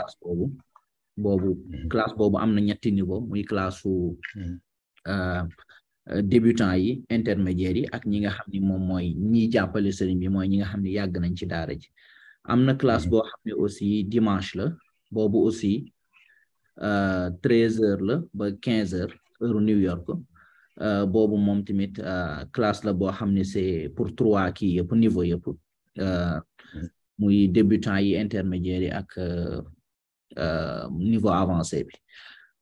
classe boobu boobu mhm. classe boobu am na ñetti niveau muy classe su mhm. euh, débutant yi intermédiaire yi ak ñi nga xam ni moom mooy ñiy jàppale sëriñ bi mooy ñi nga xam ni yàgg nañ ci daara ji am na classe mhm. boo xam ne aussi dimanche la boobu aussi euh, treize heures la ba quinze heures heure New York euh, boobu moom tamit classe la boo xam ne c'est pour trois kii yëpp niveau yëpp muy débutant yi intermédiaire yi ak Euh, niveau avancé bi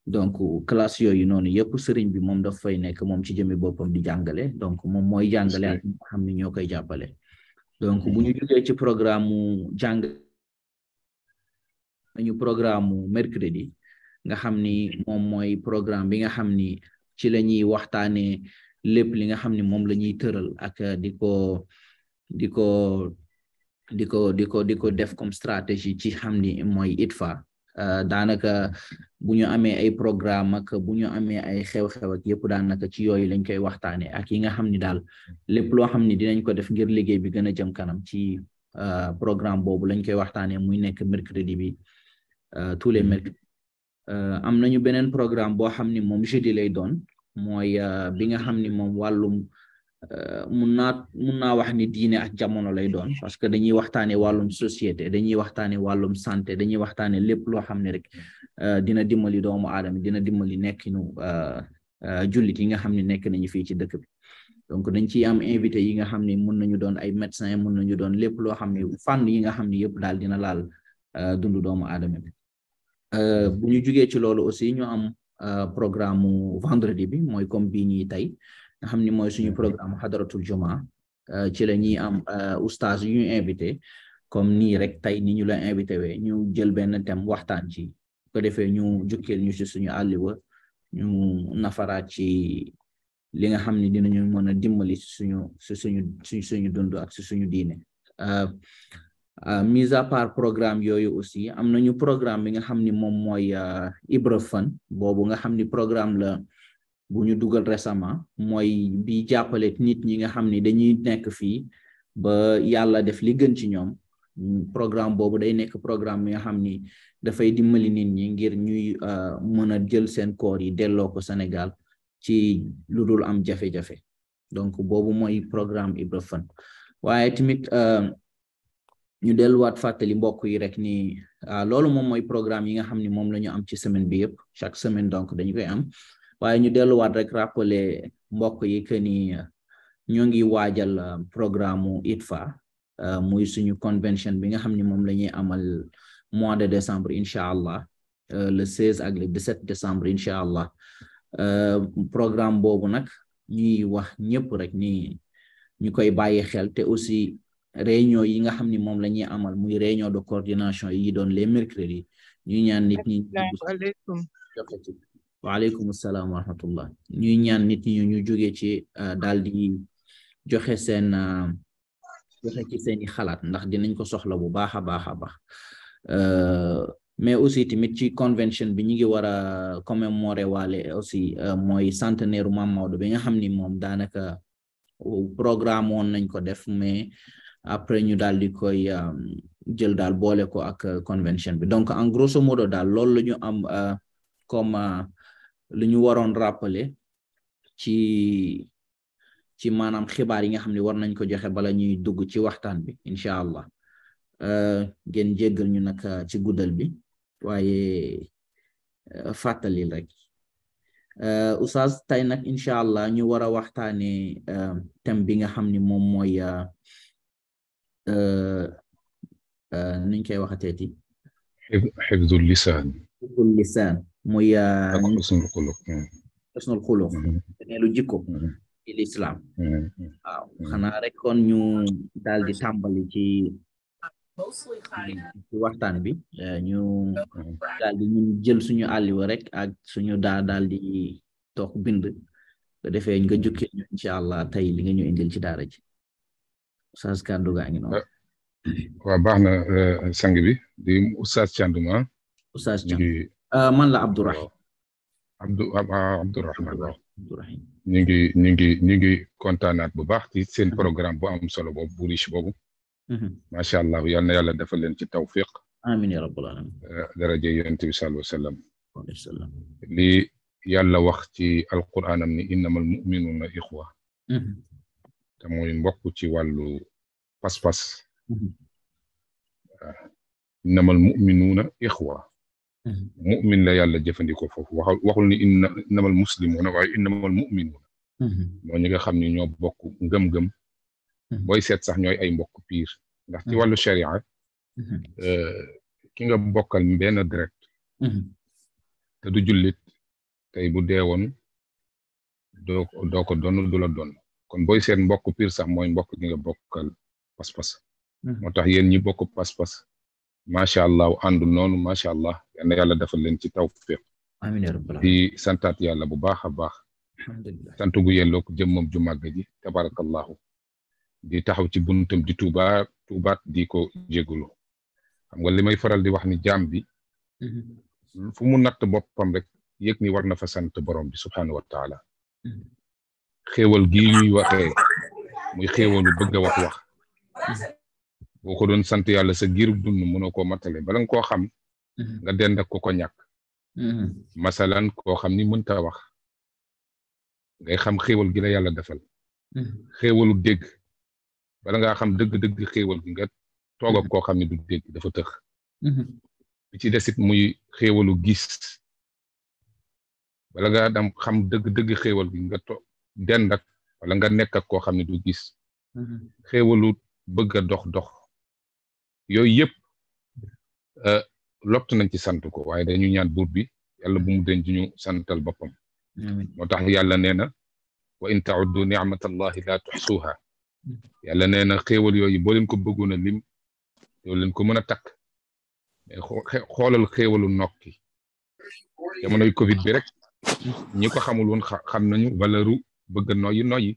donc classe yooyu noonu yëpp sëriñ bi moom daf fay nekk moom ci jëmi boppam di jàngale donc moom mooy jàngale ak ñi xam ne ñoo koy jàppale donc bu ñu jógee ci programme mu jàng nañu programme mu mercredi nga xam ni moom mooy programme bi nga xam ni ci la ñuy waxtaanee lépp li nga xam ni moom la ñuy tëral ak di ko di ko di ko di ko di ko def comme stratégie ci xam ni mooy fa Eh, daanaka bu ñu amee ay programme ak bu ñu amee ay xew-xew ak yëpp daanaka ci yooyu lañ koy waxtaanee ak yi nga xam ni daal lépp loo xam ni dinañ ko def ngir liggéey bi gën a jëm kanam ci eh, programme boobu lañ koy waxtaanee muy nekk mercredi bi eh, tous les mm-hmm. mercredis am nañu beneen programme boo xam ni moom jeudi lay doon mooy bi nga xam ni moom wàllum. Euh, mun naa mun naa wax ni diine ak jamono lay doon mhm. parce que dañuy waxtaane wàllum société dañuy waxtaane wàllum santé dañuy waxtaane lépp loo xam ne rek euh, dina dimbali doomu aadama dina dimbali nekkinu euh, jullit yi nga xam ne nekk nañu fii ci dëkk bi donc dañ ciy am invité yi nga xam ne mun nañu doon ay médecin mun nañu doon lépp loo xam ne mhm. fànn yi nga xam ne yëpp daal dina laal dundu doomu aadama bi mhm. bu ñu jugee ci loolu aussi ñu am programme vendredi bi mooy comme bii nii tey nga xam ni mooy suñu mhm. programme xadaratul jumaa euh, ci la ñuy am oustaz euh, yu ñu invité comme nii rek tey ni ñu la invité we ñu jël benn thème waxtaan ci ko defee ñu jukkeel ñu ci suñu àlliwa ñu nafaraat ci li nga xam ne dinañu mën a dimbali suñu suñu suñu dund ak suñu diine euh, mise à part programme yooyu aussi am nañu programme bi nga xam ni moom mooy Ibra Fun boobu nga xam ni programme la bu ñu dugal récemment mooy bi jàppale nit ñi nga xam ni dañuy nekk fii ba yàlla def li gën ci ñoom programme boobu day nekk programme nga xam ni dafay dimbali nit ñi ngir ñuy euh, mën a jël seen koor yi delloo ko Sénégal ci lu dul am jafe-jafe donc boobu mooy programme Ibra Fane waaye tamit euh, ñu delluwaat fàttali mbokk yi rek ni euh, loolu moom mooy programme yi nga xam ni moom la ñu am ci semaine bi yëpp chaque semaine donc dañ koy am waaye ñu delluwaat rek rappeler mbokk yi que ni ñoo eh, ngi waajal eh, programme ITFA eh, muy suñu convention bi nga xam ne moom amal mois de décembre incha allah le 16 ak le 17 décembre incha allah programme boobu nak ñuy wax ñëpp rek ni ñu koy bàyyi xel te aussi réunion yi nga xam ne moom amal muy réunion de coordination yi doon les mercredis ñu ñaan nit ñi alaykum assalam wa rahmatullah ñuy ñaan nit ñi ñu joggé ci eh, daldi di joxe seen eh, joxe ci sen xalaat ndax dinañ ko soxla bu baaxa baaxa baax eh, mais aussi timit ci convention bi ñi ngi wara commémorer walé aussi moy centenaire Mame Maodo bi nga xamni ni danaka programme woon nañ ko def mais après ñu daal di koy jël dal bolé ko ak convention bi donc en grosso modo dal loolu lañu am comme lu ñu waroon rappeler ci ci maanaam xibaar yi nga xam ne war nañ ko joxe bala ñuy dugg ci waxtaan bi incha allah euh, ngeen jéggal ñu nag euh, ci guddal bi waaye euh, fàttali rek oustaz tey nag incha allah ñu war a waxtaane thème bi nga xam ne moom mooy nuñ koy waxateeti xifzul lisaan xifzul lisaan moy husnul khuluq husnul hmm. xuluq hmm. neelu jikko ci l'islam hmm. waaw xana rek kon ñu daal di ci ci waxtaan bi ñu daal di ñun jël suñu àlliwa rek ak suñu da daal di bind ko defee nga jukki ñu inshallah allah li nga ñu indil ci dara ci oustaz kandu ga ngi noonu eh, wa baxna eh, sang bi di oustaz chanduma oustaz chanduma Euh, man la Abdourahim. Abdou Abdourahim waaw. Abdourahim ah, ah, ñu ngi ñu ngi ñu kontaanaat bu baax ci seen programme bu solo boobu bu riche boobu. Mhm. macha allah yal na yàlla defal leen ci tawfiq. amiin ya rabbal alamin. Euh, daraja yonent bi sallallahu alayhi wa sallam. lii yàlla wax ci alquraanam ni innamal muminuuna ixwa. Mhm. te mooy mbokk ci wàllu pas-pas. Mhm. innamal muminuuna ixwa. Mm-hmm. mu'min la yàlla jëfandikoo foofu waxul waxul ni inna innamal muslimuuna na innamal mu'minuuna mm-hmm. moo ñi nga xam ne ñoo bokk ngëm-ngëm mm-hmm. booy seet sax ñooy ay mbokk piir ndax ci wàllu sharia euh, ki nga bokkal benn direct te du jullit tey bu deewoon doo doo ko donn du la kon booy seet mbokk piir sax mooy mbokk gi nga bokkal pas-pas tax yéen ñi bokk pas-pas macha allah àndul noonu macha allah yal na yàlla defal leen ci tawfiq amiin yaa di santaat yàlla bu baax a baax alhamdulilah sant gu yelloo ko jëmmam ju màgg ji tabarakallahu di taxaw ci buntam di tuubaa tuubaat di ko jégalu xam nga li may faral di wax ni jaam bi mm-hmm. fu mu natt boppam rek yëg ni war na fa sant borom bi subhaanahu wa taala mm-hmm. xéewal gii ñuy waxee muy xéewalu bëgg a wax wax mm-hmm. boo ko doon sant yàlla sa giirug dund mënoo koo matale bala nga koo xam mhm. nga dend ak ko ko ñàkk mhm. masalan koo xam ni mënta wax ngay xam xéewal gi la yàlla defal mhm. xéewalu dégg bala ngaa xam dëgg-dëgg xéewal gi nga toog ak koo xam ne du dégg dafa tex bi ci desit muy xéewalu gis bala ngaa dam xam dëgg-dëgg xéewal gi nga to dend ak wala nga nekk ak koo xam ne du gis xéewalu bëgg dox dox yooyu yëpp euh, lott nañ ci sant ko waaye dañu ñaan buur bi yàlla bu mu denc ñu santal boppam moo tax yàlla nee na wa in tauddu nicmatallahi laa tuxsuuha yàlla nee na xéewal yooyu boo leen ko bëggoon a lim doo leen ko mën a takk mais xoolal xéewalu nokki jamonoy covid bi rek ñi ko xamul woon xam nañu valeuru bëgg a noyyi noyyi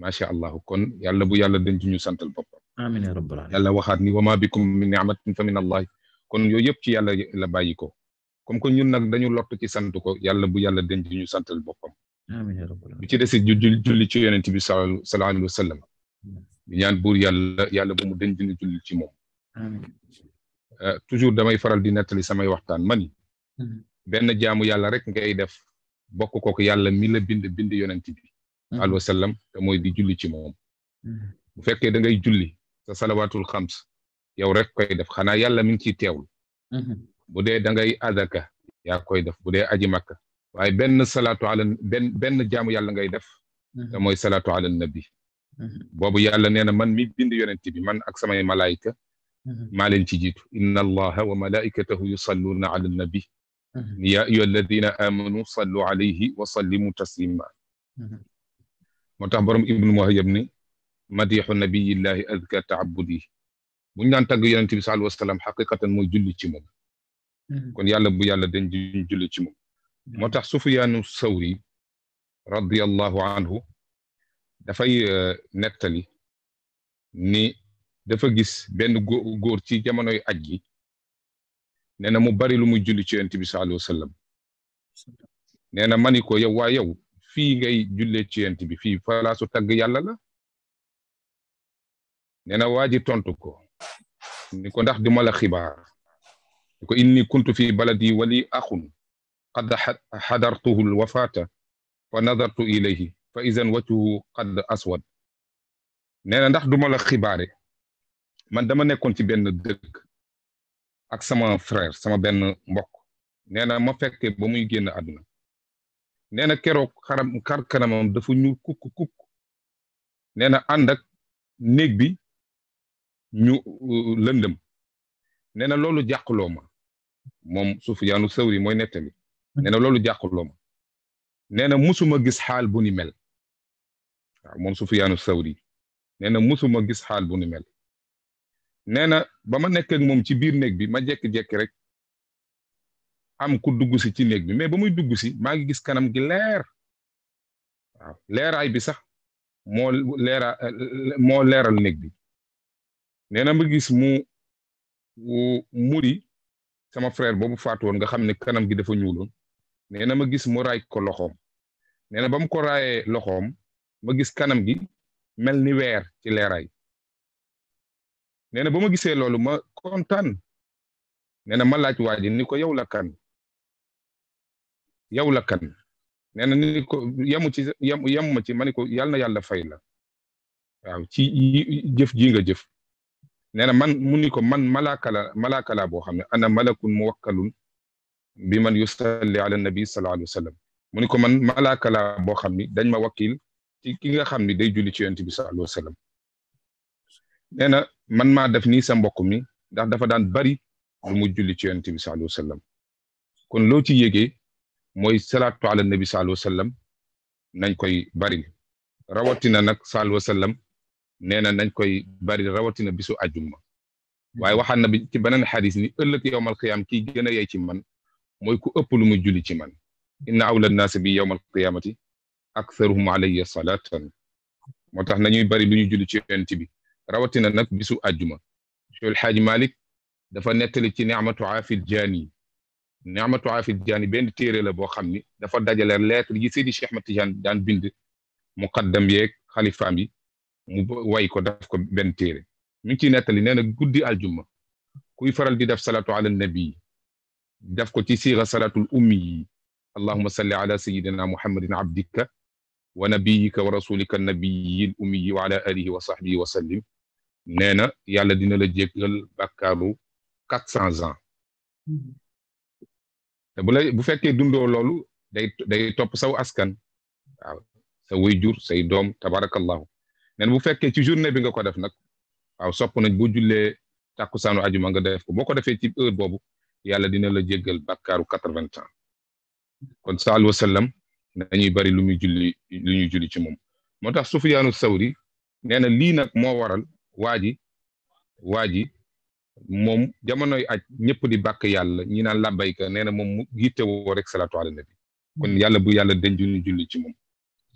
macha allah kon yàlla bu yàlla denc ñu santal boppam amiin yaa rabbal aalamiin yàlla waxaat ni wa maa bikum min ni'matin fa min allah kon yooyu yëpp ci yàlla la bàyyi ko comme que ñun nag dañu lott ci sant ko yàlla bu yàlla denc ñu santal boppam amiin yaa rabbal aalamiin bu ci desi ju julli ci yonent bi sallallahu alayhi wa sallam ñaan buur yàlla yàlla bu mu denc ñu julli ci moom toujours damay faral di nettali samay waxtaan mani benn jaamu yàlla rek ngay def bokk kooku yàlla mi la bind bind yonent bi alayhi wa sallam te mooy di julli ci moom bu fekkee da ngay julli sa salawaatul xams yow rek def xanaa yàlla mi ngi ciy teewlu mhm. bu dee da ngay adaka yaa koy def bu dee aji makka waaye benn salaatu ala benn jaamu yàlla ngay def mhm. te mooy salaatu ala nabi mhm. boobu yàlla nee na man mi bind yonent bi man ak samay malaayika leen ci jiitu inna allaha wa malaikatahu yusalluuna ala nabi ya ayuha alladina amanu sallu alayhi wa sallimu taslima moo tax borom مديح النبي الله أذكى تعبدي بني أن تقول أن تبي سال وسلام حقيقة مو جل تيمم كن يالله بو يالله دين جل جل تيمم نعم. ما تحسوا في رضي الله عنه دفعي آه، نكتلي ني دفع جس بين غورتي جمانو أجي نحن مباري لمو جل تيمم أن تبي سال وسلام نحن ماني كوي يو في جاي جل تيمم أن تبي في فلا سو تقول يالله nee na waa ji tontu ko ni ko ndax duma la xibaar ni ko inni kuntu fi baladi wali axun qad xadartuhu lwafaata fa nadartu ilayhi fa idan wajhuhu qad aswad nee na ndax duma la xibaare man dama nekkoon ci benn dëkk ak sama frère sama benn mbokk nee na ma fekke ba muy génn àdduna nee na keroog xaram xar kanamam dafa ñuul kukk kukk nee na ànd ak néeg bi ñu euh, lëndëm nee na loolu jàqloo ma moom Sufyaanu Sawri mooy nettali nee na loolu jàqloo ma nee na musuma gis xaal bu ni mel waaw moom Sufyaanu Sawri nee na musuma gis xaal bu ni mel nee na ba ma nekk ak moom ci biir néeg bi ma jekki-jekki rek am ku dugg si ci néeg bi mais ba muy dugg si maa ngi gis kanam gi leer waaw leeraay bi sax moo leera moo leeral néeg bi nee na ma gis mu muri sama frère boobu faatu woon nga xam ne kanam gi dafa ñuuloon nee na ma gis mu raay ko loxoom nee na ba mu ko raayee loxoom ma gis kanam gi mel ni weer ci leeraay nee na ba ma gisee loolu ma kontaan nee na ma laaj waa ji ni ko yow la kan yow ci yem yemu ma ci ma ni ko yàlla yàlla fay la waaw ci jëf ji nga jëf nee na man mu ni ko man malaaka la boo xam ne ana malakun muwakkalun bi man yusalli ala nabi sallallahu alayhi wa sallam mu ni ko man malaaka laa boo xam ni dañ ma wakkil ci ki nga xam ni day julli ci bi sallallahu alayhi wa na man maa def nii sa mbokk mi ndax dafa daan bari lu mu julli ci yonent bi sallallahu alayhi kon loo ci yégee mooy salaatu ala nabi sallallahu alayhi nañ koy bari rawatina nag sallallahu alayhi nee na nañ koy bari rawatina bisu ajuma waaye waxaan na bi ci beneen xadis ni ëllëg yowmal qiyaam kii gën yey ci man mooy ku ëpp lu muy julli ci man inna awla naasi bi yowmal qiyaamati aktharuhum alayya salatan moo nañuy bari lu ñu julli ci yonent bi rawatina nag bisu ajuma shul El Hadj Malick dafa nettali ci ni'matu aafil jaani ni'matu aafil jaani benn téere la boo xam ni dafa dajale lettre yi Seydi Cheikh Ahmad Tidiane bind muqaddam yeeg xalifaam yi وي way ko daf ko ben téré mi ci netali néna guddi aljuma kuy faral di def salatu ala nabi daf ko ci sira salatu ummi اللهم صل على سيدنا محمد عبدك ونبيك ورسولك النبي الأمي وعلى آله وصحبه وسلم نانا يالا دينا لا جيكال بكارو 400 عام بو بو فكي دوندو لولو داي داي توب ساو اسكان ساو وي جور ساي دوم تبارك الله neen bu fekkee ci journée bi nga ko def nag waaw sopp nañ bu jullee tàkkusaanu ajuma nga def ko boo ko defee ci heure boobu yàlla dina la jéggal bàkkaaru quatre-vingts ans kon sallallaahu alayhi wa sallam bari lu muy julli lu ñuy julli ci moom moo tax Sufyaanu Sawri nee na lii nag moo waral waa ji waa ji moom jamonoy aj ñëpp di bàkk yàlla ñi naan labbayka nee na moom mu yitte woo rek salaatu ala nabi kon yàlla bu yàlla denjuñu julli ci moom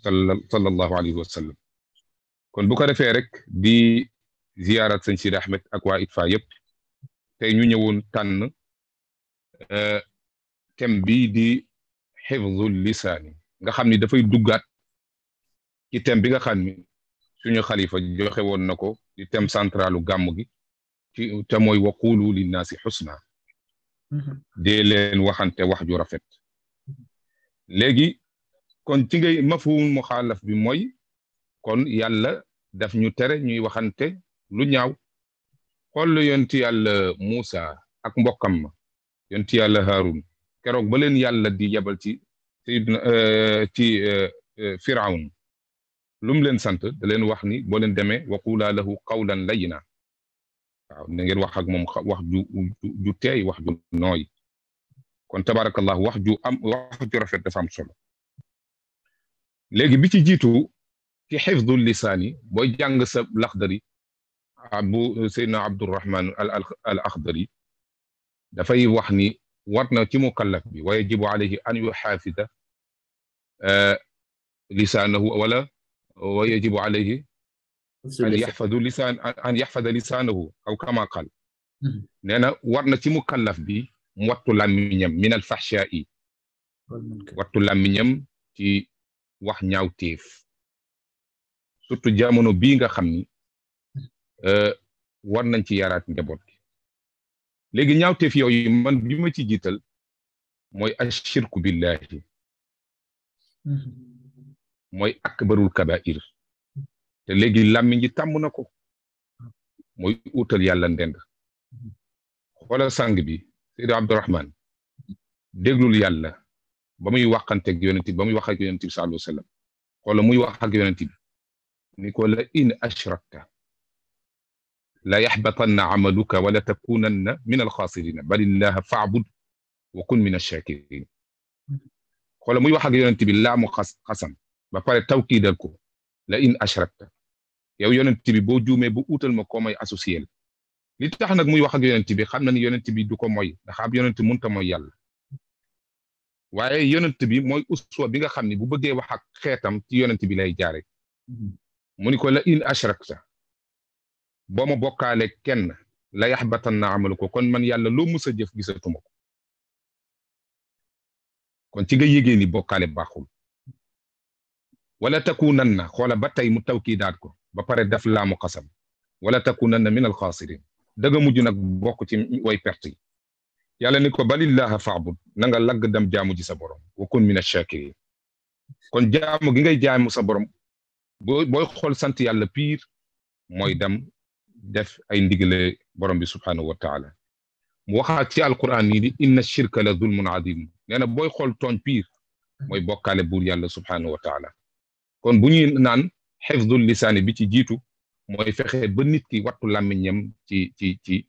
sal sallallahu alayhi wa sallam kon bu ko defee rek di ziyaaraat sëñ Sidi Ahmed ak waa ITFA yëpp te ñu ñëwoon tànn e, thème bii di xifzul lisaani nga xam ni dafay duggaat ci thème bi nga xam ni suñu xalifa joxe woon na ko di thème centralu gàmm gi ci te mooy waqulu linnaasi xusna mm-hmm. dee leen waxante wax ju rafet léegi kon ci ngay mafhum muxaalaf bi mooy kon yàlla daf ñu tere ñuy waxante lu ñaaw xool yonti yàlla Muusa ak mbokkam ma yonti yàlla Haarun keroog ba leen yàlla di yabal ci sayidna euh, ci euh, euh, firawn lu mu leen sant da leen wax ni boo leen demee waqulaa lahu qawlan layyinan waaw na ngeen wax ak moom wax ju ju teey wax ju nooy kon tabaarakallah wax wax ju rafet dafa am solo léegi bi ci jiitu ci xifdul lisaani booy jàng sa laxdari bu seydna abdurahman al al axdari dafay wax ni war na ci mukallaf bi wa yajibu alayhi an yuxaafida lisaanahu wala wa yajibu alayhi an yaxfadu lisaan an yaxfada lisaanahu aw kama qal nee na war na ci mukallaf bi mu wattu làmmiñam min al faxshaa yi wattu làmmiñam ci wax ñaaw téef surtout jamono bii nga xam ni euh, war nañ ci yaraat njaboot gi léegi ñaawteef yooyu man bi ma ci jiital mooy ashirku billahi mm-hmm. mooy akbarul kabair te léegi làmmiñ tàmm na ko mooy utal yàlla ndend xoola sàng bi Seydi Abdourahman déglul yàlla ba muy waxanteeg yonent bi ba muy wax ak yonent bi sallallahu alayhi wa sallam xoola muy wax ak نقول إن أشركت لا يحبطن عملك ولا تكونن من الخاسرين بل الله فاعبد وكن من الشاكرين قال موي واحد يونتي بالله مقسم با بار التوكيد لك لا ان اشركت يا يونتي بي ما جومي بو اوتال مكو موي اسوسييل لي تخ نك واحد يونتي بي خامنا يونتي بي دوكو موي يونتي مونتا موي يالا واي يونتي بي موي اسوا بيغا خامني بو بوجي واخ خيتام تي يونتي بي جاري mu ni ko la in ashrakta boo ma bokkaale kenn la yaxbatan na amalu ko kon man yàlla loo mus a jëf gisatuma ko kon ci nga yégee ni bokkaale baaxul wala takunan na xoola ba tey mu tawkiidaat ko ba pare def laamu xasam wala takunan na min alxaasirin daga mujj nag bokk ci way perte yi yàlla ni ko balillaha faabud na nga lagg dem jaamu ji sa borom wa kun min ashakirin kon jaamu gi ngay jaamu sa borom boy xol sant yàlla pire moy dem def ay ndigale borom bi subhanahu wa taala mu waxa ci alquran ni di inna shirka la dhulmun adim neena boy xol ton pire moy bokale bur yàlla subhanahu wa taala kon buñu nan hifdhul lisan bi ci jitu moy fexe ba nit ki watu làmmiñam ci ci ci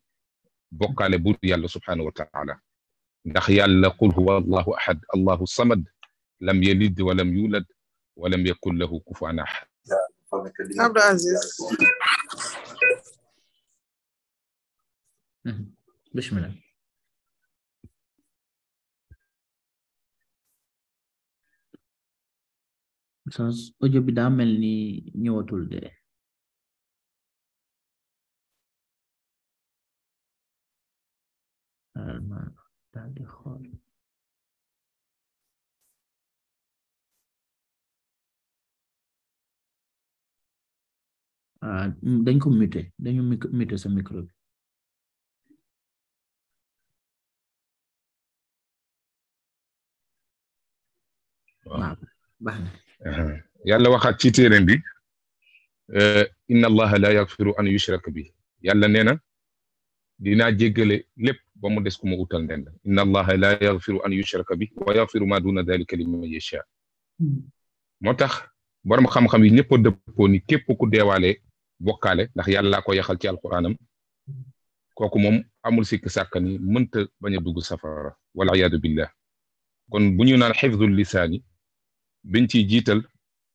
bokale bur yàlla subhanahu wa taala ndax yàlla qul huwa allahu ahad allahu samad lam yalid walam yulad walam يكن له كفوا احد عبد العزيز بسم الله sans ojo bi daa mel ni ñëwatul de alma daal di xool ah dañ ko muté dañu muté sa micro bi. waaw baax na. yàlla waxaat ci téeréem bi. Eh, inna allaha la yaxfiru an yushraka bi yàlla nee na dinaa jéggale lépp ba mu des ku ma utal ndend inna allaha la yaxfiru an yushraka bi wa yaxfiru ma duna dalika liman yasha hmm. moo tax borom xam-xam yi ñëpp a dëppoo ni képp ku deewaale bokale ndax yàlla ko yaxal ci alquranam koku mom amul sik sakani munta baña bañ safara wal iyaadu billah kon buñu nan hifdhul xifdul biñ ci jital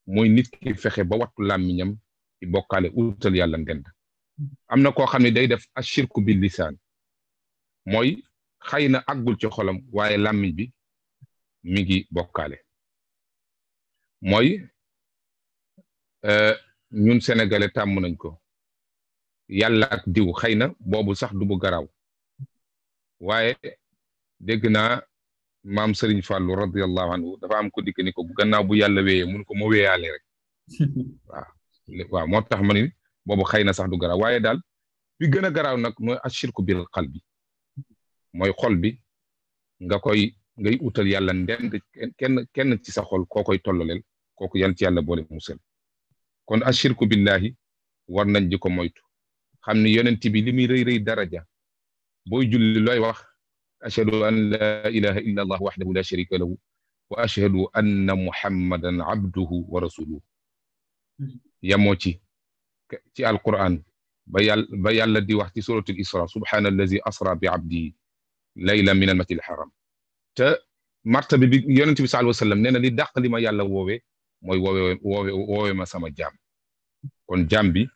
moy nit ki fexe ba watu lamiñam ci bokale utal yàlla ngend amna ko xamni day def ashirku bil lisan moy xëy agul ci xolam waye lamiñ bi mi ngi moy euh ñun sénégalais tàmm nañ ko yàlla ak diw xëy na boobu sax du bu garaaw waaye dégg naa maam Serigne Fallou radiyallahu anhu dafa am ko dikk ni ko gannaaw bu yàlla wéyee mun ko ma wéyaale rek waaw waaw moo tax ma ni boobu xëy na sax du garaaw waaye daal bi gën a garaaw nag mooy ashirku bil qalbi mooy xol bi nga koy ngay utal yàlla ndend kenn kenn ci sax xol koo koy tollaleel kooku yal ci yàlla boole musal kon ashirku billahi war nañ di ko moytu xam ne yonent bi li muy rëy rëy daraja booy julli looy wax ashhadu an la ilaha illa allah wahdahu la sharika lahu wa ashhadu anna muhammadan abduhu wa rasuluhu yamoo ci ci alquran ba yàlla ba yàlla di wax ci suratul isra subhana allazi asra bi abdi layla min almasjid haram te martabi bi yonent bi sallallahu alayhi wa sallam nee na li dàq li ma yàlla woowee mooy woowe woowe woowe ma sama jaam kon jaam bi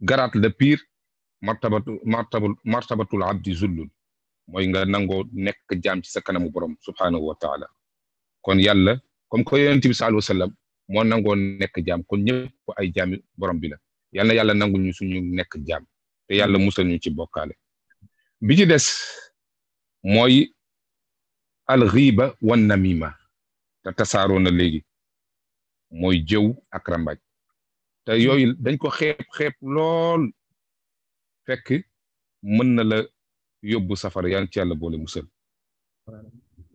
garaat la pire martabatu martabul martabatul abdi zullul mooy nga nangoo nekk jaam ci sa kanamu borom subhaanahu wa taala kon yàlla comme que yonent bi sallallaahu alayhi wa moo nangoo nekk jaam kon ñëpp ay jaami borom bi la yal na yàlla nangul ñu suñu nekk jaam te yàlla musal ñu ci bokkaale bi ci des mooy alxiiba wan namima te tasaaroo na léegi moy jëw ak ràmbaaj te yooyu dañ ko xeeb xeeb lool fekk mën na la yóbbu safara yaan ci yàlla boole musal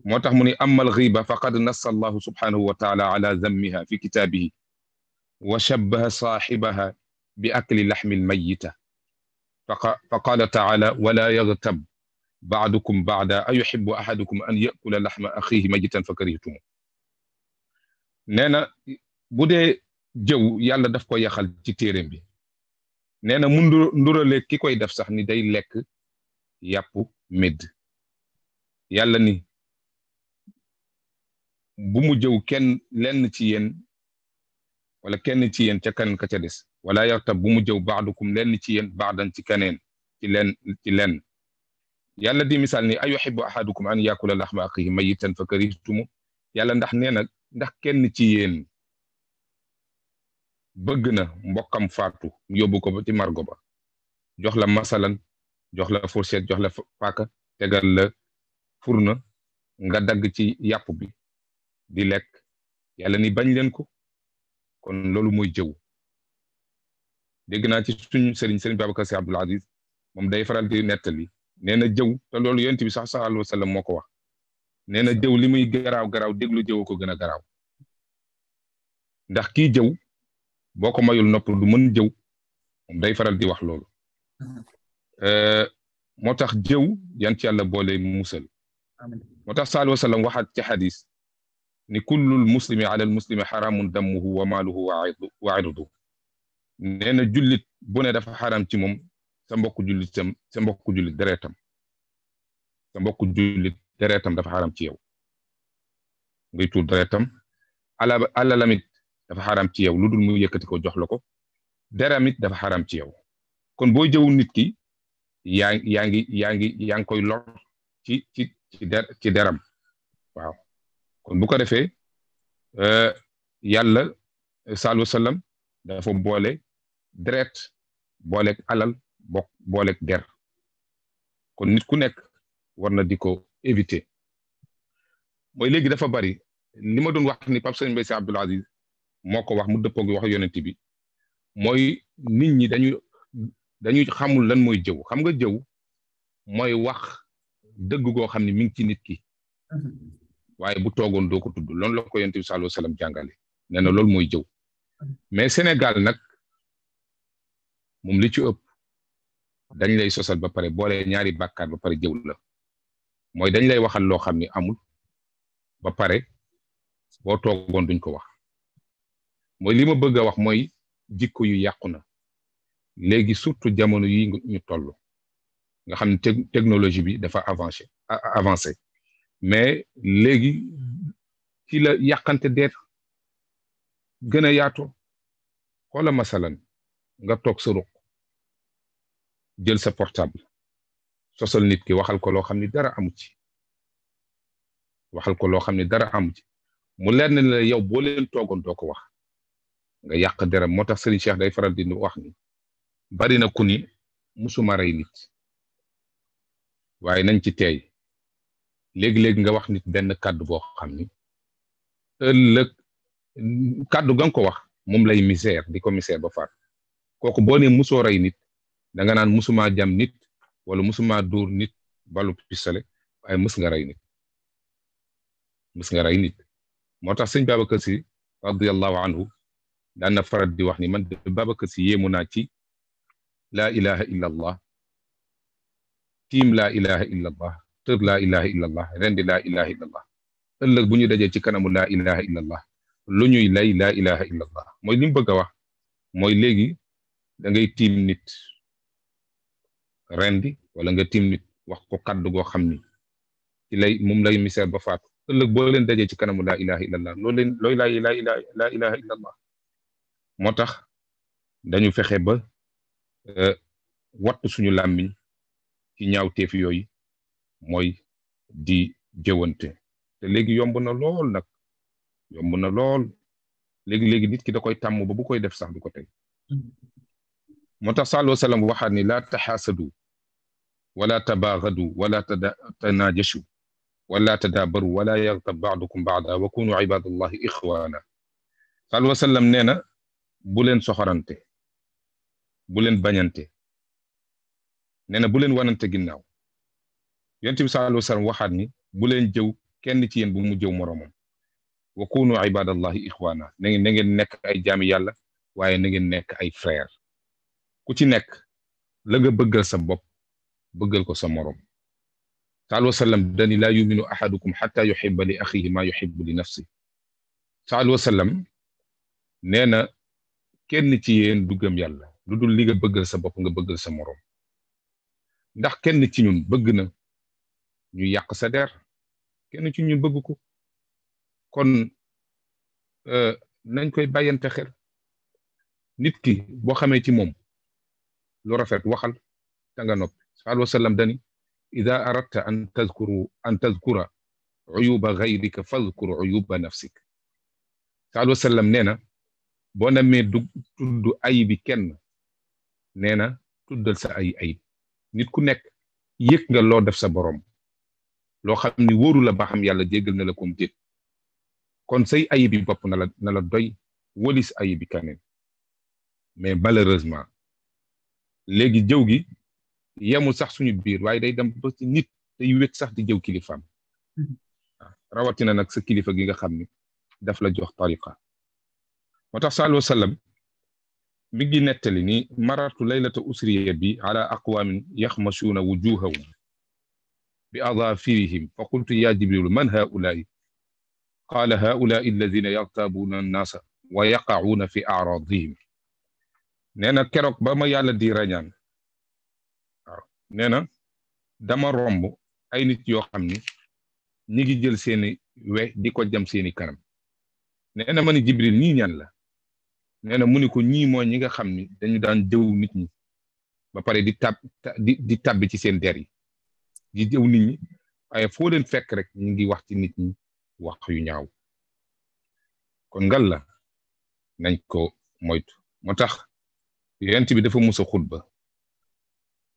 moo tax mu ni amal ghiba faqad nassa allahu subhanahu wa taala ala zammiha fi kitaabihi wa shabbaha saaxibaha bi akli laxmi lmayita فقال تعالى ولا يغتب بعضكم بعدا أيحب أحدكم أن يأكل لحم أخيه ميتا فكرهتم nee bu dee jëw yàlla daf ko yaxal ci téereem bi nee na mu ndurale ki koy def sax ni day lekk yàpp medd yàlla ni bu mu jëw kenn lenn ci yéen wala kenn ci yéen ca kan ka ca wala yartab bu mu jëw baadukum lenn ci yéen baadan ci kaneen ci lenn ci lenn yàlla di misaal ni ayuxibu ahadukum an yakula laxma axihi mayitan fa karihtumu yàlla ndax nee ndax kenn ci yéen bëgg na mbokkam faatu yóbbu ko ba ci margo ba jox la masalan jox la fourchette jox la paaka tegal la furna nga dagg ci yàpp bi di lekk yala ni bañ leen ko kon loolu mooy jëw dégg naa ci suñu sëriñ sëriñ Babacar Sy Abdoul Aziz moom day faral di nettali nee na jëw te loolu yonent bi sax sallallahu alayhi wa sallam moo ko wax nee na jëw li muy garaaw garaaw déglu jëw ko gën a garaaw ndax kii jëw boo ko mayul nopp du mën jaw moom day faral di wax loolu euh, moo tax jëw yan ci yàlla boole musal moo tax sallallaahu alayhi waxaat ci xadis ni kullul muslimi ala al muslimi xaraamun dammuhu wa maaluhu wa irduhu nee na jullit ne dafa xaraam ci moom sa mbokku jullitam sa mbokku jullit deretam sa mbokku jullit deretam dafa xaraam ci yow ngay tuur deretam ala alalamit dafa xaram ci yow lu dul mu yëkkati diko jox la ko deram dafa xaram ci yow kon boo jëwul nit ki yaa yaa ngi yaa ngi yaa ngi koy lor ci ci ci der ci deram waaw kon bu ko defee euh, yàlla saalu sallam dafa boole deret booleeg alal bokk booleeg der kon nit ku nekk war na di ko éviter mooy léegi dafa bari li ma doon wax ni Pape Serigne Mbaye Sy moo ko wax mu dëppoo gi wax yonent bi mooy nit ñi dañu dañu xamul lan mooy jëw xam nga jëw mooy wax dëggu goo xam ne mi ngi ci nit ki mm-hmm. waaye bu toogoon doo ko tudd loolu la ko yonent bi sallallahu alayhi wasallam jàngale nee na loolu mooy jëw mm-hmm. mais Sénégal nag moom li ci ëpp dañ lay sosal ba pare boole ñaari bàkkaar ba pare jëw la mooy dañ lay waxal loo xam ni amul ba pare boo toogoon duñ ko wax mooy li ma bëgg a wax mooy jikko yu yàqu na léegi surtout jamono yi ñu toll nga xam ne technologie bi dafa avancé avancé mais léegi ci la yàqante deet gën a yaatu xoola masalan nga toog sa jël sa portable sosal nit ki waxal ko loo xam ne dara amu ci waxal ko loo xam ne dara amu ci mu leer na la yow boo leen toogoon doo ko wax nga yàq deram moo tax Serigne Cheikh day faral di wax ni bari na ku ni musuma rey nit waaye nañ ci teey léegi-léegi nga wax nit benn kàddu boo xam ni ëllëg kàddu ga nga ko wax moom lay misère di ko misère ba faat kooku boo ne musoo rey nit da nga naan musuma jam nit wala musuma dóor nit balu pistole waaye mës nga rey nit mus nga rey nit moo tax sëñ Babacar Si radiyallahu anhu daan na faral di wax ni man Babacar Sy yéemu naa ci laa ilaha illallah tim la ilaha illallah allah la laa ilaha illa rendi la ilaha illallah allah ëllëg bu ñu dajee ci kanamu la ilaha illallah allah lu ñuy lay laa ilaha illa allah mooy bëgg wax mooy léegi da ngay tiim nit rendi wala nga tiim nit wax ko kàddu goo xam ni ci lay moom lay misaal ba faatu ëllëg boo leen dajee ci kanamu laa ilaha illa allah leen looy laa ilaha illa motax dañu fexe ba wattu suñu làmmiñ ci ñaawteef yoy moy di jëwante te légui yomb na lool nak yomb na lool légui légui nit ki da koy tam ba bu koy def sax du ko tey moo tax sallallaahu alayhi la tahasadu waxaat ni laa taxaasadu wala tabaaxadu wala tanaajashu wala tadaabaru wala yaxtab baadukum baada wa kunu ibadallahi ixwaana sallallaahu alayhi wa sallam nee bu leen soxorante bu leen bañante nee na bu leen wanante ginnaaw yonent bi sallallahu alayhi wa sallam waxaat ni bu leen jëw kenn ci yéen bu mu jëw moroomam wa kunu ibadallahi ixwaana na ngeen na ngeen nekk ay jaami yàlla waaye na ngeen nekk ay frère ku ci nekk la nga bëggal sa bopp bëggal ko sa moroom sallallahu alayhi wa sallam dani laa yuminu ahadukum xatta yuxiba li axihi maa yuxibu li nafsi sallallahu alayhi wa sallam nee na kenn ci yéen du gëm yàlla lu dul li nga bëggal sa bopp nga bëggal sa moroom ndax kenn ci ñun bëgg na ñu yàq sa der kenn ci ñun bëgg ko kon euh, nañ koy bàyyante xel nit ki boo xamee ci moom lu rafet waxal te nga noppi sallallahu alayhi wa dani ida aradta an tazkuru an tazkura uyuba gayrika fazkur uyuba nafsik sallallahu alayhi wa sallam nee na boo namee dug tudd ayibi kenn néna na tuddal sa ay ayib nit ku nekk yëg nga loo def sa borom loo xam ni wóoru la ba xam yàlla jéggal na la koom déet kon say ayibi bopp na la na la doy walis ayibi keneen mais malheureusement léegi jëw gi yemul sax suñu biir waaye day dem ba ci nit day wékk sax di jëw kilifaam rawatina nag sa kilifa gi nga xam daf la jox tariqa moo tax sallallahu alayhi wa sallam mi ngi nettali ni marartu laylata usriya bi ala aqwaamin yaxmasuuna wujuhahum bi adaafirihim fa qultu ya man قال هؤلاء الذين يغتابون الناس ويقعون في أعراضهم نينا كيروك بما يالا دي رانيان نينا دما رومب اي نيت يو خامني نيغي جيل سيني وي ديكو جام سيني كانام نينا ماني جبريل ني نيان لا nee na mu ni ko ñii mooy ñi nga xam ni dañu daan dëw nit ñi ba pare di tab di di tabbi ci seen der yi di dëw nit ñi waaye foo leen fekk rek ñu ngi wax ci nit ñi wax yu ñaaw kon ngal la nañ ko moytu moo tax yonent bi dafa mus a xutba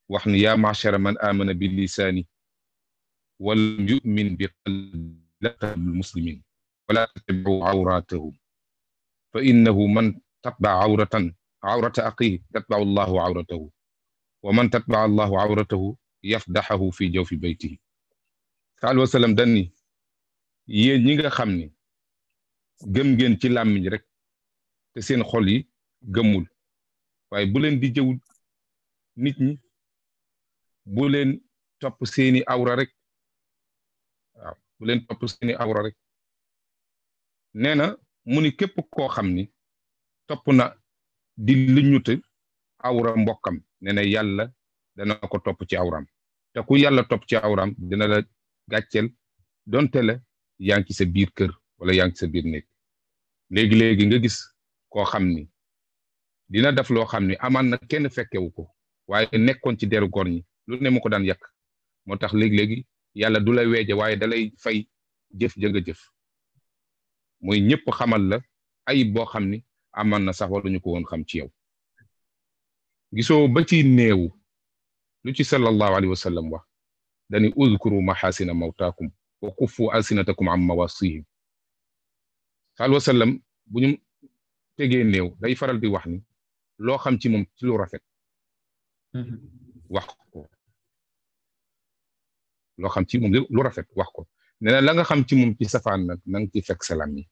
wax ni yaa machara man amana bi lisaani walam yumin bi qalbi la tatabul muslimin wala tattabiu awratahum fa innahu man تتبع عورة عورة أخيه تتبع الله عورته ومن تتبع الله عورته yafdaxahu fi jawfi baytihi saal wa sallam dan ni yéen ñi nga xam ni gëm ngeen ci làmmiñ rek te seen xol yi gëmul waaye bu leen di jëw nit ñi bu leen topp seeni awra rek waaw bu leen topp seeni awra rek nee na mu ni képp koo xam ni topp na di luñut awra mbokkam nee na yàlla dana ko topp ci awram te ku yàlla topp ci awram dina la gàcceel donte la yaa ci sa biir kër wala yaa sa biir néeg léegi-léegi nga gis koo xam ni dina def loo xam ni amaan na kenn fekkewu ko waaye nekkoon ci deru góor ñi lu ne mu ko daan yàq moo tax léegi-léegi yàlla du la weeje waaye dalay fay jëf jënga jëf mooy ñëpp xamal la ayib boo xam ni aman na sax waruñu ko woon xam ci yow gisoo ba ci néew lu ci sallallahu alayhi wa sallam wax dani udkuru maxaasina mawtaakum wa kuffu alsinatakum am mawaasihim sal wa sallam bu ñu tegee néew day faral di wax ni loo xam ci moom ci lu rafet wax ko loo xam ci moom rafet wax ko nee na la nga xam ci mom ci safaan nag na nga fek fekk yi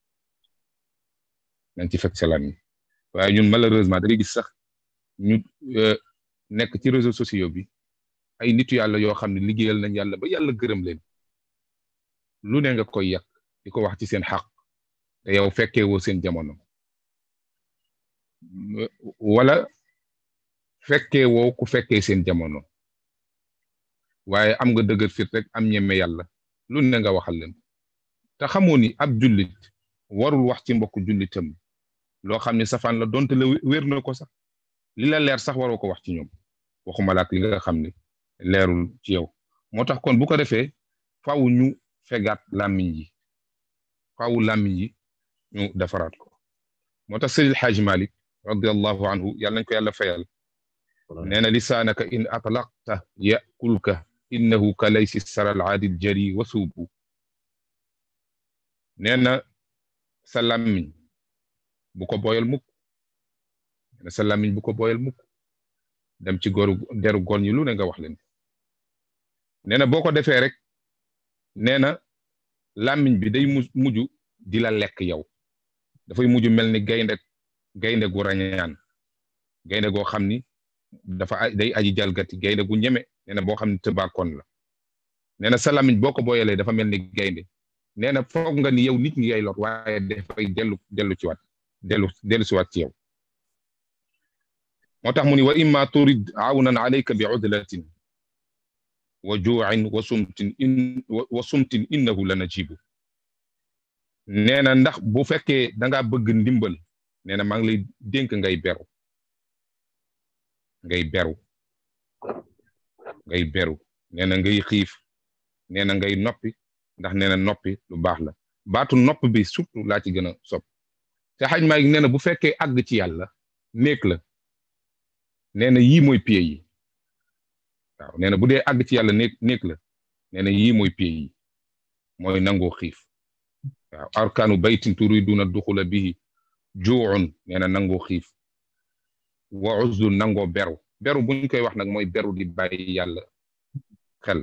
nañ ci fekk sa làmmiñ waaye ñun malheureusement da ngay gis sax ñu euh, nekk ci réseaux sociaux bi ay nit yàlla yoo xam ne liggéeyal nañ yàlla ba yàlla gërëm leen lu ne nga koy yàq di ko wax ci seen xaq te yow fekkee woo seen jamono wala fekkee ku fekkee seen jamono waaye am nga dëgër fit rek am ñeme yàlla lu ne nga waxal leen te xamoo ni ab jullit warul wax ci mbokk jullitam lo xamni safan la donte le wér ko sax li la leer sax waroko wax ci ñom waxuma lak li nga xamni leerul ci yow motax kon bu ko defé faawu ñu fegat lamiñ yi faawu lamiñ yi ñu defaraat ko motax sayyid sëriñ xaaji malik radiallahu anhu yàlla nañ ko yàlla fayal nee na lisaanaka in atlaqta yakulka innahu ka laysi sara alaadi aljari wa suubu bu ko booyal mukk sa làmmiñ bu ko booyal mukk dem ci góoru deru góor ñi lu ne nga wax leen nee na boo ko defee rek nee na làmmiñ bi day mujj di la lekk yow dafay mujj mel ni gaynde gaynde gu rañaan gaynde goo xam ni dafa day aji jalgati gaynde gu ñeme nee na boo xam ni tëbaakoon la nee na sa làmmiñ boo ko booyalee dafa mel ni gaynde nee na foog nga ni yow nit ñi ngay lor waaye dafay dellu dellu delu ci wat ci yow motax muni wa imma turid aunan alayka bi udlatin wa ju'in wa sumtin in wa sumtin innahu lanajib neena ndax bu da nga bëgg ndimbal neena ma ngi lay ngay beru ngay beru ngay beru neena ngay xif neena ngay noppi ndax neena na noppi lu bax la batu nopp bi surtout la ci gëna sopp te xaj maa ngi bu fekke ag ci yàlla nek la neena yi moy mooy pied yi waaw neena bu de ag ci yàlla nek nek la neena yi moy mooy pied yi moy nango xif waaw arkanu baytin turiduna dukhul bihi ju'un neena nango xif wa uzu nango beru beru buñ koy wax nak moy beru di bàyyi yàlla xel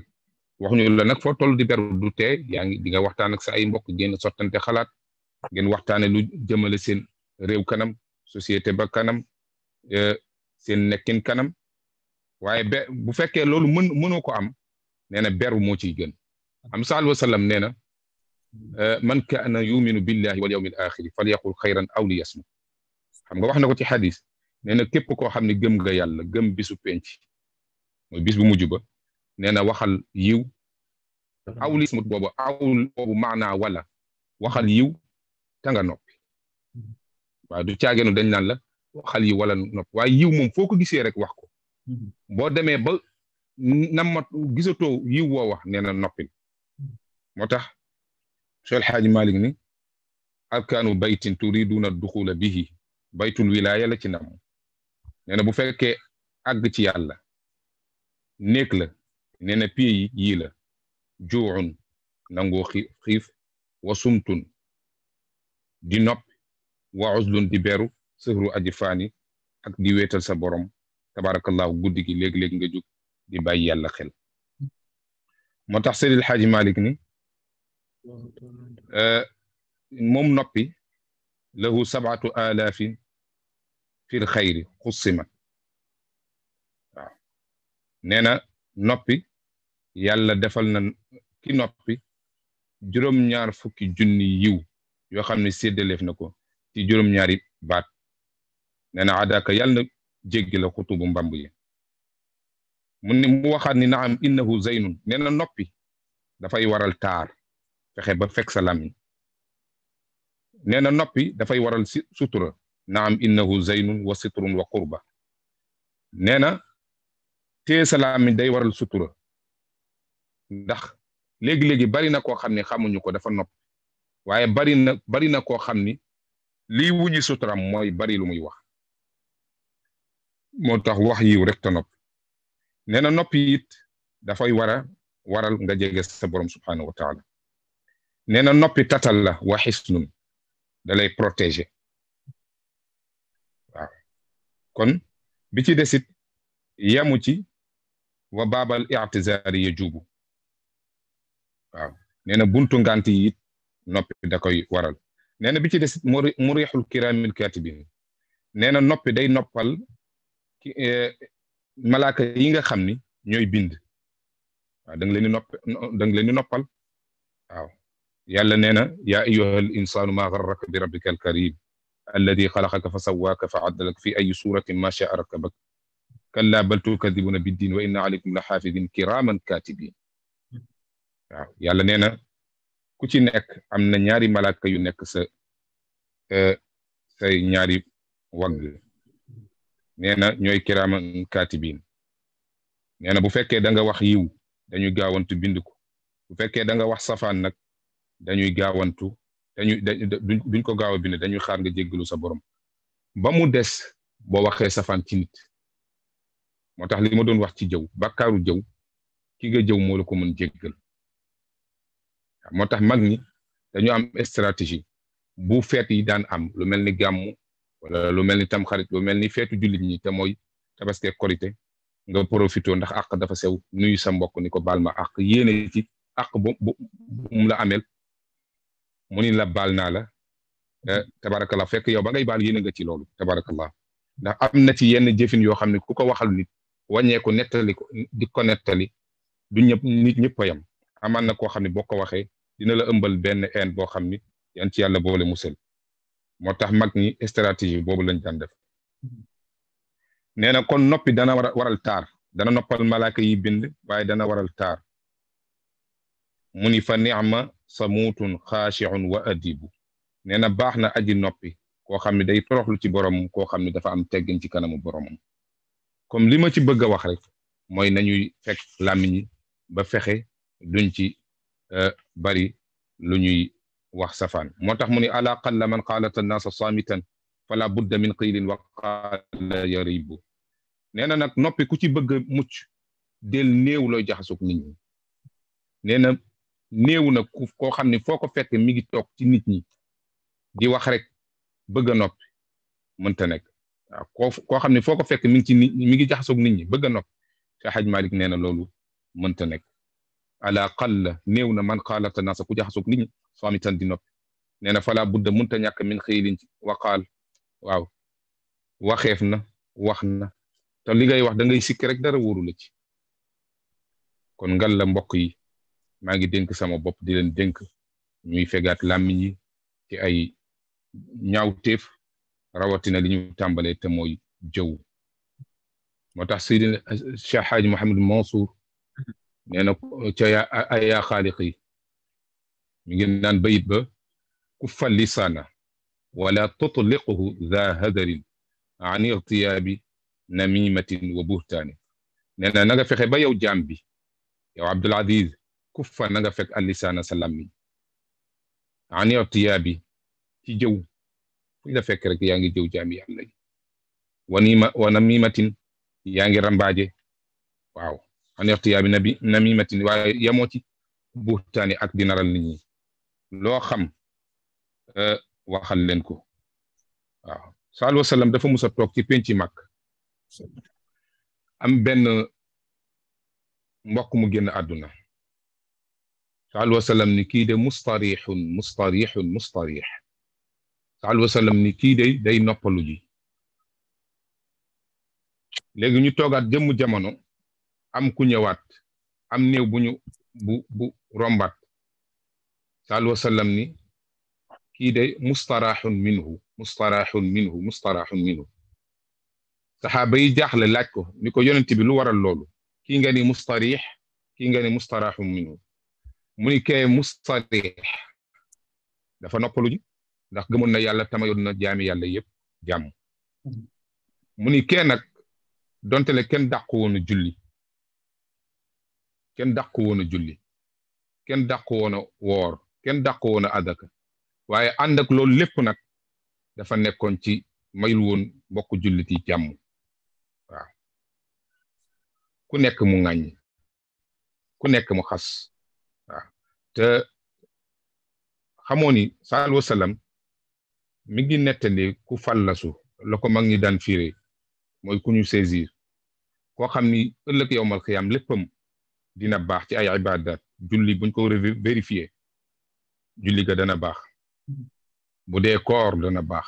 waxñu la nak fo tollu di beru du te yaangi di nga waxtaan ak sa ay mbokk génn sotante xalaat ngeen waxtaane lu jëmale seen réew kanam société ba kanam seen nekkin kanam waaye be bu fekkee loolu mën mënoo ko am nee na beru moo ciy gën am sa alai sallam nee na man kaana yuminu billahi wal yawmil akhir fal yaqul xayran aw li yasmut xam nga wax na ko ci xadis nee na képp koo xam ne gëm nga yàlla gëm bisu penc mooy bis bu mujj ba nee na waxal yiw aw li yasmut boobu aw boobu maanaa wala waxal yiw te nga noppi mm-hmm. waa du caageenu dañ naan la xal yi wala noppi waaye yiw moom foo ko gisee rek wax ko mm-hmm. boo demee ba nammat gisatoo yiw woo wax nee na noppi mm-hmm. moo tax Cheikh Alxaaji Malik ni arkaanu baytin turiduna duxula bihi baytul wilaaya la ci nam nee na bu fekkee àgg ci yàlla néeg la nee na pieds yi yii la juucun nangoo xiif wa sumtun di noppi wa uzlun di beru sëhru aji fani ak di wetal sa borom tabarakallah guddi gi leg leg nga juk di bàyyi yàlla xel motax Seydil Malik ni mom noppi lahu sabatu alaf fi l xayri xussima noppi yàlla defal na ki noppi juróom-ñaar fukki junni yiw yo xamni ne nako ci jurum naari baat nena na adaaka yàlla na jéggi la xutubu mbamb yi mu ne mu waxaat ni naam innahu zaynun nena nopi da fay waral tar fexe ba fek sa làmmiñ nee na noppi dafay waral sutura naam innahu zaynun wa sitrun wa qurba nena te téye sa làmmiñ day waral sutura ndax léegi-léegi bari na ko xamni xamuñu ko dafa nopi waye bari na bari na ko xamni li liy wujji moy bari lu muy wax motax wax yi rek ta nopi neena nopi it da fay wara waral nga jege sa borom subhanahu wa taala neena nopi tatalla wa hisnun dalay protéger waaw kon bi ci desit yamu ci wa babal i'tizari yajubu wa neena buntu ngant it نوبي داكوي ورال نانا بيتي ديس مريح الكرام الكاتبين نانا نوبي داي نوبال ملاك ييغا خامني نيوي بيند دانغ لين نوب دانغ يالا نانا يا ايها الانسان ما غرك بربك الكريم الذي خلقك فسواك فعدلك في اي صوره ما شاء ركبك كلا بل تكذبون بالدين وان عليكم لحافظين كراما كاتبين يالا نانا ku ci nekk am na ñaari malaaka yu nekk sa eh, say ñaari wagg nee na ñooy kiraama kaatibiin nee na bu fekkee da nga wax yiw dañuy gaawantu bind ko bu fekkee da nga wax safaan nag dañuy gaawantu dañuy duñ ko gaaw a bind dañuy xaar nga jéggalu sa borom ba mu des boo waxee safaan ci nit moo tax li ma doon wax ci jëw bàkkaaru jëw ki nga jëw moo la ko mën jéggal motax tax mag ñi dañu am stratégie bu feet yi daan am lu melni gamu wala lu melni tam xarit lu melni ni julit ñi te moy tabaské korité nga profito ndax ak dafa sew nuyu sa mbokk ni ko baal ma ci ak bu mu la amel mu la baal naa la tabarakallah fekk yow ba ngay bal yene nga ci loolu tabarakallah ndax am na ci yene jëfin yo xamni kuko waxal nit wàññeeku nettali ko di ko du ñep nit ñep yam amana ko xamni boko waxe dina la ëmbal benn haine boo xam ni yan ci yàlla boole musal moo tax mag ñi stratégie boobu lañ daan def nee na kon noppi dana waral taar dana noppal malaaka yi bind waaye dana waral taar mu ni fa nicma samuutun xaashiun wa adibu nee na baax na aji noppi koo xam ne day toroxlu ci borom koo xam ne dafa am teggin ci kanamu boromam comme li ma ci bëgg a wax rek mooy nañuy fekk làmmiñ ba fexe duñ ci Euh, bari lu ñuy wax safaan moo tax mu ne ala qalla man qaalat annaasa saamitan fala budda min qiilin wa qaala yaribu nee na nag noppi ku ci bëgg a mucc del néew loo jaxasoog niñ ñi nee na néew na ku koo xam ne foo ko fekk mi ngi toog ci nit ñi di wax rek bëgg a noppi mënta nekk koo koo xam ne foo ko fekk mi ngi ci nit mi ngi jaxasoog nit ñi bëgg a noppi Cheikh Hadj Malick nee na loolu mënta nekk على قل نيونا من قالت الناس كوجا حسوك لين سوامي تندينوب نينا فلا بد منتنياك من خيلين وقال واو وخيفنا وخنا تولي غاي واخ داغي سيك رك دار وورو لتي كون غال لا مبوكي ماغي دينك سما بوب دي لن دينك نوي فيغات لامي تي اي نياوتيف rawatina li ñu tàmbalee te mooy jëw moo tax sëydi cheikh xaaj mohamed mansour nee na ca yaa yaa xaaliqi mi ngi naan bayit ba ku fal lisaana wala tutliquhu dha hadarin an irtiyaabi namimatin wa buhtaanin nee na na nga fexe ba yow jaam bi yow Abdul Aziz ku fa na nga fekk allisaana sa làmmiñ an irtiyaabi ci jëw fu ñu la fekk rek yaa ngi jëw jaami yàlla yi wa nima wa namimatin yaa ngi rambaaje waaw أن يرتيا بنبي نميمة ويموتي بوتاني أك دينار لني لو خم أه، وخلنكو آه. صلى الله عليه وسلم دفو موسى توك تي بنتي مك أم بن مبكو مجن أدنى صلى الله عليه وسلم نكيد مستريح مستريح مستريح صلى الله عليه وسلم نكيد داي نوبلوجي لغي ني توغات جيم جامانو am ku ñëwaat am néew bu ñu bu bu rombaat sal wasallam ni kii de mustaraaxun minhu mustaraaxun minhu mustaraaxun minhu sahaba yi jaaxle laaj ko ni ko yonent bi lu waral loolu kii nga ni mustariix kii nga ni mustaraaxun minhu mu ni kee mustariix dafa noppalu ji ndax gëmoon na yàlla tama yon na jaami yàlla yëpp jàmm mu ni kee nag donte le kenn dàqu woonu julli kenn dàq woon a julli kenn dàq woon woor kenn dàq woon a adaka waaye ànd loolu lépp nag dafa nekkoon ci mayul woon mbokk jullit yi jàmm waaw ku nekk mu ŋàññi ku nekk mu xas waaw te xamoo ni sallallaahu mi ngi nettali ku fallasu la ko mag ñi daan fiire mooy ku ñu saisir koo xam ni ëllëg yowmal xiyaam léppam dina baax ci ay ibadat julli buñ ko vérifié julli ga dana baax bu dee koor dana baax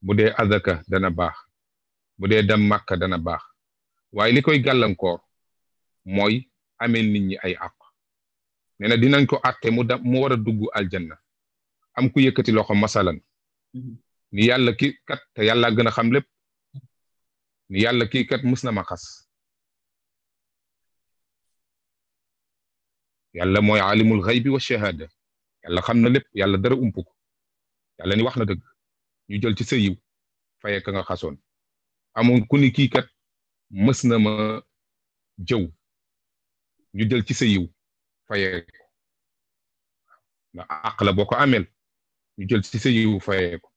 bu dee azaka dana baax bu dee dem màkka dana baax waaye li koy gàllankoor mooy ame nit ñi ay àq nee dinañ ko àtte mu da mu war a dugg aljanna am ku yëkkati loxo masalan ni yàlla kii kat te yàlla gën a xam lépp ni yàlla kii kat mus na ma xas yàlla mooy alimul xaybi wa shahada yàlla xam na lépp yàlla dara ump ko yàlla ni wax na dëgg ñu jël ci sa yiw faye ka nga xasoon amoon ku ni kii kat mës na ma jëw ñu jël ci sa yiw faye ko ndax àq la boo ko ameel ñu jël ci sa yiw faye ko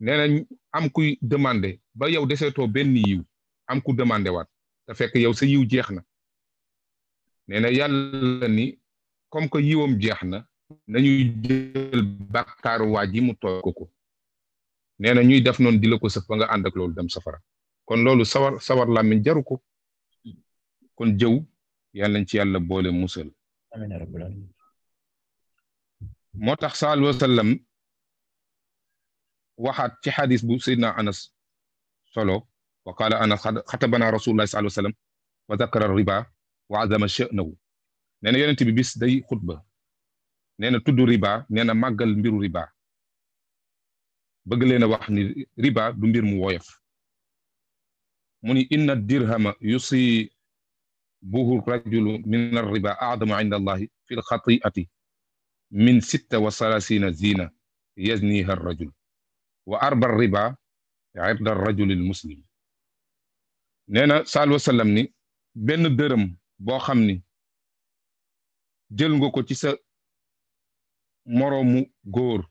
nee na am kuy demandé ba yow deseetoo benn yiw am ku demandé waat te fekk yow sa yiw jeex na nee na yàlla ni comme que yiwam jeex na nañuy jël bàkkaaru waa ji mu tooy ko ko nee na ñuy def noonu di la ko sëf ba nga ànd ak loolu dem safara kon loolu sawar sawar làmmiñ jaru ko kon jëw yàlla nañ ci yàlla boole musal amiin rabbal alamin moo tax sallallaahu alayhi wa sallam waxaat ci xadis bu sayyidina anas solo wa qaala anas xatabana rasulullahi sallallaahu alayhi wa sallam wa zakara riba وعظم شأنه نانا يونتي بي بيس داي خطبه نانا تودو ربا نانا ماغال ميرو ربا بغل لينا واخ ني ربا دو مير مو ويف موني ان الدرهم يصي به الرجل من الربا اعظم عند الله في الخطيئه من 36 زينه يزنيها الرجل واربع الربا عرض الرجل المسلم نانا صلى الله عليه وسلم ني بن درم boo xam ni jël nga ko ci sa moroomu góor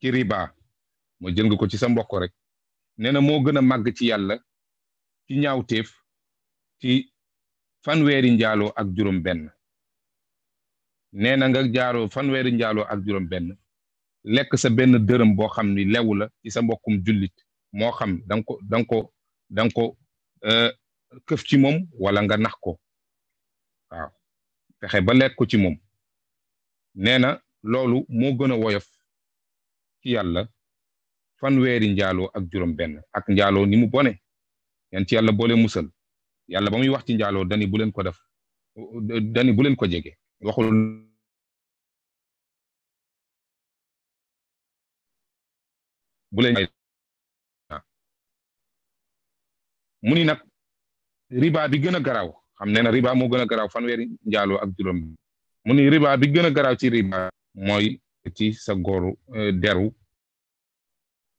ci riba mooy jël nga ko ci sa mbokk rek nee na moo gën a màgg ci yàlla ci ñaawteef ci fanweeri njaaloo ak juróom benn nee na nga jaaroo fanweeri njaaloo ak juróom benn lekk sa benn dërëm boo xam ni lewu la ci sa mbokkum julit moo xam danga ko danga ko euh, këf ci moom wala nga nax ko fexe ba lekk ko ci moom nee na loolu moo gën a woyof ci yàlla fanweeri njaaloo ak juróom-benn ak njaaloo ni mu bone yan ci yàlla boole musal yàlla ba muy wax ci njaaloo dani bu ko def dani bu ko jege waxul bu leen ni nag riba bi gën a garaaw xam ne na riba moo gën a garaaw fanweeri njaaloo ak juróom mu ni riba bi gën a garaaw ci riba mooy ci sa góoru eh, deru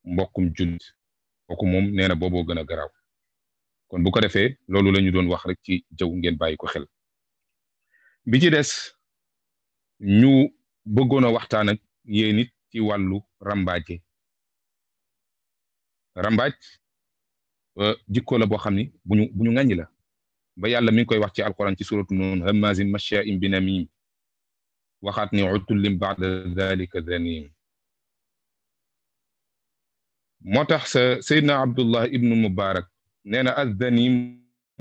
mbokkum jullit kooku moom nee na booboo gën a garaaw kon bu ko defee loolu la ñu doon wax rek ci jëw ngeen bàyyi ko xel bi ci des ñu bëggoon a waxtaan ak yéen ci wàllu rambaaje rambaaj eh, jikko la boo xam ni bu ñu bu la ba yàlla mi ngi koy wax ci alquran ci suratu noon hamazin masha'in bi namim waxaat ni utullim ba'da dhalika zanim moo tax sa seydna abdullah ibn mubarak nee na azzanim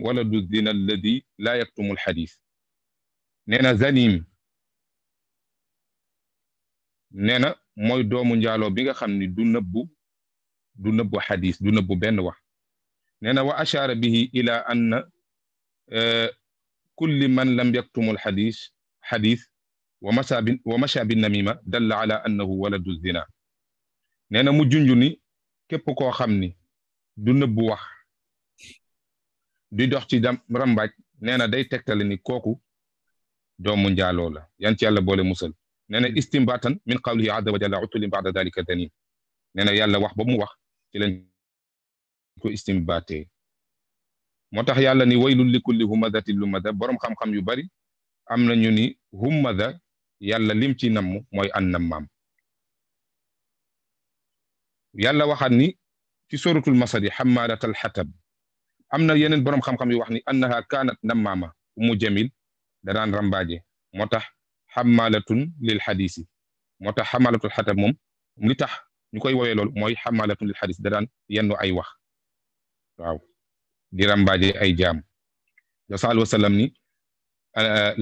waladu zina alladi laa yaktumu alxadis zanim nee na mooy doomu njaaloo bi nga xam ni du nëbbu du nëbbu xadis du nëbbu benn wax nee wa ashaara bihi ila anna آه، كل من لم يكتم الحديث حديث ومشى ومشى بالنميمه دل على انه ولد الزنا نانا مجنجوني كيب كو خامني دو نيب واخ دي دوختي دام رمباج نانا داي تكتلني كوكو دوم نجالو لا يانتي يالا بولي موسل نانا استنباطا من قوله عز وجل عتل بعد ذلك دنيم نانا يالا واخ بامو واخ تي لن كو استنباطي motax yàlla ni waylul li kulli humazatin lumaza borom xam-xam yu bari amna ñu ni humaza yàlla lim ci nam moy annamam yàlla waxat ni ci suratul masad xammaalatal xatab am na yeneen borom xam-xam yu wax ni annaha kanat namama umu jamil da daan rambaje motax hamalatun lil xadiisi motax hamalatul hatab mom li tax ñukoy koy lol moy mooy xamaalatun lil xadiisi da daan yennu ay wax waaw di ràmbaaje ay jaam da sal wasallam ni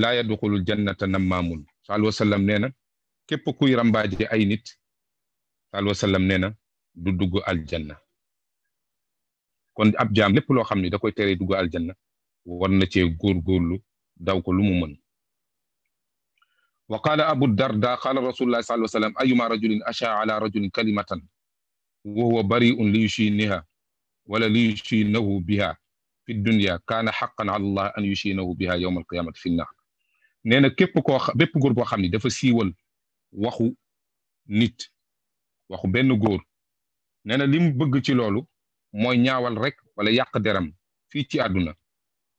laa yadxulul jannata nammaamun sal ay nit sal wasallam nee du dugg aljanna kon ab jaam lépp loo xam ne da koy teree dugg aljanna war na cee góorgóorlu daw ko lu wa qaala abu darda qaala rasulullah sallallahu alayhi wa ayuma rajulin asha ala rajulin kalimatan wa huwa bari'un li yushiniha wala li yushinahu biha fi dunya kaana xaqan ala allah an yushinahu biha yowma alqiyamati fi nnaar nee na képp koo bépp góor boo xam ni dafa siiwal waxu nit waxu benn góor nee na li mu bëgg ci loolu mooy ñaawal rek wala yàq deram fii ci àdduna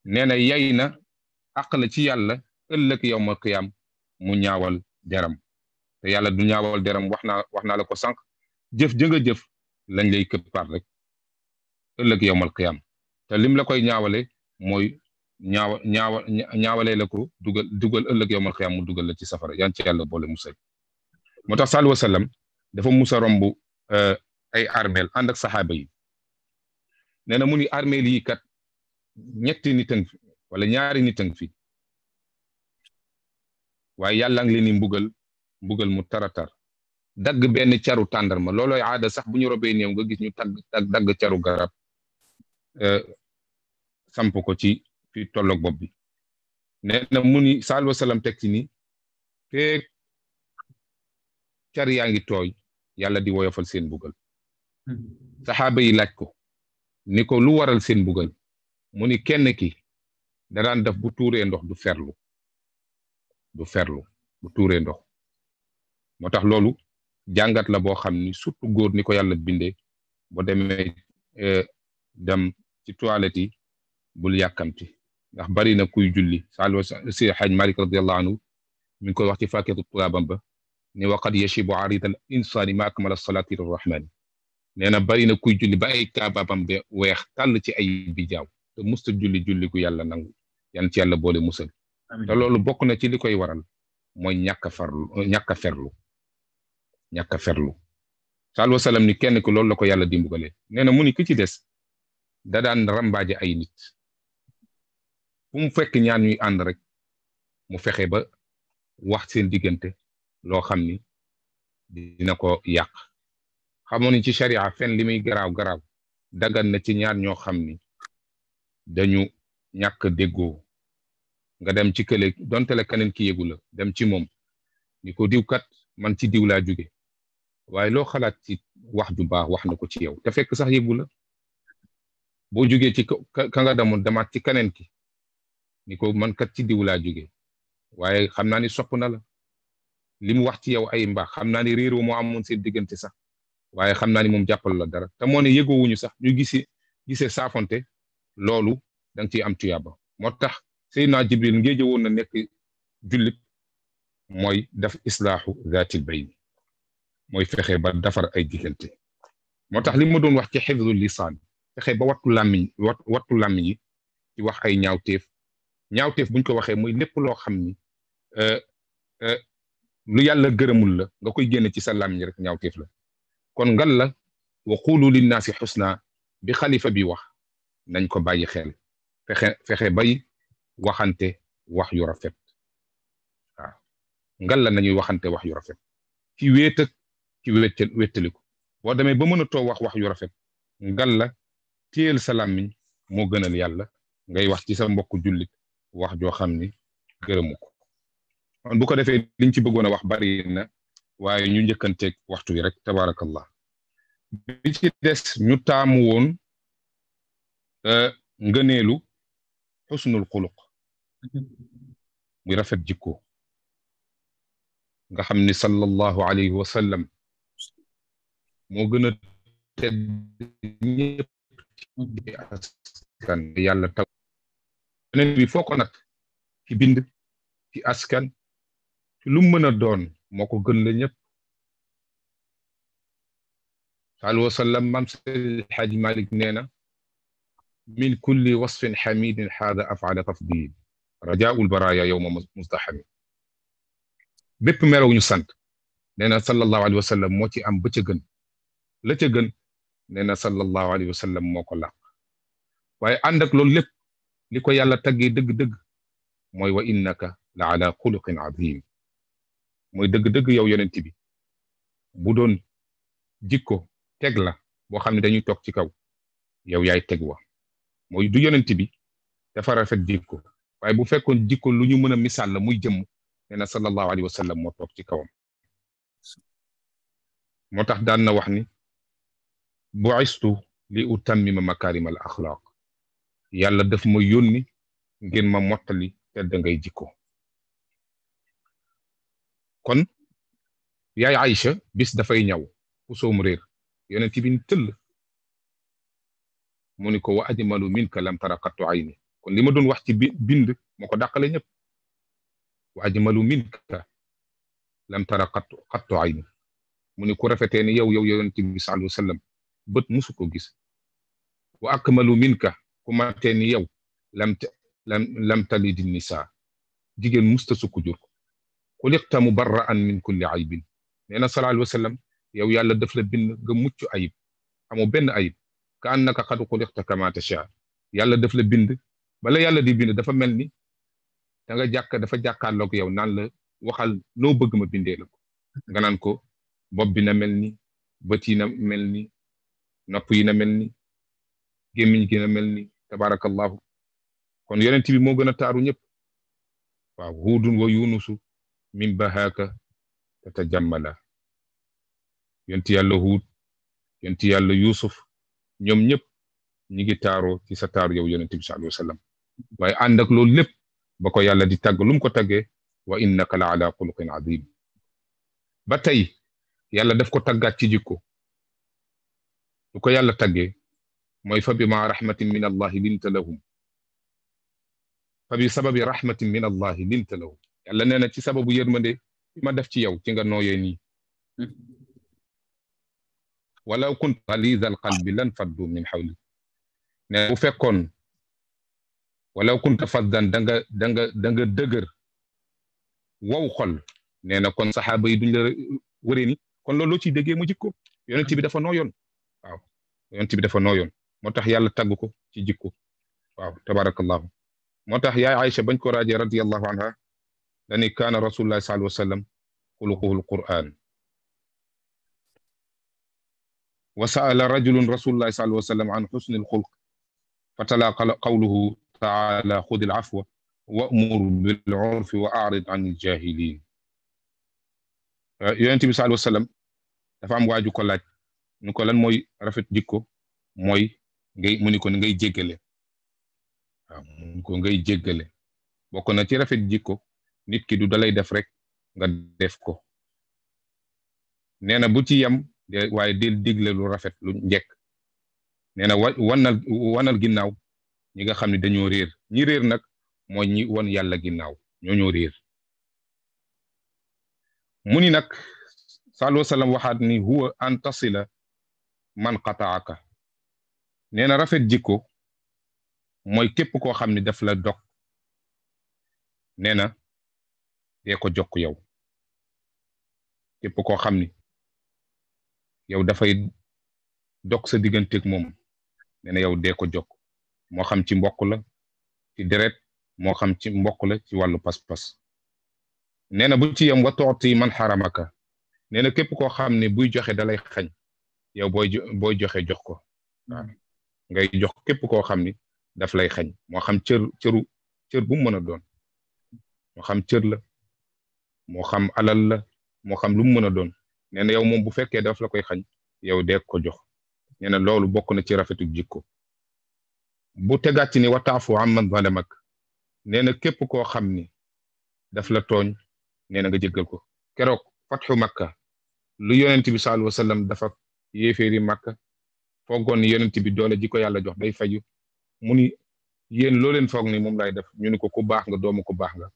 nee na yay na àq la ci yàlla ëllëg yowma alqiyam mu ñaawal deram te yàlla du ñaawal deram wax naa wax naa la ko sànq jëf jënga jëf lañ lay këppaat rek ëllëg yowmal qiyam te lim la koy ñaawale mooy ñaawa ñaawa ñaawalee ko dugal dugal ëllëg yowmal xiyaam mu dugal la ci safara yan ci yàlla boole musal moo tax sallallaahu alayhi dafa musa romb eh, ay armeel ànd ak saxaaba yi nee na mu armeel yi kat ñetti nit fi wala ñaari nit fi waaye yàlla ngi leen di mbugal mbugal mu taratar dagg benn caru tàndarma loolooy aada sax bu ñu robee néew nga gis ñu tagg tagg dagg caru garab Euh, samp ko ci fi tolloog bopp bi nee na mu ni saalu wasalaam teg ci ni feeg car yaa ngi tooy yàlla di woyofal seen bugal saxaaba yi laaj ko ni ko lu waral seen bugal mu ni kenn ki daraan def bu tuuree ndox du ferlu du ferlu bu tuuree ndox moo tax loolu jàngat la boo xam ni surtout góor ni ko yàlla bindee boo demee euh, dem ci toilette yi bul yàkkamti ndax bari na kuy julli sal si xaj malik radiallahu anhu mi ngi koy wax ci fàkkeetu turaabam ba ni waqad yashibu aridal insaani ma akmala salaati ila rahmaani nee na bari na kuy julli ba ay kaababam be weex tàll ci ay bijaaw te musta julli julli gu yàlla nangu yan ci yàlla boole musal te loolu bokk na ci li koy waral mooy ñàkk farlu ñàkk ferlu ñàkk ferlu sallallahu alayhi ni kenn ku loolu la ko yàlla dimbugalee nee na mu ni ki ci des da daan rambaaje ay nit fu mu fekk ñaan ñuy ànd rek mu fexe ba wax seen diggante loo xam ni dina ko yàq xamoon ni ci sharia fen li muy garaaw garaaw dagan na ci ñaar ñoo xam ni dañu ñàkk déggoo nga dem ci kële donte la keneen ki yëgu la dem ci moom ni ko diwkat man ci diw laa jóge waaye loo xalaat ci wax ju baax wax na ko ci yow te fekk sax yëgu la boo jógee ci ka nga demoon demaat ci keneen ki ni ko man kat ci diw laa jógee waaye xam naa ni sopp na la li mu wax ci yow ay mbaax xam naa ni réeroo moo amoon seen diggante sax waaye xam naa ni moom jàppal la dara te moo ne yëgoowuñu sax ñu gisee gisee saafonte loolu da nga ciy am tuyaaba moo tax Seydina Jibril ngéej woon na nekk jullit mooy daf islaaxu zaatil bayni mooy fexe ba defar ay diggante moo tax li ma doon wax ci xifdul lisaan fexe ba watu lami watu lami yi ci wax ay ñaawteef ñaawteef buñ ko waxé mooy lépp lo xamni euh euh lu yàlla gërëmul la nga koy génne ci sa làmmiñ rek ñaawteef la kon ngal la wa qulu lin nasi husna bi khalifa bi wax nañ ko bàyyi xel fexe fexe bay waxante wax yu rafet ngal la nañuy waxante wax yu rafet ci wéet ak ci wéttaliku bo démé ba mëna to wax wax yu rafet ngal la téyel sa làmmiñ moo gënal yàlla ngay wax ci sa mbokk jullit wax joo xam ni gërëmu ko kon bu ko defee liñ ci bëggoon a wax bari na waaye ñu njëkkanteeg waxtu wi rek tabaarakallah bi ci des ñu taamu woon ngëneelu xusnul xuluq muy rafet jikko nga xam ni sallallahu alayhi wa moo gën a tedd ñëpp askan yalla taw benen bi foko nak ci bind ci askan ci lu meuna doon moko gën la ñep قال وصلى مام الحاج مالك نينا من كل وصف حميد هذا افعل تفضيل رجاء البرايا يوم مزدحم بيب ميرو ني سانت نينا صلى الله عليه وسلم موتي ام بتيغن لا تيغن nee na sallallahu alayhi wa sallam moo ko làq waaye ànd ak loolu lépp li ko yàlla taggee dëgg-dëgg mooy wa innaka la ala xuluqin azim mooy dëgg-dëgg yow yonent bi bu doon jikko teg la boo xam ne dañuy toog ci kaw yow yaay teg wa mooy du yonent bi dafa rafet jikko waaye bu fekkoon jikko lu ñu mën a misaal la muy jëmm nee na sallallahu alayhi wa moo toog ci kawam moo tax daan na wax ni بعثت لأتمم مكارم الأخلاق يلا دف ما يوني غير ما موتلي تدنغي جيكو كون يا عائشة بس دفاي نيو كوسو مرير يونتي بن تل مونيكو وادي مالو منك لم ترى قط عيني كون لي ما دون واحتي بند مكو داخلي نيب واجمل منك لم ترى قط قط عيني مونيكو رفتيني يو يو يونتي بي صلى الله عليه وسلم bët musu ko gis wa akmalu minka ku matee ni yow lam lam lam talidi nisaa jigéen musta sukku jur ko xuliqta mubarra'an min kulli aybin nee na sallallahu alayhi wa sallam yow yàlla daf la bind nga mucc ayib amoo benn ayib ka annaka qad xuliqta kama tashaa yàlla daf la bind bala yàlla di bind dafa mel da nga jàkk dafa jàkkaarloog yow naan la waxal noo bëgg ma bindee nga naan ko bopp na mel ni na mel nopp yi na mel ni gémmiñ gi na mel ni tabarakallahu kon yonent bi moo gën a taaru ñëpp waaw huudun wa yunusu min bahaaka tatajammala yonti yàlla huud yonti yàlla yusuf ñoom ñëpp ñi ngi taaroo ci sa taaru yow yonent bi sallallahu alayhi wa sallam waaye ànd ak loolu lépp ba ko yàlla di tàgg lu mu ko tàggee wa innaka la ala xuluqin azim ba tey yàlla daf ko tàggaat ci jikko lu ko yàlla tàggee mooy fa bi maa raxmatin min allahi linta lahum fa bi sababi raxmatin min allahi linta lahum yàlla nee na ci sababu yërmande bi ma def ci yow ci nga nooyee nii walaw kunt galiza al qalbi lan faddu min xawli ne bu fekkoon walaw kunta faddan da nga da nga da nga dëgër wow xol nee na kon saxaaba yi duñ la wëree ni kon loolu loo ciy déggee mu jikko yonent bi dafa nooyoon yonent bi dafa nooyoon moo tax yàlla tàgg ko ci jikko waaw tabarakallahu moo tax yaay Aïcha bañ ko raajee radiallahu anha dani kaana rasulullahi sallallahu alayhi wa sallam xuluquhu lquran wa saala rajulun rasulullahi sallallahu alayhi wa sallam an xusni alxulq فتلا قوله تعالى خذ العفو وأمر بالعرف وأعرض عن الجاهلين يونتي بي صلى الله عليه وسلم دا فام واجو كو لاج ñu ko lan mooy rafet jikko mooy ngay mu ni ko ngay jéggale waaw mu ko ngay jéggale bokk na ci rafet jikko nit ki du dalay def rek nga def ko nee na bu ci yem waaye del digle lu rafet lu njekk nee na wa wanal wanal ginnaaw ñi nga xam ne dañoo réer ñi réer nag mooy ñi wan yàlla ginnaaw ñoo ñoo réer mu ni nag sallallaahu alayhi wa sallam waxaat ni huwa an tasila man qataaka nee na rafet jikko moy képp koo xam ne daf la dog nee na dee ko yow képp koo xam ni yow dafay dog sa digganteeg moom nee na yow dee ko jokk moo xam ci mbok la ci deret moo xam ci mbokk la ci wàllu pas-pas nee na bu ci yam wa tooti man xaramaka nee na képp koo xam ne buy joxe dalay xañ yow booy booy joxe jox ko hmm. waaw ngay jox képp koo xam ni daf lay xañ moo xam cër cëru cër bu mu mën a doon moo xam cër la moo xam alal la moo xam lu mu mën a doon nee na yow moom bu fekkee daf la koy xañ yow dee ko jox nee na loolu bokk na ci rafetu jikko bu tegaat ci ni wataafu amman zalamak nee na képp koo xam ni daf la tooñ nee na nga jéggal ko keroog fatxu maka lu yonent bi sallallahu alayhi dafa yéeféeri màkk foogoon ni yonent bi doole ji ko yàlla jox day faju mu ni yéen loo leen foog ni moom lay def ñu ni ko ku baax nga doomu ku baax nga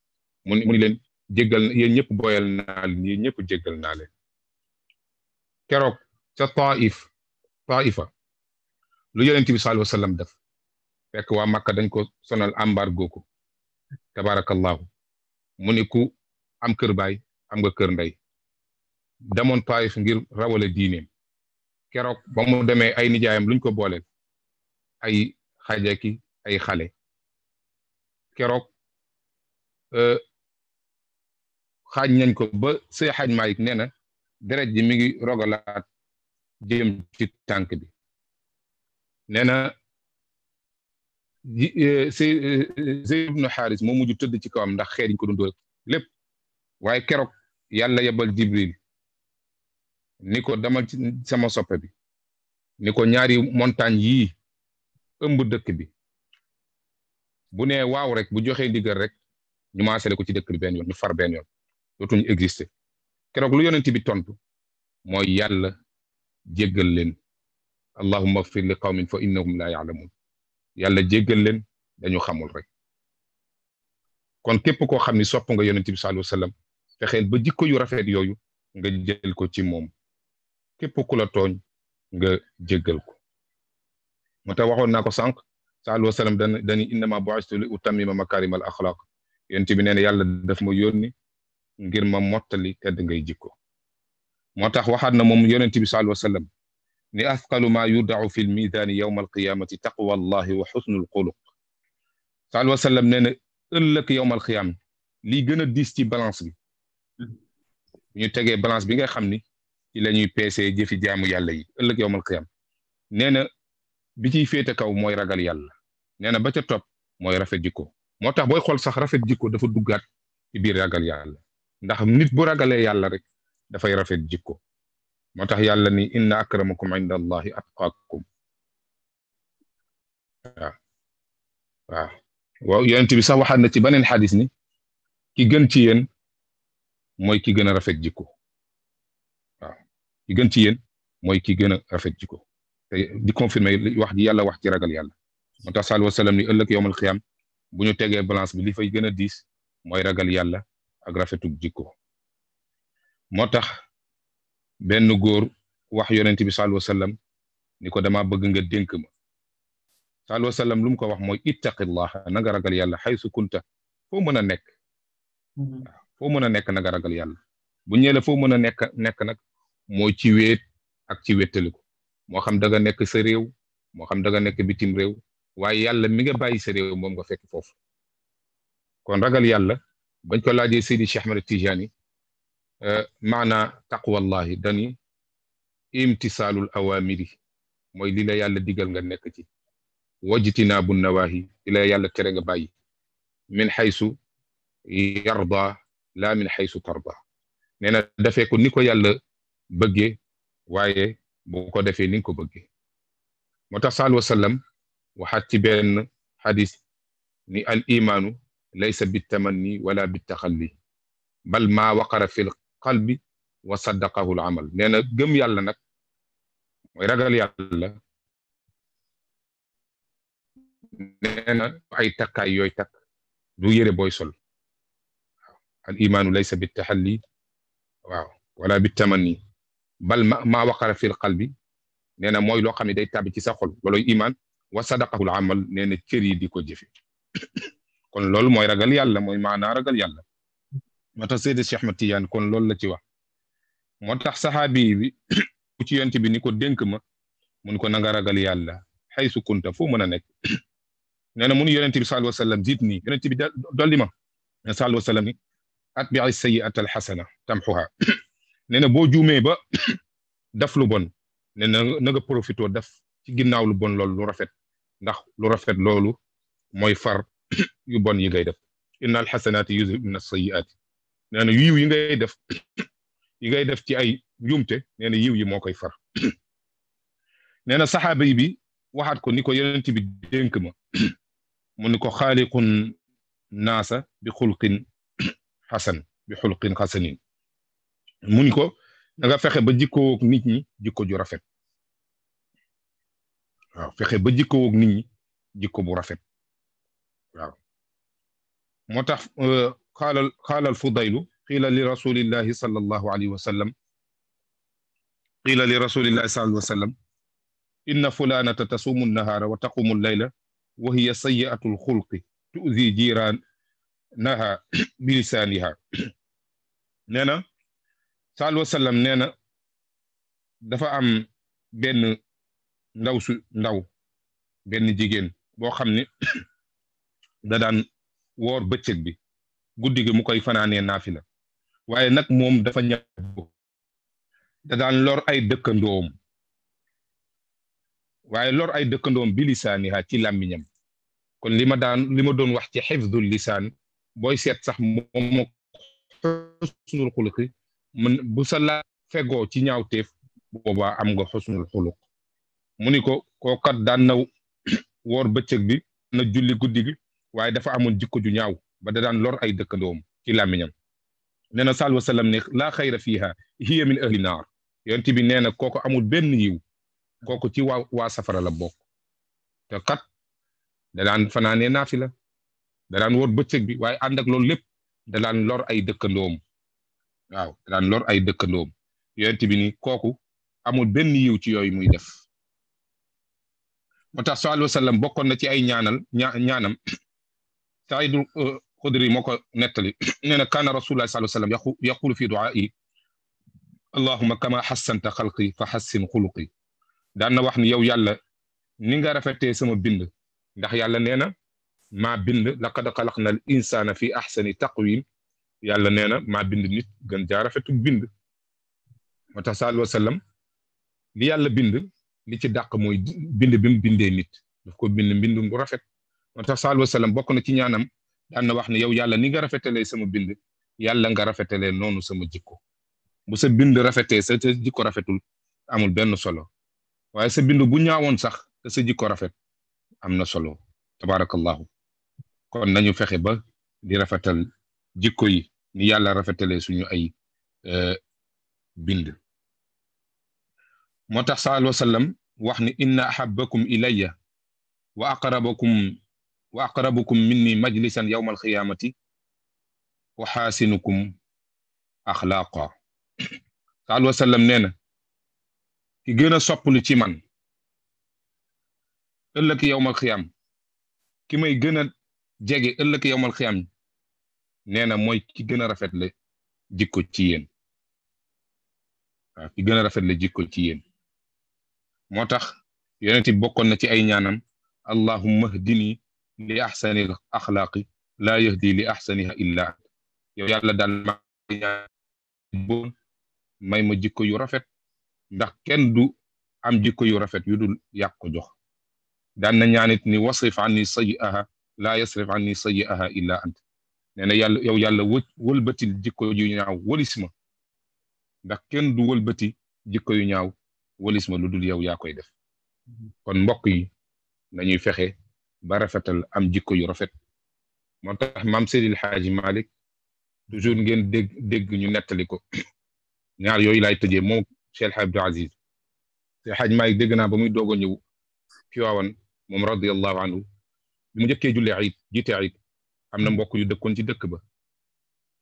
mu ni mu ni leen jéggal yéen ñëpp boyal naa leen yéen ñëpp jéggal naa keroog ca taif taifa lu yonent bi sallallahu alayhi def fekk wa màkka dañ ko sonal embargo ko tabarakallahu mu ni ku am kër baay am nga kër ndey demoon taif ngir rawale diineem keroog ba mu demee ay nijaayam luñ ko booleel ay xajaki ay xale keroog euh, xaaj nañ ko ba sey xaaj Maalik nee na deret ji mi ngi rogalaat jëm ci tànk bi nee na euh, sey sey euh, ibnu xaaris moo mujj tëdd ci kawam ndax xeer yi ñu ko doon dóor lépp waaye keroog yàlla yebal Jibril ni ko demal ci sama soppe bi ni ko ñaari montagne yi ëmb dëkk bi bu nee waaw rek bu joxee ndigal rek ñu maasale ko ci dëkk bi benn yoon ñu far benn yoon dootuñu exister keroog lu yonent bi tontu mooy yàlla jéggal leen allahumma agfir li qawmin fa innahum laa yaalamuun yàlla jéggal leen dañu xamul rek kon képp koo xam ni sopp nga yonent bi sallallahu alayhi wa sallam ba jikko yu rafet yooyu nga jël ko ci moom képp ku la tooñ nga jéggal ko moo tax waxoon naa ko sànq saalu wa salaam dan dani innama bu'istu li utammima makarim al axlaq yonent bi nee na yàlla daf ma yónni ngir ma mottali tedd ngay jikko moo tax waxaat na moom yonent bi saalu wa salaam ni athqalu ma yudaau fi lmiizaani yowma alqiyamati taqwa allahi wa xusnul xuluq saalu wa salaam nee na ëllëg yowma alqiyaama lii gën a diis ci balance bi ñu tegee balance bi nga xam ni ci la ñuy peesee jëfi jaamu yàlla yi ëllëg yowmal qiyam nee na bi ciy féete kaw mooy ragal yàlla nee na ba ca topp mooy rafet jikko moo tax booy xool sax rafet jikko dafa duggaat ci biir ragal yàlla ndax nit bu ragalee yàlla rek dafay rafet jikko moo tax yàlla ni inna akramakum inda allahi atqaakum waaw waaw waaw yonent bi sax waxaat na ci beneen xadis ni ki gën ci yéen mooy ki gën a rafet jikko ki gën ci yéen mooy ki gën a rafet ko te di confirmer li wax di yàlla wax ci ragal yàlla moo tax sallallahu alayhi wa sallam ni ëllëg yowmal xiyaam bu ñu tegee balance bi li fay gën a diis mooy ragal yàlla ak rafetug jikko moo tax benn góor wax yonent bi sallallahu alayhi wa sallam ni ko dama bëgg nga dénk ma sallallahu alayhi wa sallam lu mu ko wax mooy ittaqillaha na nga ragal yàlla xaysu kunta foo mën a nekk foo mën a nekk na nga ragal yàlla bu ñëwee foo mën a nekk nekk nag moy ci wéet ak ci wéttaliku moo xam da nga nekk sa réew moo xam da nga nekk bitim réew waaye yàlla mi nga bàyyi sa réew moom nga fekk foofu kon ragal yàlla bañ ko laajee sidi cheikh ahmed tijani maana taqwa taqwallahi dani imtisaalul awamiri mooy li la yàlla digal nga nekk ci wajtinaabu nawaahi li la yàlla tere nga bàyyi min xaysu yarda la min xaysu tarda nee na defee ko ni ko yàlla bëgge waaye bu ko defee ni nga ko bëggee moo tax sal wasallam waxaat ci benn xadis ni al imaanu laysa bitamanni wala bitaxalli bal ma waqara fi l qalbi wa saddaqahu l amal nee na gëm yàlla nag mooy ragal yàlla nee na ay takkaay yooy takk du yére booy sol al imaanu laysa bitaxalli waaw wala bitamanni بل ما وقع في القلب نينا موي لو خامي داي تاب سي سخول لولو ايمان وصدقه العمل نينا تيري ديكو جيفي كون لول موي راغال يالا موي معنا راغال يالا متى سيدي الشيخ متيان كون لول لا تي واخ موتاخ صحابي بي كو تي يونتي بي نيكو دنك ما مون كو نغا راغال يالا حيث كنت فو مونا نيك نينا مون يونتي صلى الله عليه وسلم زيدني يونتي بي دوليما صلى الله عليه وسلم اتبع السيئه الحسنه تمحوها nee na boo juumee ba def lu bon nee na na nga profité def ci ginnaaw lu bon loolu lu rafet ndax lu rafet loolu mooy far yu bon yi ngay def inna alxasanaati yuzhibna sayiaati nee na yiw yi ngay def yi ngay def ci ay njuumte nee na yiw yi moo koy far nee na saxaaba yi bi waxaat ko ni ko yonent bi dénk ma mu ni ko xaaliqun naasa bi xulqin xasan bi xulqin xasanin muñ ko da nga fexe ba jikko jikkoog nit ñi jikko ju rafet waaw fexe ba jikko jikkoog nit ñi jikko bu rafet waaw motax khalal khalal qaala qila li rasulillah sallallahu alayhi wa sallam qila li rasulillah sallallahu alayhi wa sallam ان فلانه تصوم النهار وتقوم الليل وهي سيئه الخلق تؤذي جيرانها بلسانها jiiraanaha sallallaahu alayhi wa sallam nee na dafa am benn ndaw su ndaw benn jigéen boo xam ne da daan woor bëccëg bi guddi gi mu koy fanaanee naafila waaye nag moom dafa ñàkk da daan lor ay dëkkandoom waaye lor ay dëkkandoom bi lisaaniha ci làmmiñam kon li ma daan li ma doon wax ci xifdul lisaan booy seet sax moom xusnul xuluqi من بوسلا فيغو تي تيف بوبا ام غا حسن الخلق مونيكو كو كات دان نو وور بتيك بي نا جولي غودي بي واي دا فا امون جيكو جو نياو با دا دان لور اي دكلوم تي لامينم نينا صلى الله عليه وسلم نيخ لا خير فيها هي من اهل النار يونتي بي نينا كوكو امول بن نيو كوكو تي وا وا سفر لا بوك تا كات دا دان فنانه نافله دا دان وور بتيك بي واي اندك لول ليب دا دان لور اي دكلوم waaw daan lor ay dëkk dëkkandoom yonent bi ni kooku amul benn yiw ci yooyu muy def moo tax sallallahu alayhi wa sallam bokkoon na ci ay ñaanal ñaanam saidul xudri moo ko nettali nee na kaana rasulullah sallallahu alayhi wa sallam yaqulu fi duaai allahuma kama xassanta xalqi fa xassin xuluqi daan na wax ni yow yàlla ni nga rafetee sama bind ndax yàlla nee na maa bind laqad xalaqna al insana fi axsani taqwim yàlla nee na maa bind nit gën jaa rafetu bind moo tax sallallaahu alayhi wa sallam li yàlla bind li ci dàq mooy bind bi mu bindee nit daf ko bind mbindum bu rafet moo tax sallallaahu alayhi wa sallam bokk na ci ñaanam daan na wax ne yow yàlla ni nga rafetalee sama bind yàlla nga rafetalee noonu sama jikko bu sa bind rafetee sa sa jikko rafetul amul benn solo waaye sa bind bu ñaawoon sax te sa jikko rafet am na solo tabaarakallaahu kon nañu fexe ba di rafetal jikko yi ni yàlla rafetalee suñu ay bind moo tax sallallahu wa sallam wax ni inna ahabbakum ilayya wa aqrabakum wa aqrabukum minni majlisan yawma alqiyamati wa xaasinukum axlaaqa sallallahu alayhi wa sallam nee na ki gën a sopplu ci man ëllëg yawma alqiyam ki may gën a jege ëllëg yawma alqiyam nee moy ki gëna rafet le jikko ci yéen ki gëna rafet le jikko ci yéen motax tax bokkon na ci ay ñaanam allahumma hdini li ahsani al axlaaqi laa yahdi li ahsaniha illa yow yàlla dal ma boo may ma jikko yu rafet ndax kenn du am jikko yu rafet yu dul yàq ko jox dan na ñaanit ni wasif anni sayi'aha la yasrif anni sayi'aha illa anta neena yàlla yow yàlla wë wëlbatil jikko yu ñaaw wëlis ma ndax kenn du wëlbati jikko yu ñaaw wëlis lu dul yow yaa koy def kon mbokk yi nañuy fexe ba rafetal am jikko yu rafet moo tax maam Seydil Xaaji Malik toujours ngeen dégg dégg ñu nettali ko ñaar yooyu laay tëjee moom Cheikh Abdou Aziz te Xaaji Malik dégg naa ba muy doog a ñëw Tiwaawan moom radiallahu anhu bi mu njëkkee jullee ayit jiite ayit am na mbokk yu dëkkoon ci dëkk ba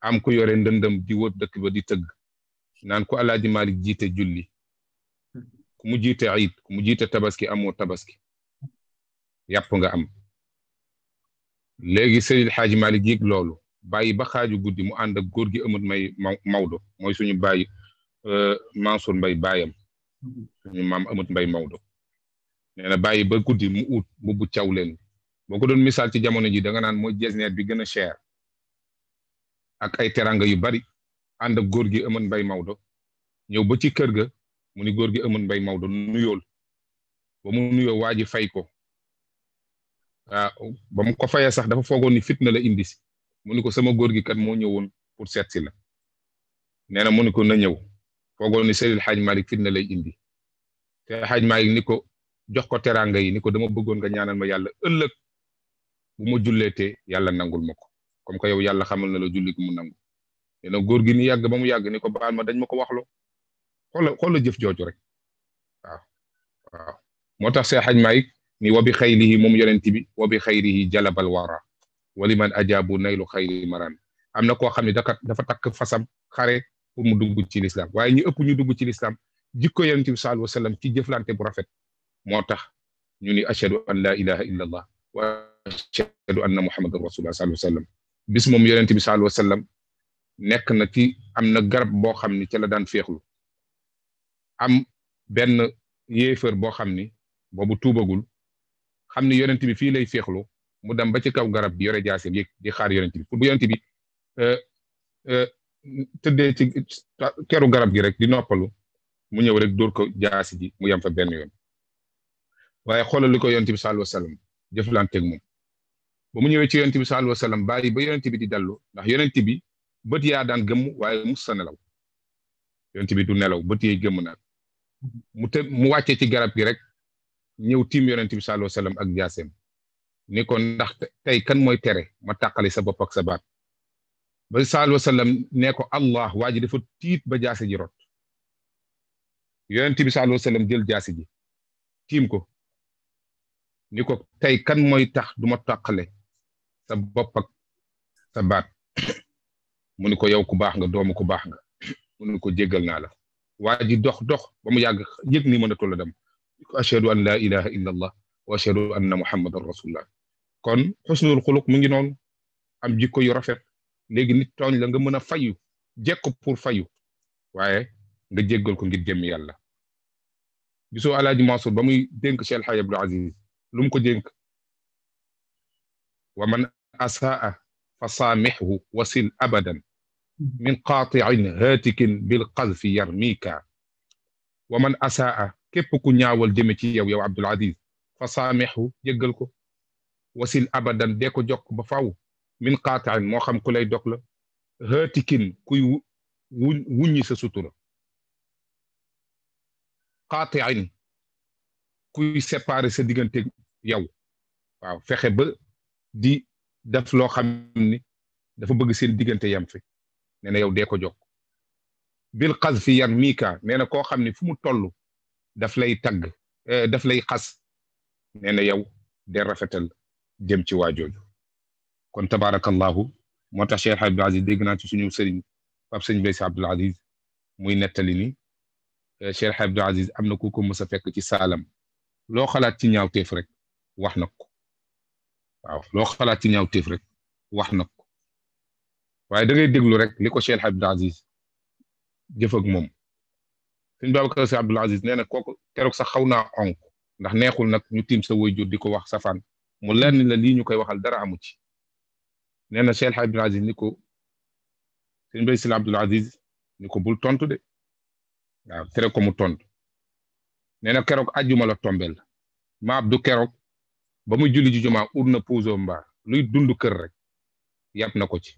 am ku yore ndëndëm di wër dëkk ba di tëgg naan ku alaaji Malick jiite julli ku mu jiite ayit ku mu jiite tabaski amoo tabaski yàpp nga am léegi Seydi Xaaji mali yëg loolu bàyyi ba xaaju guddi mu ànd ak góor gi ëmat may Maodo mooy suñu bàyyi euh, Mansour Mbay baayam suñu maam ëmat Mbay Maodo nee na bàyyi ba guddi mu uut mbubbu caw leen boko misal misal ci jamono ji da nga naan mooy jesneer bi gëna cher ak ay teranga yu bari and ak gor gi amon bay mawdo ñew ba ci kër ga mu ni gor gi amon bay mawdo nuyol ba mu nuyo waji fay ko waaw ah, ba mu ko fayee sax dafa fogon ni fitna la indi si mu ni ko sama gor gi kat mo ñëwoon pour setti la neena mu ni ko na ñew fogon ni Seydil hajj malik fitna lay indi te hajj malik ni ko jox ko teranga yi ni ko dama bëggoon nga ñaanal ma yàlla ëllëg bu ma julleetee yàlla nangul ma ko comme que yow yàlla xamal na la julli mu nangu nee na góor gi ni yàgg ba mu yàgg ni ko baal ma dañ ma ko waxloo xoola xoola jëf jooju rek waaw waaw moo tax see xaj maayik ni wa bi xayrihi moom yonent bi wa bi xayrihi jalabal wara wali man ajaabu naylu xayri maran am na koo xam ne daka dafa takk fasam xare pour mu dugg ci lislaam waaye ñu ëpp ñu dugg ci lislaam jikko yonent bi sallallahu alayhi wa sallam ci jëflante bu rafet moo tax ñu ni ashhadu an la ilaha illa ashhadu anna muhammadan rasulullah sallallahu alayhi wa sallam bis moom yonent bi sallallahu alayhi wa sallam nekk na ci am na garab boo xam ni ca la daan féexlu am benn yéefër boo xam ni boobu tuubagul xam ni yonent bi fii lay féexlu mu dem ba ci kaw garab bi yore jaasim yéeg di xaar yonent bi pour bu yonent bi tëddee ci keru garab gi rek di noppalu mu ñëw rek dóor ko jaasi ji mu yem fa benn yoon waaye xoolal li ko yonent bi sallallahu alayhi wa sallam jëflanteeg moom ba mu ñëwee ci yonent bi sallallahu alayhi wasallam bàyyi ba yonent bi di dellu ndax yonent bi bët yaa daan gëm waaye mus sa nelaw yonent bi du nelaw bët yee gëm nag mu te mu wàccee ci garab gi rek ñëw tiim yonent bi sallallahu alayhi wasallam ak jaaseem ni ko ndax tey kan mooy tere ma tàqali sa bopp ak sa baat ba sallallahu alayhi wasallam ne ko allah waa ji dafa tiit ba jaase ji rot yonent bi sallallahu alayhi wasallam jël jaase ji tiim ko ni ko tey kan mooy tax du ma tàqale sa bopp ak sa baat mu ni ko yow ku baax nga doomu ku baax nga mu ni ko jéggal naa la waa ji dox dox ba mu yàgg yëg ni mënatul la dem ashhadu an la ilaha illa allah wa ashhadu anna muhammadan rasulullah kon xusnul xuluq mu ngi noonu am jikko yu rafet léegi nit tooñ la nga mën a fayu jekk pour fayu waaye nga jéggal ko ngir jëmmi yàlla gisoo alaaji mansour ba muy dénk cheikh alxaaj abdul aziz lu mu ko dénk wa man أساء فصامحه وصل أبدا من قاطع هاتك بالقذف يرميك ومن أساء كيف كنيا والدمتي يا عبد العزيز فصامحه يقلكو وصل أبدا ديكو جوك بفاو من قاطع موخم كلي دوكلا هاتك كي وني سسطولا قاطع كي سيباري سيديغنتي ياو فخبل دي def lo xamni dafa bëgg seen digënté yam fi nee yow dé ko jox bil qazf fi yan miika nee fu mu tollu daf lay euh daf lay xass nee yow de rafetal jëm ci waa kon tabarakallahu moo tax Cheikh Abdul Aziz dégg na ci suñu sëriñ pap Sëñ Bay Abdul Aziz muy netali ni Cheikh Abdul Aziz amna ku ko mësa fekk ci salam lo xalat ci ñaawteef rek wax nako waaw loo xalaat ci ñaaw téef rek wax na ko waaye da déglu rek li ko Cheikh Abdul Aziz jëf ak moom suñ Babacar Si Abdul Aziz nee na kooku keroog sax xaw naa onk ndax neexul nag ñu tiim sa ju di ko wax safaan mu leer ni la lii ñu koy waxal dara amu ci nee na Cheikh Abdul ni ko suñ bay sil ni ko bul tontu de waaw tere ko mu tontu nee na keroog ajjuma la tombel ma Abdou keroog ba mu julli ji jumaa ut na puuso mbaar luy dund kër rek yàpp na ko ci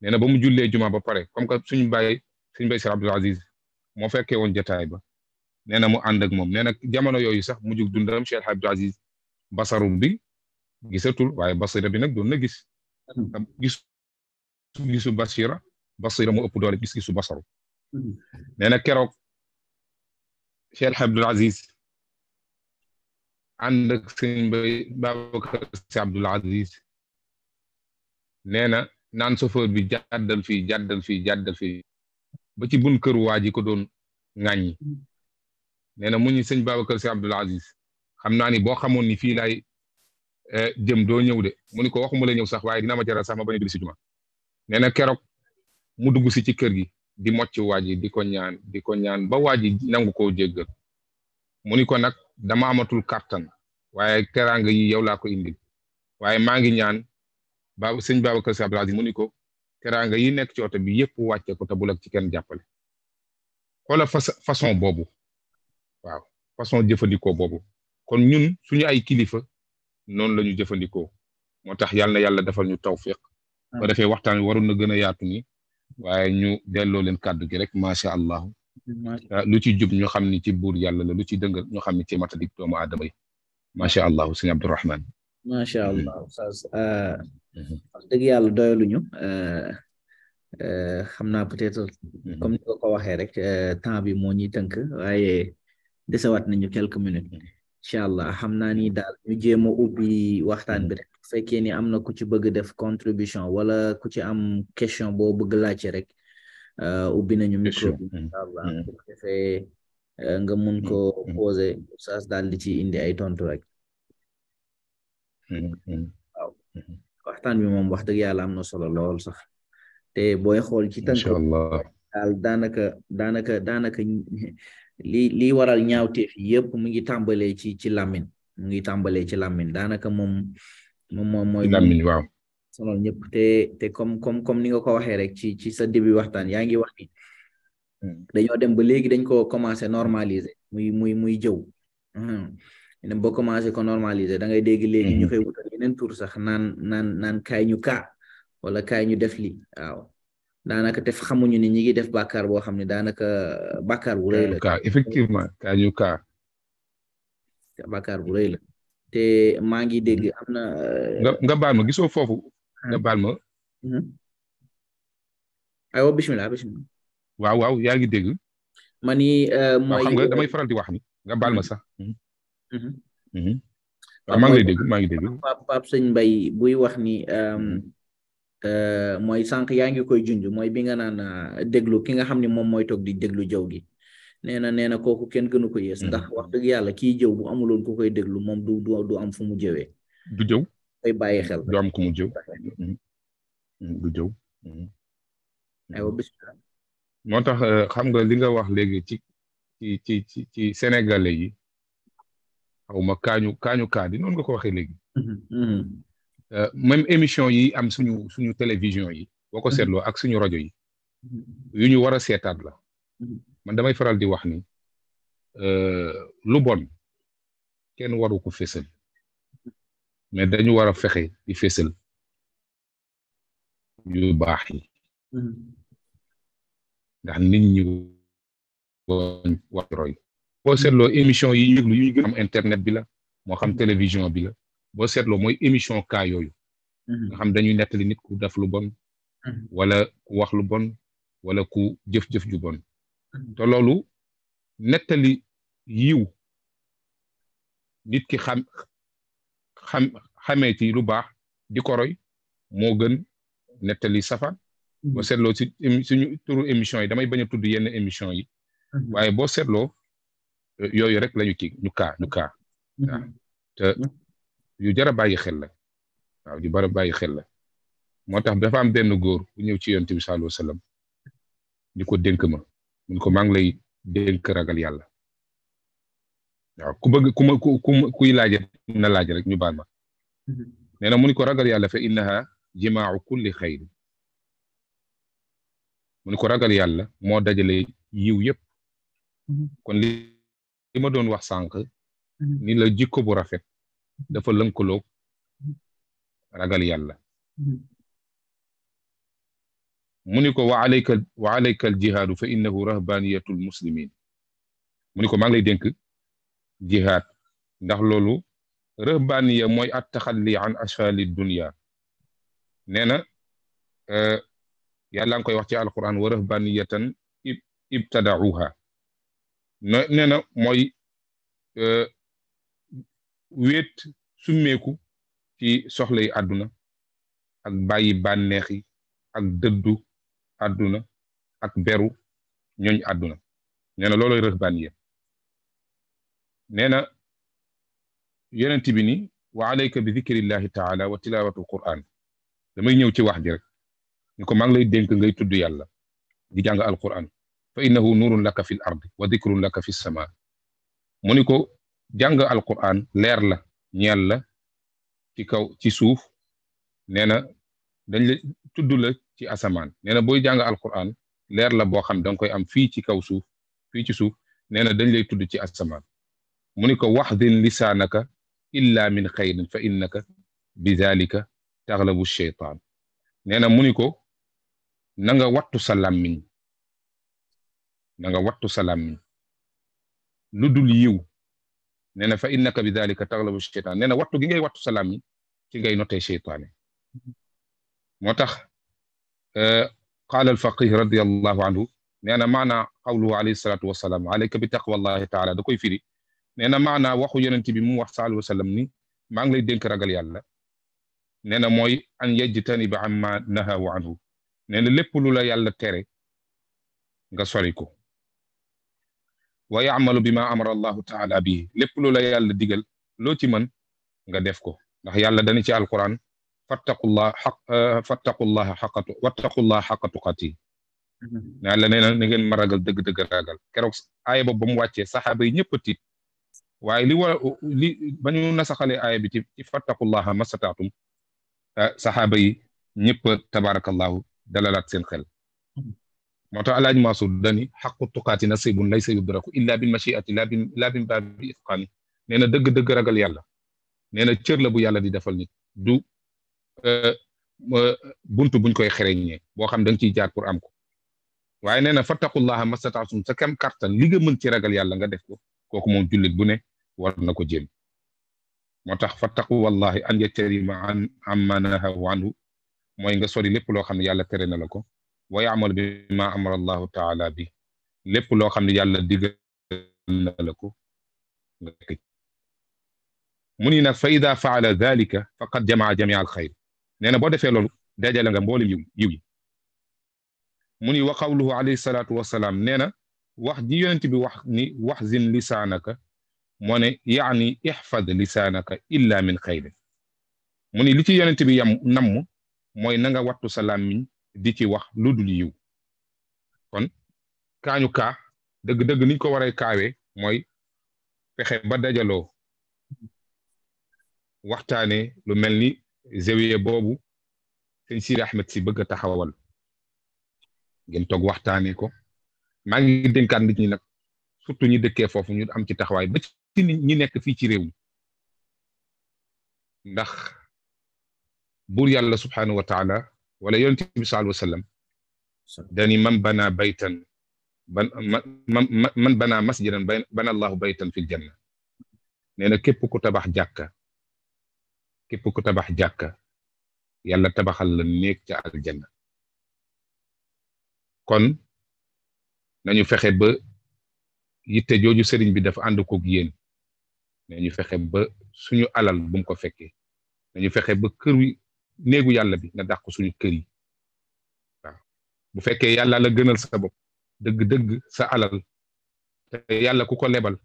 nee na ba mu jullee jumaa ba pare comme que suñu bàyyi suñu bàyyi Sëriñ Abdul Aziz moo fekkee woon jataay ba nee na mu ànd ak moom nee na jamono yooyu sax mu jug dundam Cheikh Abdul Aziz basarum bi gisatul waaye basira bi nag doon na gis gis gisu basira basira mu ëpp doole gis gisu basaru mm-hmm. nee na keroog Cheikh ànd ak sëñ Mbay Babacar Si Abdul Aziz nee na naan chauffeur bi jàddal fi jàddal fii jàddal fii ba ci bun kër waa ji ko doon ŋàññi nee na mu ñu sëñ Babacar Si Abdul Aziz xam naa ni boo xamoon ni fii laay e, jëm doo ñëw de mu ni ko waxuma la ñëw sax waaye dina ma jaral sax ma bañ a julli si juma keroog mu dugg si ci kër gi di mocc waa ji di ko ñaan di ko ñaan ba waa ji nangu koo jéggal mu ni dama amatul kàttan waaye teraanga yi yow laa ko indil waaye maa ngi ñaan baabu sëñ Babacar Si Abdou Aziz mu ni ko teraanga yi nekk ci oto bi yëpp wàcce ko te bu ci kenn jàppale xoola fa façon boobu waaw façon jëfandikoo boobu kon ñun suñu ay kilifa noonu la ñu jëfandikoo moo tax yàlla yàlla defal ñu tawfiq ba defee waxtaan wi waroon na gën a yaatu ni waaye ñu delloo leen kàddu gi rek macha allah Ah, lu ci jub ñu xam ni ci buur yàlla la lu ci dëng ñu xam ni ci matadik doomu aadama yi macha allah sëñ Abdourahman macha mm-hmm. allah oustaz euh, mm-hmm. wax dëgg yàlla doyaluñu euh, euh, xam naa peut-être mm-hmm. comme ni nga ko waxee rek temps bi moo ñuy tënk waaye desewaat nañu quelques minutes incha allah xam naa ni daal ñu jéem a ubbi waxtaan bi rek bu fekkee ni am na ku ci bëgg def contribution wala ku ci am question boo bëgg laajte rek Ah, ubbi nañu micro bi mm. allah pour mm. ah, nga mun ko mm. posé oustaz daal di ci indi ay tontu rek waaw mm-hmm. waxtaan bi moom wax dëgg yàlla am na solo lool sax te booy xool ci tànk daal daanaka daanaka daanaka li li waral ñaawteef yëpp mu ngi tàmbalee ci ci làmmiñ mu ngi tàmbalee ci làmmiñ daanaka moom moom moom mooy làmmiñ sonal ñëpp te te comme comme comme ni nga ko waxee rek ci ci sa début waxtaan mm. yaa ngi wax mm. ni dañoo dem ba léegi dañ ko commencé normaliser muy muy muy jëw dem ba commencé ko normaliser da dégg léegi ñu koy wutal sax naan naan naan kaay ñu kaa wala kaay ñu def li waaw daanaka def xamuñu ni ñi ngi def bàkkaar boo xam ne daanaka bàkkaar bu rëy la effectivement kaay ñu kaa bàkkaar la te maa ngi dégg am na eh, nga baal ma gisoo foofu nga baal ma. Mhm. aywa bisimilah bisimilah. waaw waaw yaa ngi dégg. ma ni euh, mooy xam nga damay faral di wax ni nga baal ma sax. Mhm. Mhm. waaw maa ngi lay dégg maa ngi dégg. Pape Sëñ Mbaye buy wax ni euh, euh, mooy sànq yaa ngi koy junj mooy bi nga naan déglu ki nga xam ne moom mooy toog di déglu jaw gi. nee na nee na kooku kenn gënu ko yées. ndax wax dëgg yàlla kii jëw bu amuloon ku koy déglu moom du du am fu mu jëwee. du jëw. koy bàyyi xel. du am ku mu jëw mm-hmm. Mm-hmm. du mm-hmm. moo tax euh, xam nga li nga wax léegi ci ci ci ci sénégalais yi xaw ma kaañu kaañu kaadi noonu nga ko waxee léegi. Euh, même émission yi am suñu suñu télévision yi. boo ko seetloo ak suñu rajo yi. yu ñu war a seetaat la. man damay faral di wax ni euh, lu bon kenn waru ko mais dañu war a fexe di fésal yu baax yi mm-hmm. ndax nit ñi war roy boo seetloo émission yi ñu yëglu yu am internet bi la moo xam mm-hmm. télévision bi la boo seetloo mooy émission cas yooyu mm-hmm. nga xam dañuy nettali nit ku def lu bon wala ku wax lu bon wala ku jëf-jëf ju bon te loolu nettali yiw nit ki xam xam xamee ci lu baax di ko roy moo gën nettali safaan mhm. boo seetloo si suñu turu émission yi damay bañ a tudd yenn émission yi mhm. waaye boo seetloo euh, yooyu rek lañu kii ñu kaa mhm. te yu jar a bàyyi xel la waaw yu bar a bàyyi xel la moo tax dafa am benn góor bu ñëw ci yonent bi sallallahu alayhi wasallam ñu ko dénk ma mun ko maa lay dénk ragal yàlla waaw ku bëgg ku ma ku kuy laaje na laaje rek ñu baal ma mm-hmm. nee na mu ni ko ragal yàlla fa innaha jimaau kulli xayr mu ni ko ragal yàlla moo dajale yiw yëpp mm-hmm. kon li li ma doon wax sànq mm-hmm. ni la jikko bu rafet dafa lënkaloog ragal yàlla mu ni ko wa alayka wa alayka al jihaadu fa innahu rahbaaniyatul muslimin mu ni ko maa lay dénk Jihad, ndax lolu rëhbaaniya moy at takhalli an ashfaali dunya Nena, euh yalla ngoy wax ci alquran wa rëhbaaniyatan ibtadauha nee moy euh wet summeeku ci soxla yi àdduna ak bayyi banexi ak deddu aduna ak beru ñooñ aduna nena na looloy نينا يننتي بني وعليك بذكر الله تعالى وتلاوة القرآن لما ينيو تي واحد رك نكو ماغ لاي دينك غاي تودو يالا دي جانغ القرآن فإنه نور لك في الأرض وذكر لك في السماء مونيكو جانغ القرآن لير لا نيال لا تي كاو تي سوف نينا دنج تودو لا تي اسمان نينا بوي جانغ القرآن لير لا بو خام دنج ام في تي كاو سوف في تي سوف نينا دنج لاي تودو تي اسمان منك وحظ لسانك إلا من خير فإنك بذلك تغلب الشيطان نانا منك نانا واتو سلام من نغا واتو سلام من لدول يو نينا فإنك بذلك تغلب الشيطان نانا واتو جيجي واتو سلام من جيجي نوتي شيطان متخ قال الفقيه رضي الله عنه نانا معنى قوله عليه الصلاة والسلام عليك بتقوى الله تعالى دكوي فيري nee na maanaa waxu yonent bi mu wax sallallaahu alayhi wa sallam ni maa ngi lay dénk ragal yàlla nee na mooy an yajtaniba amma nahahu anhu nee lépp lu yàlla tere nga sori ko wa yaamalu bi amara allahu taala bii lépp lu yàlla digal loo ci mën nga def ko ndax yàlla dana ci alquran fattaqullah xaq fattaqullaha xaqatu wattaqullaha xaqa tuqati yàlla nee na ngeen ma ragal dëgg-dëgg ragal keroog aaya boobu mu wàccee saxaaba yi ñëpp a waaye li war li ba ñu nasaxale aaya bi ci fattaqullaha masataatum saxaaba yi ñëpp tabaarakallahu dalalaat seen xel moo tax alaaj maasud dani xaqu tuqaati nasibun laysa yudraku illa bi machiati laa bi laa bi baabi itqaani nee na dëgg-dëgg ragal yàlla nee na cër la bu yàlla di defal nit du buntu buñ koy xereñee boo xam da nga ciy jaar pour am ko waaye nee na fattaqullaha masataatum sa kem kartan li nga mën ci ragal yàlla nga def ko kooku moom jullit bu ne war na ko jéem moo tax fa taqu wallahi an yajtarima an amma nahahu anhu mooy nga sori lépp lo xamni yàlla tere na lako ko wa yaamal bi amara allah taala bi lépp lo xamni yàlla digal na lako muni nga fa idha faala dhalika faqad jamaa jamia al xayr nee na boo defee loolu nga mbolim yiw yiw yi mu wa qawluhu alayhi salatu wasalaam nee na wax ji yonenti bi wax ni wahzin lisanaka moo ne yaani ixfad lisaanaka illa min xayrin mu ni li ci yonent bi yam namm mooy na nga wattu sa làmmiñ di ci wax lu dul yiw kon kaañu kaa dëgg-dëgg niñ ko waray kaawee mooy fexe ba dajaloo waxtaane lu mel ni zawiye boobu sëñ Sidi Ahmed si bëgg a taxawal ngeen toog waxtaane ko maa ngi dénkaat nit ñi nag surtout ñi dëkkee foofu ñu am ci taxawaay ba ci ñi nekk fii ci réew mi ndax buur yàlla subhaanahu wa taala wala yonent bi sallallaahu alayhi wa sallam dani man bana baytan ban man man bana masjidan bana allaahu baytan fil janna nee na képp ku tabax jàkka képp ku tabax jàkka yàlla tabaxal la néeg ca aljanna kon nañu fexe ba yitte jooju sëriñ bi dafa ànd koog yéen mais ñu fexe ba suñu alal bu mu ko fekkee nañu fexe ba kër wi néegu yàlla bi na dàq suñu kër yi bu fekkee yàlla la gënal sa bopp dëgg-dëgg sa alal te yàlla ku ko lebal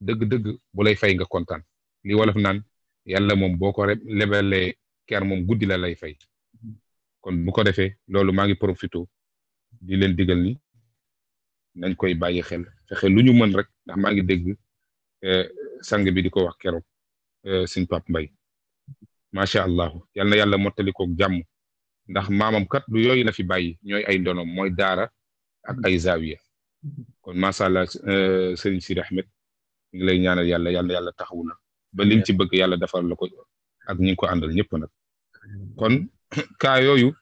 dëgg-dëgg bu lay fay nga kontan li wolof naan yàlla moom boo ko lebalee ker moom guddi la lay fay kon bu ko defee loolu maa ngi profito di leen digal ni nañ koy bàyyi xel fexe lu ñu mën rek ndax maa ngi dégg eh, sang bi di ko wax keroog euh, suñ pap mbay macha allah yal na yàlla mottali koog jàmm ndax maamam kat lu yooyu la fi bay ñooy ay ndonom mooy daara ak ay zawiya kon macha allah euh, sëriñ si rahmet ñu ngi lay ñaanal yàlla yal na yàlla taxawu na ba liñ ci bëgg yàlla defal la ko ak ñi ko àndal ñëpp nag kon ka yooyu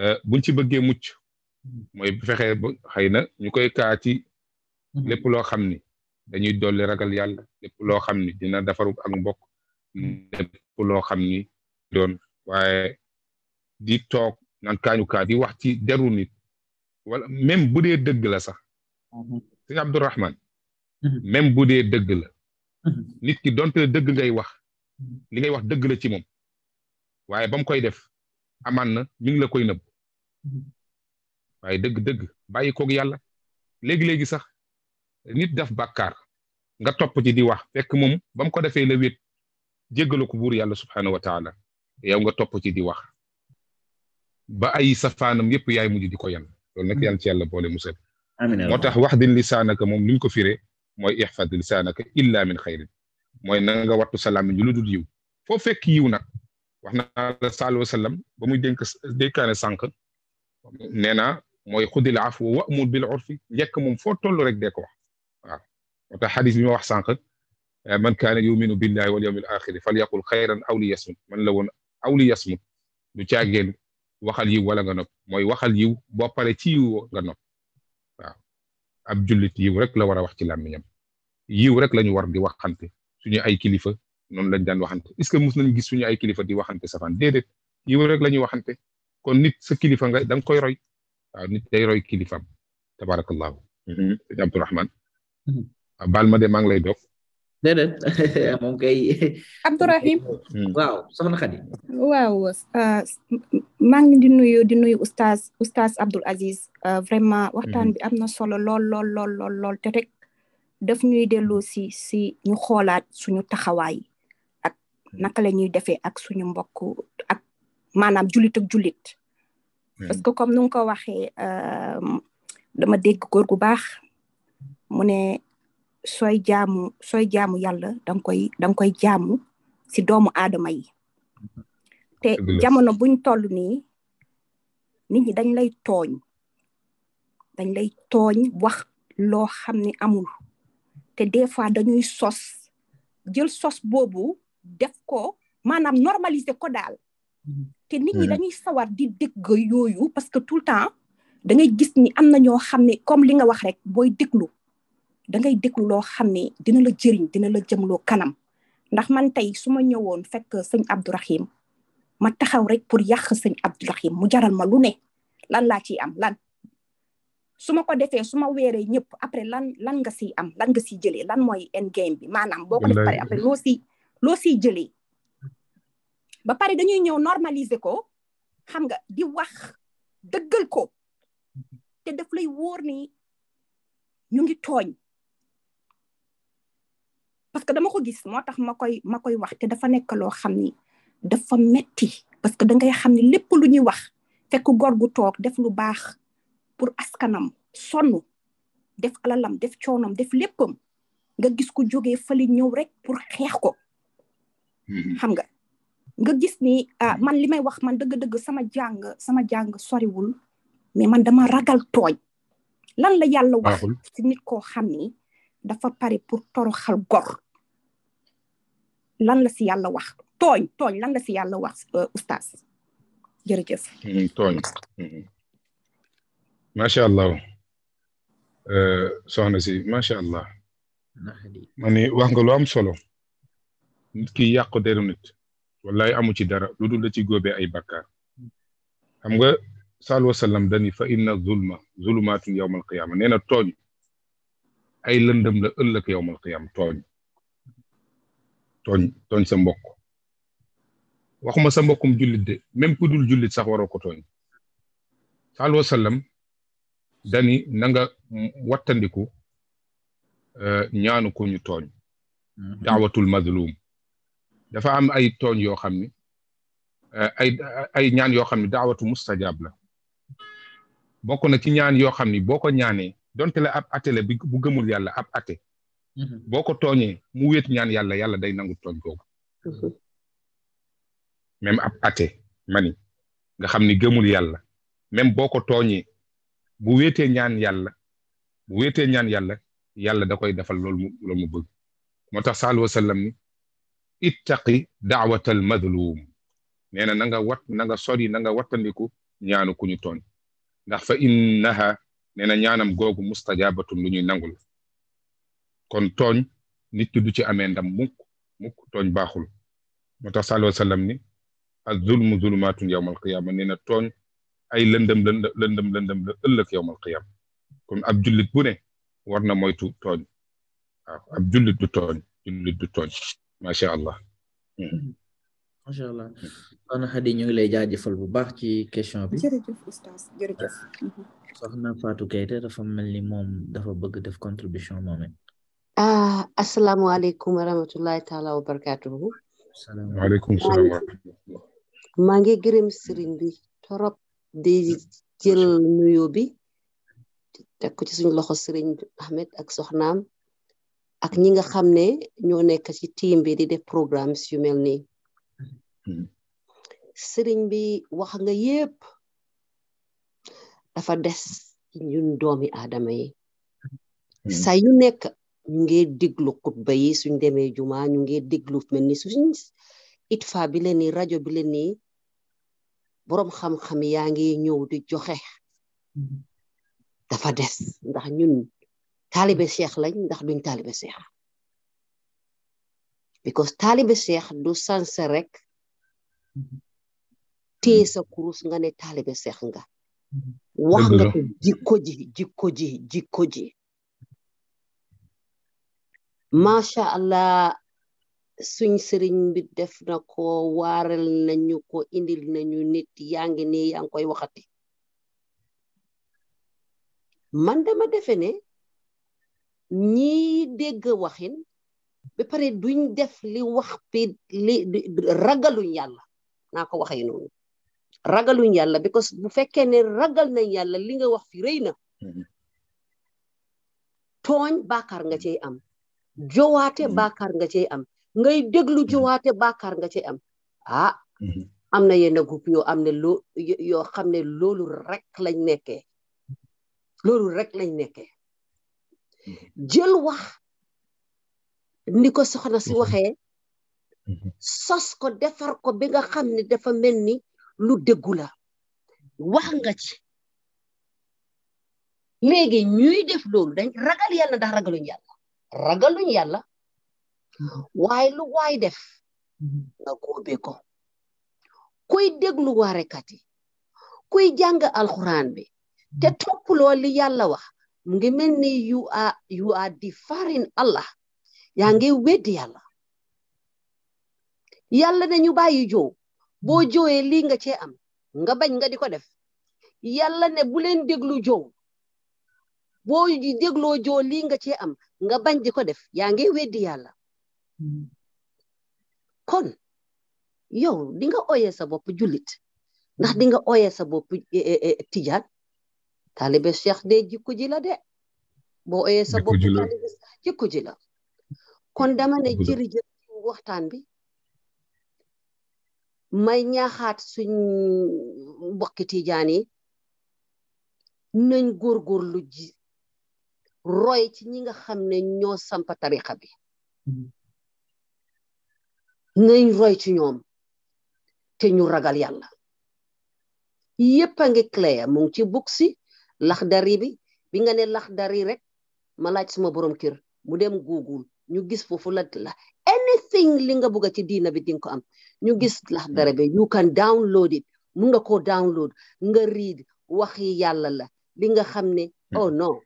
euh, bu ci bëggee mucc mooy fexe ba xëy na ñu koy kaa ci lépp loo xam ni dañuy dolli ragal yàlla lépp loo xam ni dina defaru ak mbokk lépp loo xam ni doon waaye di toog naan kaañukaa di wax ci deru nit wala même bu dee dëgg la sax mhm. sëñ Abdourahman mhm. même bu dee dëgg la mhm. nit ki donte dëgg ngay wax li ngay wax dëgg la ci moom waaye bam koy def amaan na mi ngi la koy nëbb waaye dëgg-dëgg bàyyi yàlla léegi-léegi sax nit def bakkar nga top ci di wax fekk mom bam ko defé le wét jéggalu ko bur yàlla subhanahu wa taala yow nga top ci di wax ba ay safanam yep yaay mujj diko ko lol nak yàlla ci yàlla bolé musal moo motax wax di lisaanaka moom ni ko firé moy ihfad lisanaka illa min xayrin moy na nga wattu salam ñu luddul yiw fo fekk yiw nak waxna naa la sallallaahu alayhi wa sallam ba muy dénk dekané sank nee moy khudil xudil afwa wa'mur bil urfi yek mom fo tollu rek dee ko wax نعم. حديث 101 آه، من كان يؤمن بالله واليوم الاخر فليقل خيرا او ليصمت من لو او ليصمت دو تياغين وخال يو ولا غنوب موي وخال يو بوبالي تي يو غنوب اب جوليت يو رك لا ورا واخ تي يو رك لا ور دي وخانتي سوني اي كليفا نون لا ندان وخانتي اسكو موس نان سوني اي كليفا دي وخانتي سافان ديدت يو رك لا ني وخانتي كون نيت سا كليفا غا دنج كوي روي نيت داي روي كليفا تبارك الله عبد الرحمن Mm-hmm. balma ma de Mang lay ya, dof dede mom kay abdourahim mm. waaw soxna xadi waaw uh, mang di nuyu di nuyu oustaz oustaz abdoul aziz uh, vraiment waxtan bi mm-hmm. amna solo lol lol lol lol lol te rek def ñuy si si ñu xolaat suñu taxaway ak naka la ñuy ak suñu mbokk ak manam julit ak julit mm. parce que comme nung ko waxé euh um, dama dégg gor gu bax mu ne sooy jaamu sooy jaamu yàlla danga koy danga koy jaamu si doomu aadama yi te jamono buñ toll nii nit ñi dañ lay tooñ dañ lay tooñ wax loo xam ni amul te des fois dañuy sos jël sos boobu def ko maanaam normaliser ko daal te nit ñi hmm. dañuy sawar di dégg yooyu parce que tout le temps da ngay gis ni am na ñoo xam ne comme li nga wax rek booy déglu da ngay déglu loo xam ne dina la jëriñ dina la jëmloo kanam ndax man tey su ma ñëwoon fekk sëñ abdourahim ma taxaw rek pour yàq sëñ abdourahim mu jaral ma lu ne lan laa ciy am lan su ma ko defee su ma weeree ñëpp après lan lan nga siy am lan nga siy jëlee lan mooy end game bi maanaam boo ko def pare après loo siy loo siy jëlee ba pare dañuy ñëw normaliser ko xam nga di wax dëggal ko te daf lay wóor ni ñu ngi tooñ parce que dama ko gis moo tax ma koy ma koy wax te dafa nekk loo xam ni dafa metti parce que da ngay xam ni lépp lu ñuy wax fekk gor gu toog def lu baax pour askanam sonn def alalam def coonam def léppam nga gis ku jógee fële ñëw rek pour xeex ko mm-hmm. xam nga nga gis ni ah, mm-hmm. man li may wax man dëgg-dëgg sama jàng sama jàng soriwul mais man dama ragal tooñ lan la yàlla wax si nit koo xam ni dafa pare pour toroxal gor lan la si yàlla wax tooñ tooñ lan la si yàlla wax euh, oustaz jërëjëf mm-hmm, tooñ mm-hmm. macha allah euh, soxna si macha allah ma ni wax nga lu am solo nit ki yàqu deru nit wallaay amu ci dara lu dul la ci góobee ay bakkaar xam nga sal wasallam dani fa inna zulma zulumaatun yowmal qiyaama nee na tooñ ay lëndëm la ëllëg yowmal qiyaama tooñ tooñ tooñ sa mbokk waxuma sa mbokkum jullit de même pudul jullit sax waroo ko tooñ saaloo sallam dani na nga euh, ñaanu ko ñu tooñ mm-hmm. daawatul mazlum dafa am ay tooñ yoo xam ne euh, ay ñaan yoo xam ne daawatu mustajab la bokk na ci ñaan yoo xam ni boo ko ñaanee donte la ab ate bi bu gëmul yàlla ab ate Mm-hmm. boo ko tooñee mu wéet ñaan yàlla yàlla day nangu tooñ googu mm-hmm. même ab ate mani nga xam ni gëmul yàlla même boo ko tooñee bu wéetee ñaan yàlla bu wéetee ñaan yàlla yàlla da koy defal loolu mu bëgg moo tax sallallaahu alayhi wa sallam ni ittaqi daawatal madlum nee na na nga wat nanga sori na wattandiku ñaanu ku ñu tooñ ndax fa innaha nee na ñaanam googu mustajabatun lu ñuy nangul kon tooñ nit ki du ci amee ndam mukk mukk tooñ baaxul moo tax sallallahu alayhi wa sallam ni az zulmu zulumaatun yawmal qiyaama nee na tooñ ay lëndëm lëndëm lëndëm lëndëm la ëllëg yawmal qiyaama kon ab julit bu ne war na moytu tooñ waaw ab julit du tooñ jullit du tooñ macha allah. Hmm. macha allah soxna Xadi ñu ngi lay jaajëfal bu baax ci question bi. jërëjëf oustaz jërëjëf. soxna Fatou dafa mel ni dafa bëgg def contribution moom a ah, asalaamaaleykum wa rahmatulahi taala wa barakaatuhu. asalaamaaleykum wa rahmatulah. maa ngi gërëm sëriñ bi torop di jël nuyoo bi teg ko ci suñu loxo sëriñ Ahmed ak soxnaam ak ñi nga xam ne ñoo nekk ci team bi di def programmes yu mel nii. Hmm. sëriñ bi wax nga yépp dafa des ñun doomi aadama yi. Hmm. saa nekk ñu ngi déglu xutba yi suñ demee juma ñu ngi déglu mel ni suñ itfa bi leen ni rajo bi leen ni boroom xam yaa ngi ñëw di joxe dafa des ndax ñun taalibe seex lañ ndax duñ taalibe seex because taalibe seex du sanse rek tee sa kurus nga ne seex nga wax nga ko jikko ji jikko ji macha allah suñ sëriñ bi def na ko waaral nañu ko indil nañu nit yaa ngi ne yaa ngi koy waxati man dama defe ne ñiy dégg waxin ba pare duñ def li wax bi li ragaluñ yàlla naa ko waxee noonu ragaluñ yàlla because bu fekkee ne ragal nañ yàlla li nga wax fi rëy na mm-hmm. tooñ baakaar nga cey am jowaate mm-hmm. bàkkaar nga cey am ngay déglu mm-hmm. jowaate bàkkaar nga cey am a ah, mm-hmm. am na yenn groupe yoo am ne loo yoo xam ne loolu rek lañ nekkee loolu rek lañ nekkee jël wax ni ko soxna si waxee sos ko defar ko bi nga xam ne dafa mel ni lu déggu la wax nga ci léegi ñuy def loolu dañ ragal yàlla ndax ragaluñ yàlla ragaluñ yàlla hmm. waaye lu waay def hmm. nga góobe ko kuy déglu waarekat yi kuy jàng alxuraan bi hmm. te toppuloo li yàlla wax mu ngi mel ni you are you are defaring Allah yaa ngi weddi yàlla yàlla ne ñu bàyyi jow boo jowee lii nga cee am nga bañ nga di ko def yàlla ne bu leen déglu jow boo dégloo jow lii nga cee am nga bañ di ko def yaa ngi weddi yàlla hmm. kon yow di nga ooyee sa bopp jullit ndax di nga ooyee sa bopp eh, eh, eh, tijaan taalibe cheikh de jikko ji de boo ooyee sa bopp taalibe jikko la kon dama ne jërëjëf ci waxtaan bi may ñaaxaat suñ mbokki tijaan yi nañ góorgóorlu ji roy ci ñi nga xam ne ñoo samp tarixa bi nañ roy ci ñoom te ñu ragal yàlla yépp a ngi clair mu ngi ci bug si laxdari bi bi nga ne laxdari rek ma laaj suma borom kër mu dem google ñu gis foofu la anything li nga bëgg ci diina bi dinga ko am ñu gis laxdari bi you can download it mun nga koo download nga read waxi yàlla la li nga xam ne hmm. oh non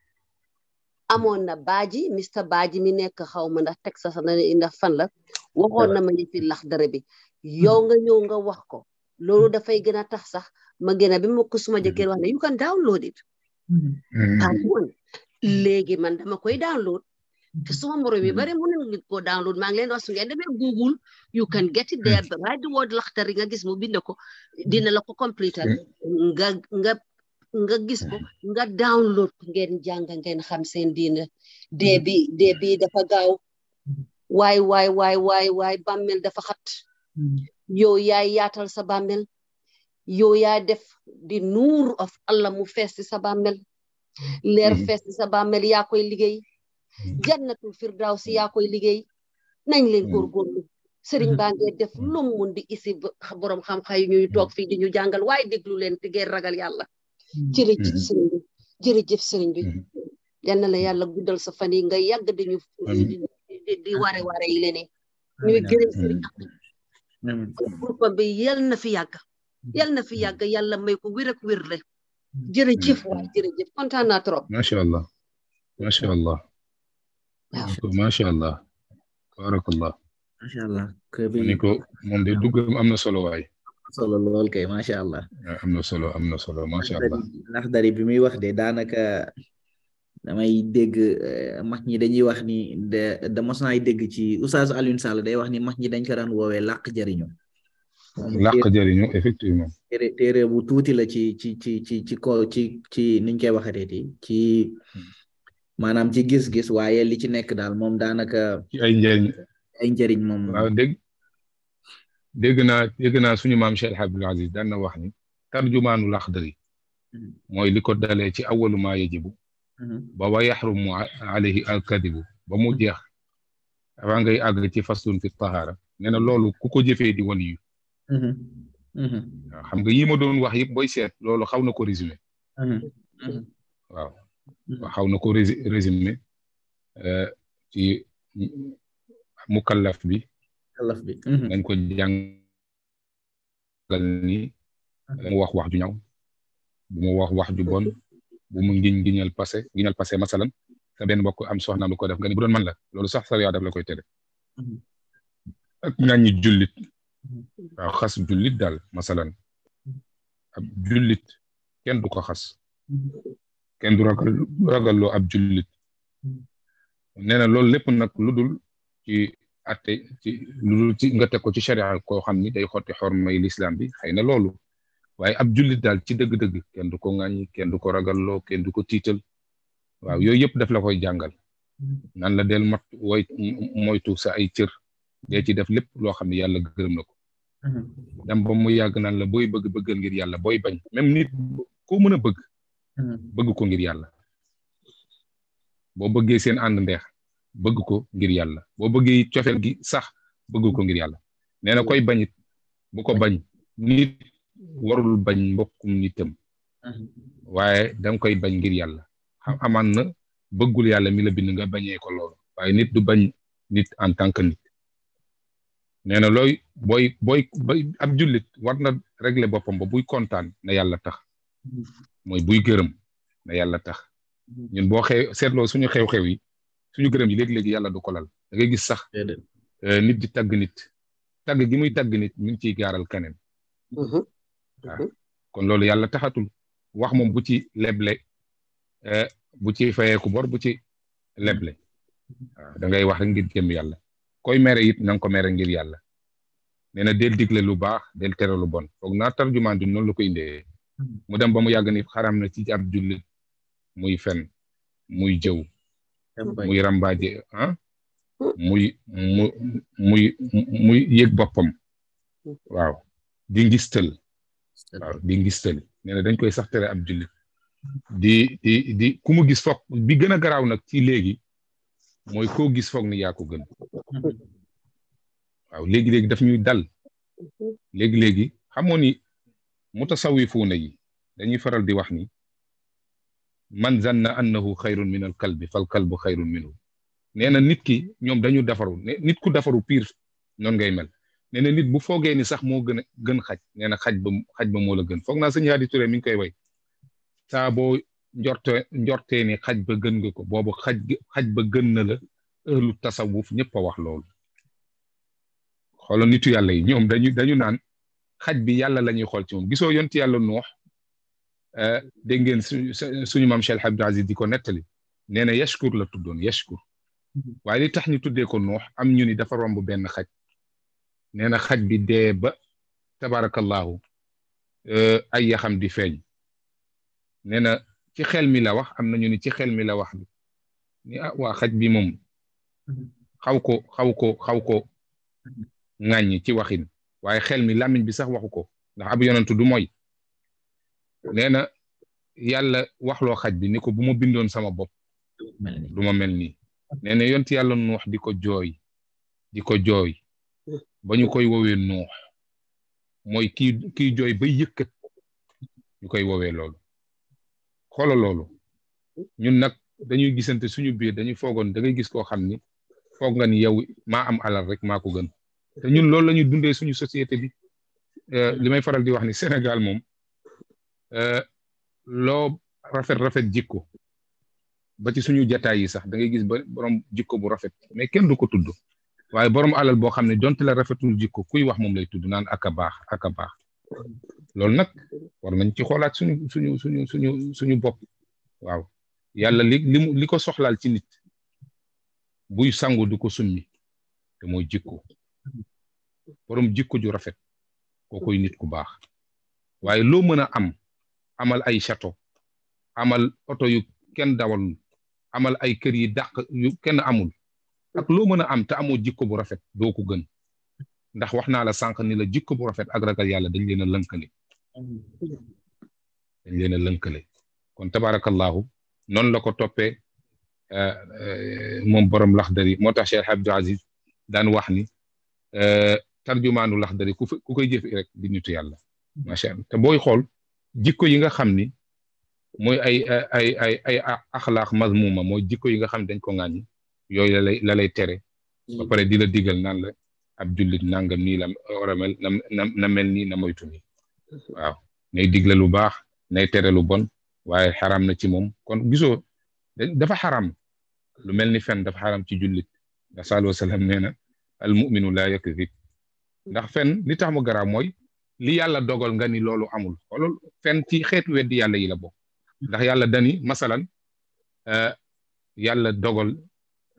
amon na baji Mr baji mi nek xawma ndax Texas na ndax fan la waxon na ma ni fi lakh dara bi hmm. yow nga ñew nga wax ko lolu hmm. da fay gëna tax sax ma gëna bi ma ko suma hmm. wax you can download it amon legi man dama koy download te suma moro bi bari mu ñu ko download ma ngi leen wax su ngeen demé google you can get it there right the word laxtari nga gis mu bind ko dina la ko complete nga nga nga gis ko hmm. nga download ngeen jang ngeen xam seen diine hmm. dee bi bi dafa gaaw way way way way way bammel dafa xat hmm. yo yaay yaatal sa bammel yo def di nur of allah mu fess sa bammel leer fess sa bammel ya koy liggey jannatu firdaw ya koy liggey nañ leen gor sëriñ baa ngee def lum mun di isi borom xam-xam yi ñuy toog di ñu jàngal leen ragal yalla jërëjëf mm-hmm. sëriñ bi jërëjëf sëriñ bi mm-hmm. yal na la yàlla guddal sa nga yàgg dañu di waare waare yi lene ñuy gërëm sëriñ groupe yal na fi yàgg yal na fi yàgg yàlla may ko wér ak wér le jërëjëf mm-hmm. waay jërëjëf trop macha allah macha allah macha allah tabarakallah allah ni ko moom de duggam am na solo waay solo lool kay macha allah. am na solo am na solo macha allah. ndax dari bi muy wax de daanaka damay dégg eh, mag ñi dañuy wax ni de de mos naay dégg ci Oustaz Alioune Sall day wax ni mag ñi dañ ko daan woowee làq jariñu. làq jariñu effectivement. téere téere bu tuuti la ci ci ci ci ci ko ci ci niñ koy waxatee ci. maanaam ci gis-gis waaye li ci nekk daal moom daanaka. ay njëriñ ay njëriñ moom. دعنا دعنا سني مام شيخ عبد العزيز دعنا واحد ترجمان الأخضري ما يلقط دلائل أول ما يجيبه بوا يحرم عليه الكذب بموجه أبان جاي أغلتي فصل في الطهارة نحن لولو كوكوجي في ديواني هم جاي مدون وحي بويسير لولو خاونا كوريزمة خاونا كوريزمة آه، في مكلف بي kàllaf bi. Mhm. dañ ko jàngal ni mu wax wax ju ñaw bu mu wax wax ju bon bu mu ngiñ ngiñal passé ngiñal passé masalan sa benn mbokk am soxna lu ko def nga ni bu man la loolu sax sa yaa daf la koy tere mhm. ak ñi jullit mhm. waaw xas jullit daal masalan ab jullit kenn du ko xas kenn du ragal ab jullit nee na loolu lépp nag lu dul ci atte ci lu ci nga teg ko ci sharia ko xamni ni day xotti xormay l'islam bi xeyna lolu waye ab julit dal ci deug deug kenn du ko ngagn kenn du ko lo kenn du ko tiital waaw yoy yep daf la koy jangal nan la del mat way moytu sa ay cieur de ci def lepp lo xamni yalla yàlla nako mhm. dem ba mu yag nan la boy bëgg bëggal ngir yalla boy bañ même nit ko mhm. bëgg ko ngir yalla bo bëggee seen and ndex bëgg ko ngir yàlla boo bëggee cofeel gi sax bëgg ko ngir yàlla nee na koy bañit bu ko bañ nit warul bañ mbokkum nitam mm-hmm. waaye danga koy bañ ngir yàlla aman na bëggul yàlla mi la bind nga bañee ko loolu waaye nit du bañ nit en tant que nit nee na looy booy booy ab jullit war na régler boppam ba buy kontaan na yàlla tax mm-hmm. mooy buy gërëm na yàlla tax mm-hmm. ñun boo xew seetloo suñu xew-xew yi suñu gërëm yi léegi-léegi yàlla du ko lal da ngay gis sax euh, nit di tàgg nit tàgg gi muy tàgg nit mi ngi ciy gaaral keneen mm-hmm. Ah. Mm-hmm. kon loolu yàlla taxatul wax moom bu ci leble euh, bu ci fayeeku bor bu ci leble waaw ah, da wax rek ngir jëm yàlla koy mere it na ko mere ngir yàlla nee na del digle lu baax del tere lu bon foog naa tarjumaan di noonu la ko indee mm. mu dem ba mu yàgg ni xaram na ci ab jullit muy fen muy jëw muy rambaaje ah muy mu muy muy yëg boppam waaw di ngistal waaw di ngistal nee na dañ koy sax tere ab jullit di di di ku gis foog bi gën a garaaw nag ci léegi mooy ko gis foog ni yaa gën waaw léegi-léegi daf ñuy dal léegi-léegi xamoo ni mutasawifuuna yi dañuy faral di wax ni man zanna annahu xayrun min al kalbi fal kalbu xayrun minhu nee na nit ki ñoom dañu defaru nit ku defaru pire noonu ngay mel nee na nit bu foogee ni sax moo gën a gën xaj nee na xaj ba xaj ba moo la gën foog na sëñ Hadi Touré ngi koy way saa boo njorte njortee ni xaj ba gën nga ko bo xaj xaj ba gën na la ëllu tasawuf ñëpp a wax lool xoolal nitu yàlla yi ñoom dañu dañu naan xaj bi yàlla la ñuy xool ci moom gisoo yonti yàlla noox آه، دينغ سوني مام شال حبد عزيز ديكو نتالي نانا يشكر لا تودون يشكر وعلي تحني تودي كو نوح ام نيوني دافا رومب بن خاج نانا خاج بي دي با تبارك الله آه، اي خام دي فاج نانا تي خيل مي لا واخ امنا نيوني تي خيل مي لا واخ دي ني وا خاج بي موم خاوكو خاوكو خاوكو ngagne ci waxine waye xel mi lamine bi sax waxuko ndax nee na yàlla waxloo xaj bi ni ko bu ma bindoon sama bopp du ma mel nii nee na yont yàlla nuux di ko jooy di ko jooy ba ñu koy woowee nuux mooy kii kii jooy ba yëkkat ñu koy woowee loolu xoola loolu ñun nag dañuy gisante suñu biir dañuy foogoon da gis koo xam ni foog nga ni yow maa am alal rek maa ko gën te ñun loolu la dundee suñu société bi euh, li may faral di wax ni Sénégal moom Eh, lo rafet rafet jikko ba ci suñu jotaay yi sax da ngay gis borom jikko bu rafet mais kenn du ko tudd waaye borom alal boo xam ne donte la rafetul jikko kuy wax moom lay tudd naan ak a baax ak a baax loolu nag war nañ ci xoolaat suñu suñu suñu suñu suñu bopp waaw yàlla li li li ko soxlaal ci nit buy sangu du ko summi te mooy jikko borom jikko ju rafet kookoy nit ku baax waaye loo mën am amal ay château amal oto yu kenn amal ay kër yi dàq yu kenn amul ak loo mën a am te amoo jikko bu rafet doo ko gën ndax wax naa la sànq ni la jikko bu rafet ak ragal yàlla dañ leen a lënkale dañ leen a lënkale kon tabaarakallaahu noonu la ko toppee euh, euh, moom borom Laxdari moo tax Cheikh Abdou Aziz daan wax ni euh, tarjumaanu Laxdari ku koy jëf rek di nitu yàlla allah te booy xool jikko yi nga xam ni mooy ay ay ay ay axlaax mazmuma mooy jikko yi nga xam dañ ko ŋàññi yooyu la lay la lay tere ba pare di la digal naan la ab jullit nangam nii la oramel a na na mel nii na moytu nii waaw nay digle lu baax nay tere lu bon waaye xaram na ci moom kon gisoo dafa xaram lu mel ni fen dafa xaram ci jullit ndax sallallahu alayhi wa sallam nee na al muminu laa yakdib ndax fen li tax mu garaaw mooy li yàlla dogal nga ni lolu amul lolu fen ci xet weddi yàlla yi la bok ndax yàlla dani masalan euh yàlla dogal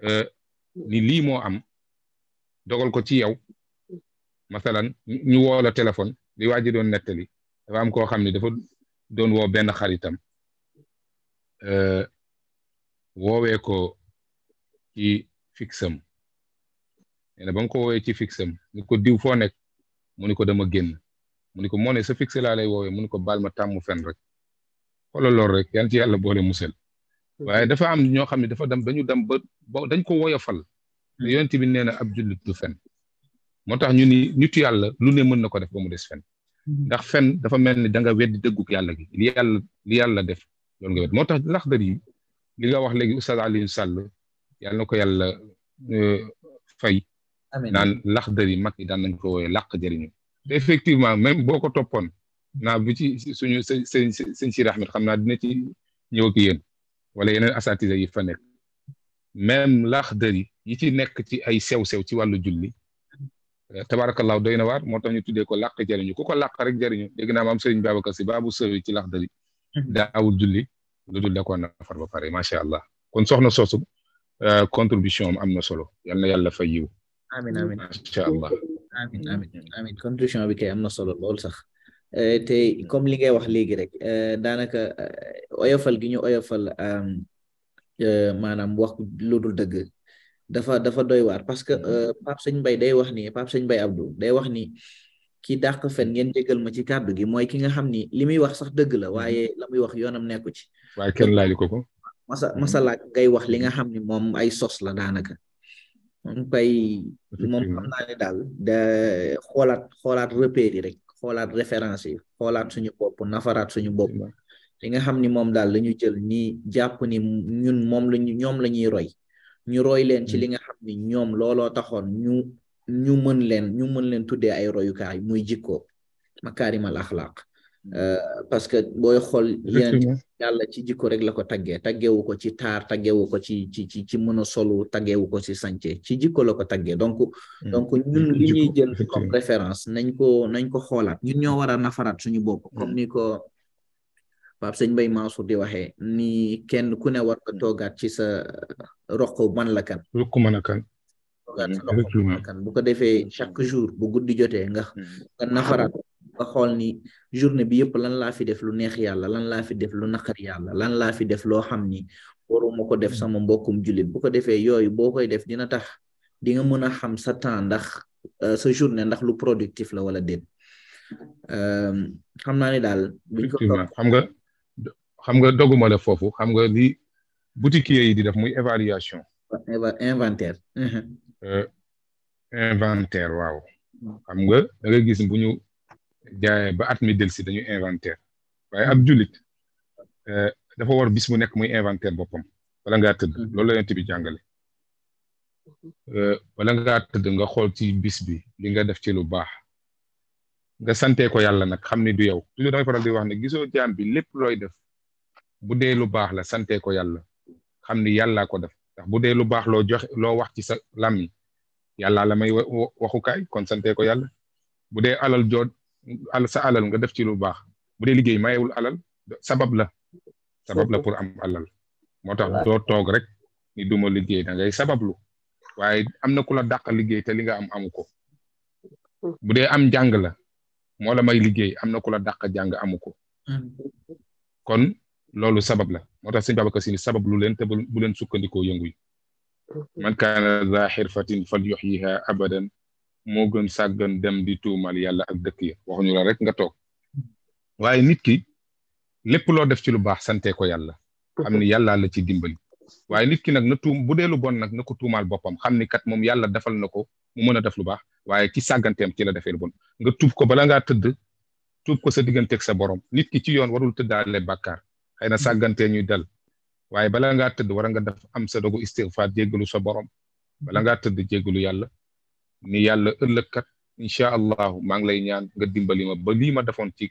euh ni li mo am dogal ko ci yow masalan ñu wo la téléphone li waji don netali dafa am ko xamni dafa don wo ben xaritam euh woowee ko ci fixam ene na ko woowee ci fixam ni ko diw fo nek mu ni ko dama génn mu ni ko moo sa fixé laa lay woowee mu ni ko baal ma tàmmu fen rek xoolal loolu rek yal ci yàlla boole musal waaye dafa am ñoo xam ne dafa dem dañu dem ba ba dañ ko woyofal te hmm. yonent bi nee na ab jullit du fen moo tax ñu ni nitu yàlla lu ne mën na ko def ba mu des fen hmm. ndax fen dafa mel ni da nga weddi dëgguk yàlla gi li yàlla yàlla def loolu nga wedd moo tax laxdar yi li nga wax léegi Oustaz Alioune Sall yàlla na ko yàlla euh, fay naan laxdar yi mag yi daan nañ ko wooye làq jëriñu effectivement même boo ko toppoon naa bu ci suñu sëñ sëñ sëñ si Ahmed xam naa dina ci ñëw ak wala yeneen asatise yi fa nekk même Laxdari yi ci nekk ci ay sew-sew ci wàllu julli euh, tabaarakallaahu doy na waar moo tax ñu tuddee ko làq jariñu ko ko làq rek jariñu dégg naa maam sëriñ Babacar si baabu sëwi ci Laxdari mhm. daawul julli lu dul da koo nafar ba pare macha allah kon soxna soosu euh, contribution am am na solo yal na yàlla fa yiw amiin amiin macha allah amiin amiin amiin contribution bi kay am na solo lool sax te comme li ngay wax léegi rek daanaka oyofal gi ñu oyofal maanaam wax lu dul dëgg dafa dafa doy waar parce que Pape Sëñ Mbay day wax ni Pape Sëñ Mbay Abdou day wax ni ki dàq fen ngeen jégal ma ci kàddu gi mooy ki nga xam ni li muy wax sax dëgg la waaye la wax yoonam nekku ci. waaye kenn laaj ko ko. masa masa wax li nga xam ni moom ay sos la daanaka. moom koy moom xam naa ne daal da xoolaat xoolaat repères rek xoolaat référence yi xoolaat suñu bopp nafaraat suñu bopp li nga xam ni moom daal la jël ni jàpp ni ñun moom lañu ñoom la ñuy roy ñu roy leen ci hmm. li nga xam ni ñoom looloo taxoon ñu ñu mën leen ñu mën leen tuddee ay royukaay muy jikko makaarimal axlaaq Mm. Eh, parce que boy xol yeen yalla ci jikko rek la ko tagge wu ko ci tagge wu ko ci ci ci ci mën solo tagge wu ko ci santé ci jikko la ko taggee donc mm. donc ñun li ñuy jël comme référence nañ ko nañ ko xoolaat ñun ño wara nafarat suñu bop mm. comme ni ko Pape señ Bay Mansour di waxe ni kenn ku ne war ko toogaat ci sa roq man la kan roq man kan toogaat man kan bu ko defé chaque jour bu guddi joté nga nafarat nga xool ni journée bi yëpp lan laa fi def lu neex yàlla lan laa fi def lu naqar yàlla lan laa fi def loo xam ni waruma ko def sama mbokkum jullit bu ko defee yooyu boo koy def dina tax di nga mën a xam sa temps ndax euh, sa journée ndax lu productif la wala déet euh, xam naa ne daal. buñ ko xam nga xam nga doguma la foofu xam nga li boutiquier yi di def muy évaluation. inventaire. Euh, inventaire waaw. xam nga da jaay ba at mi delsi dañuy inventaire waaye ab julit jullit euh, dafa war bis mu nekk muy inventaire boppam wala ngaa tëdd mm-hmm. loolu la yonent bi jàngale mm-hmm. euh, wala ngaa tëdd nga xool ci bis bi li nga def ci lu baax nga santee ko yàlla nag xam ni du yow toujours damay faral wax ne gisoo jaam bi lépp looy def bu dee lu baax la santee ko yàlla xam ni yàllaa ko def ndax bu de lu baax loo joxe loo wax ci sa làmmi yàllaa la may waxukaay kon santee ko yàlla bu dee alal joo al sa alal nga def ci lu baax bu dee liggéey mayewul alal sabab la sabab la pour am alal moo tax doo toog rek ni duma liggéey da ngay sabablu waaye am na ku la liggéey te li nga am amuko ko bu dee am jàng la moo la may liggéey am na ku la dàq kon loolu sabab la moo tax sëñ babaka sini sabab lu leen te bu leen sukkandikoo yëngu man kaana zahir fatin fal yuxyiha abadan mo gën sàggan dem di tuumal yàlla ak dëkk ya waxuñu la rek nga toog waaye nit ki lépp loo def ci lu baax sante ko yàlla xam ni la ci dimbali waaye nit ki nag na tuum bu dee bon nag na ko tuumaal boppam xam ni kat moom yàlla defal na ko mu mën a def lu baax waaye ci sàgganteem ci la defee lu bon nga tuub ko bala ngaa tëdd tuub ko sa digganteeg sa borom nit ki ci yoon warul tëddaale bàkkaar xëy na sàggantee ñuy dal waaye bala ngaa tëdd war nga def am sa dogu istigfaar jéggalu sa borom bala ngaa tëdd jéggalu yàlla ni yàlla ëllëg kat incha allahu maa ngi lay ñaan nga dimbali ma ba lii ma defoon ci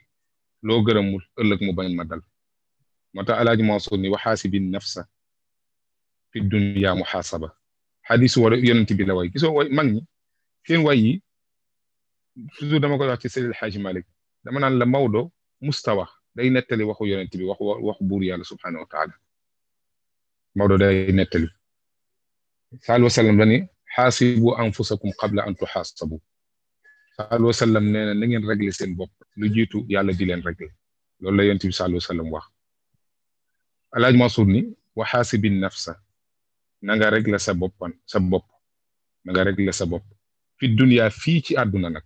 loo gërëmul ëllëg mu bañ ma dal moo tax alaaji Mansour ni waxaasibin nafsa fi dunya muxaasaba xadisu wala yonent bi la way gisoo way mag ñi seen way yi toujours dama koy wax ci Seydi El Hadji dama naan la Maodo mustawa day nettali waxu yonent bi waxu waxu buur yàlla subhanahu wa taala Maodo day nettali sallallahu alayhi حاسبوا انفسكم قبل ان تحاسبوا صلى وسلم نينا نين رجل سين بوب لو جيتو يالا دي لين رجل لول لا يونتي صلى وسلم واخ الاج مصورني وحاسب النفس نغا رجل سا بوبان سا بوب نغا رجل سا بوب في الدنيا في تي ادنا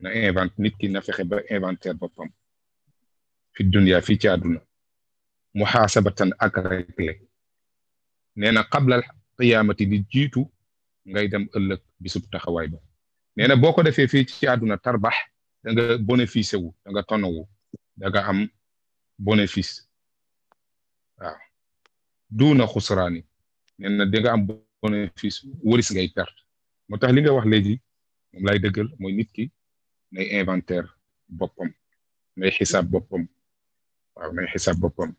نا انفانت نيت كي نافخ با انفانتير بوبام في الدنيا في تي ادنا محاسبه اك رجل قبل القيامه دي جيتو ngay dem ëllëg bisub taxawaay ba nee na boo ko defee fii ci àdduna tarbax da nga bénéficié wu da nga tonowu da nga am bénéfice waaw duuna xusraani nee na di nga am bénéfice wëris ngay perte moo tax li nga wax léegi moom lay dëggal mooy nit ki nay inventaire boppam nay xisaab boppam waaw nay xisaab boppam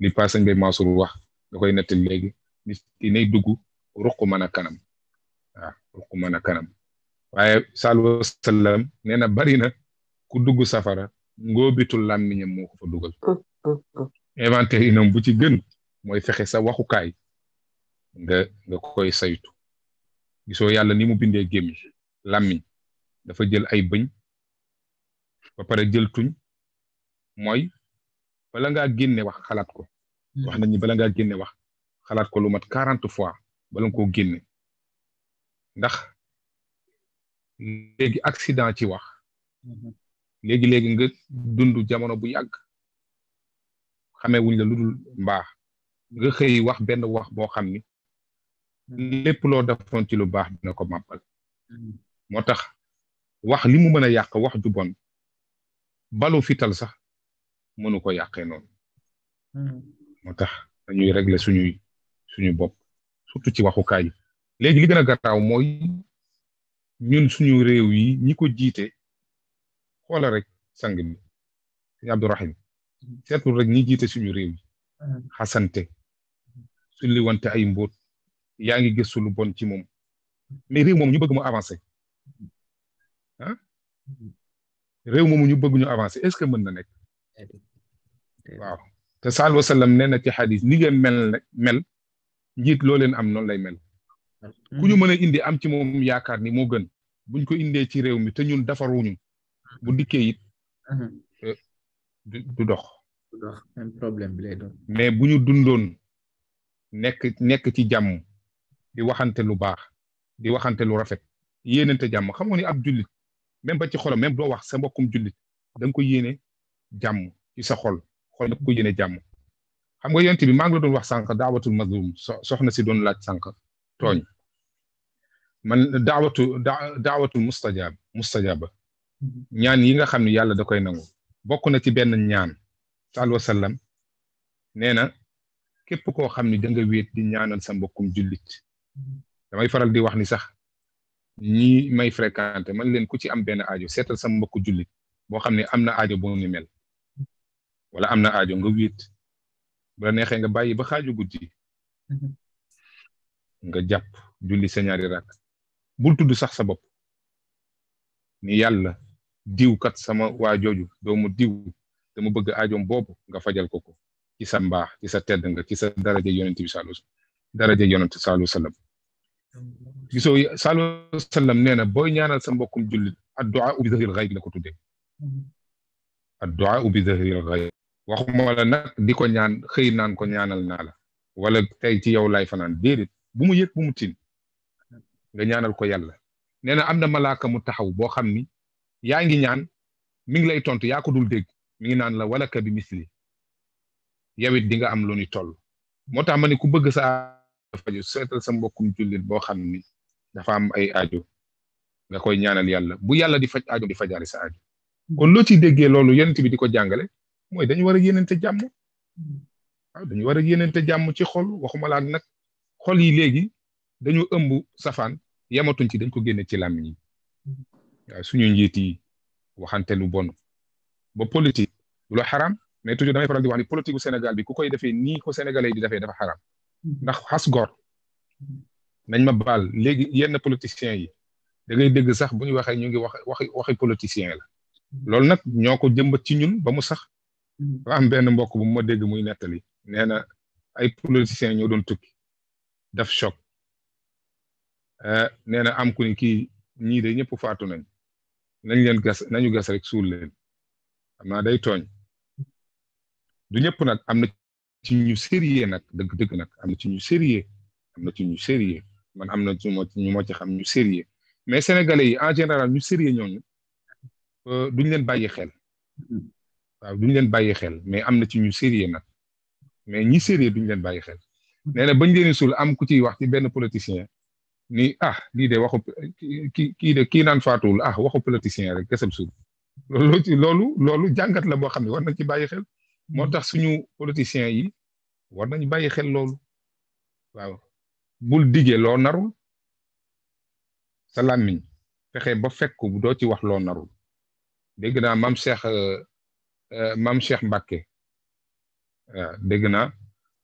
li passé ngay Mansour wax da koy nettal léegi nit ki nay dugg ruq mën a kanam Ah, waaw pour ku mën kanam waaye sallallahu alayhi wa sallam nee na bari na ku dugg safara ngóobitul làmmiñam moo ko fa dugal mm, mm, mm. inventaire yi ñoom bu ci gën mooy fexe sa waxukaay nga nga koy saytu gisoo yàlla ni mu bindee gémmiñ làmmiñ dafa jël ay bëñ bapare pare jël tuñ mooy bala ngaa génne wax xalaat ko wax nañu bala ngaa génne wax xalaat ko lu mat quarante fois bala nga koo ndax léegi accident ci wax léegi-léegi mhm. nga dundu jamono bu yàgg xamee wuñ la lu dul mbaax nga xëy wax benn wax boo xam ni lépp loo defoon ci lu baax dina ko màbbal mhm. moo tax wax li mu mën a yàq wax ju bon balu fital sax mënu ko yàqee noonu mhm. moo tax dañuy régler suñuy suñu bopp surtout ci waxukaay yi léegi li gën a mooy ñun suñu réew yi ñi ko jiite xoola rek sang bi sëñ Abdourahim rek ñi jiite suñu réew yi xasante sulli wante ay mbóot yaa ngi gëstu lu bon ci moom mais réew moom ñu bëgg mu avancé ah réew moomu ñu bëgg ñu avancé est-ce que mën na nekk waaw te sallallahu alayhi wa sallam nee na ci xadis ni ngeen mel mel njiit loo leen am noonu lay mel ku ñu mm. mën a indi am ci moom yaakaar ni moo gën buñ ko indee ci réew mi te ñun defaruñu bu dikkee mm-hmm. eh, du dox problème bi lay doon mais bu ñu dundoon nekk nekk ci jàmm di waxante lu baax di waxante lu rafet yéenante jàmm xam nga ni ab julit même ba ci xolam même doo wax sa mbokkum jullit da ko yéene jàmm ci sa xol xol da ko yéene jàmm xam nga yonent bi maa ngi la doon wax sànq daawatul mazlum soxna si doon laaj sànq tooñ mm-hmm. man daawatu daawatu mustajab mustajaba mm-hmm. ñaan yi nga xam ne yàlla da koy nangu bokk na ci benn ñaan sallallaahu alayhi wa sallam nee na képp koo xam ne da nga ñaanal sa mbokkum jullit mm-hmm. damay faral di wax ni sax ñi may fréquenté man leen ku ci am benn ajo seetal sa mbokku jullit boo xam ne am na aajo boo mel wala am na aajo nga wéet bu la neexee nga bàyyi ba xaaju guddi nga jàpp julli sa ñaari bul tudd sax sa bopp ni yàlla diw kat sama waa jooju doomu diw dama bëgg aajoom boobu nga fajal ko ko ci sa mbaax ci sa tedd nga ci sa daraja yonent bi saalu daraja yonent saalu sallam gisoo saalu sallam nee na booy ñaanal sa mbokkum jullit addu'a bi zahril ghaib la ko tuddee addu'a bi zahril ghaib waxuma la nag di ko ñaan xëy naan ko ñaanal naa la wala tey ci yow laay fanaan déedéet bu mu yëg bu mu tiin nga ñaanal ko yàlla nee na am na malaaka mu taxaw boo xam ni yaa ngi ñaan mi ngi lay tontu yaa ko dul dégg mi ngi naan la wala bi misli yow it di nga am lu ni moo tax ma ne ku bëgg sa faju seetal sa mbokkum boo xam ni dafa am ay ajo nga koy ñaanal yàlla bu yàlla di faj ajo di fajaari sa aajo kon loo ciy déggee loolu yonent bi di ko jàngale mooy dañu war a yéeneente jàmm waaw mm. ah, dañu war a yéeneente jàmm ci xool waxuma laa nag xol yi léegi dañoo ëmb safaan yamatuñ ci dañ ko génne ci làmmiñ yi suñu njiit yi waxante lu bon ba politique lu xaram mais toujours damay faral di wax ni politique bu Sénégal bi ku koy defee nii ko sénégalais di defee dafa xaram ndax xas gor nañ ma baal léegi yenn politiciens yi da ngay dégg sax bu ñu waxee ñu ngi wax waxi waxi politicien la loolu nag ñoo ko jëmbat ci ñun ba mu sax ba am benn mbokk bu ma dégg muy nettali nee na ay politiciens ñoo doon tukki daf choc euh, nee na am ku ni kii ñii de ñëpp faatu nañ nañ leen gas nañu gas rek suul leen xam naa day tooñ du ñëpp nag am na ci ñu sérieux nag dëgg dëgg nag am na ci ñu sérieux am na ci ñu sérieux man am na ci ñu moo ci xam ñu sérieux mais sénégalais yi en général ñu sérieux ñooñu euh, duñ leen bàyyi xel mm-hmm. waaw duñ leen bàyyi xel mais am na ci ñu sérieux nag mais ñi sérieux duñ leen bàyyi xel nee bañ leen sul am ku ci wax ci ben politicien ni ah li de waxu ki kii de kii nan faatuwul ah waxu politicien rek kesam sul lolu ci lolu lolu jangat la bo xamni war nañ ci bayyi xel motax suñu politiciens yi war nañ bayyi xel lolu waaw bul digee lo narul sa làmmiñ fexe ba fekk do ci wax lo narul dégg na mam cheikh euh, mam cheikh mbàkke dégg na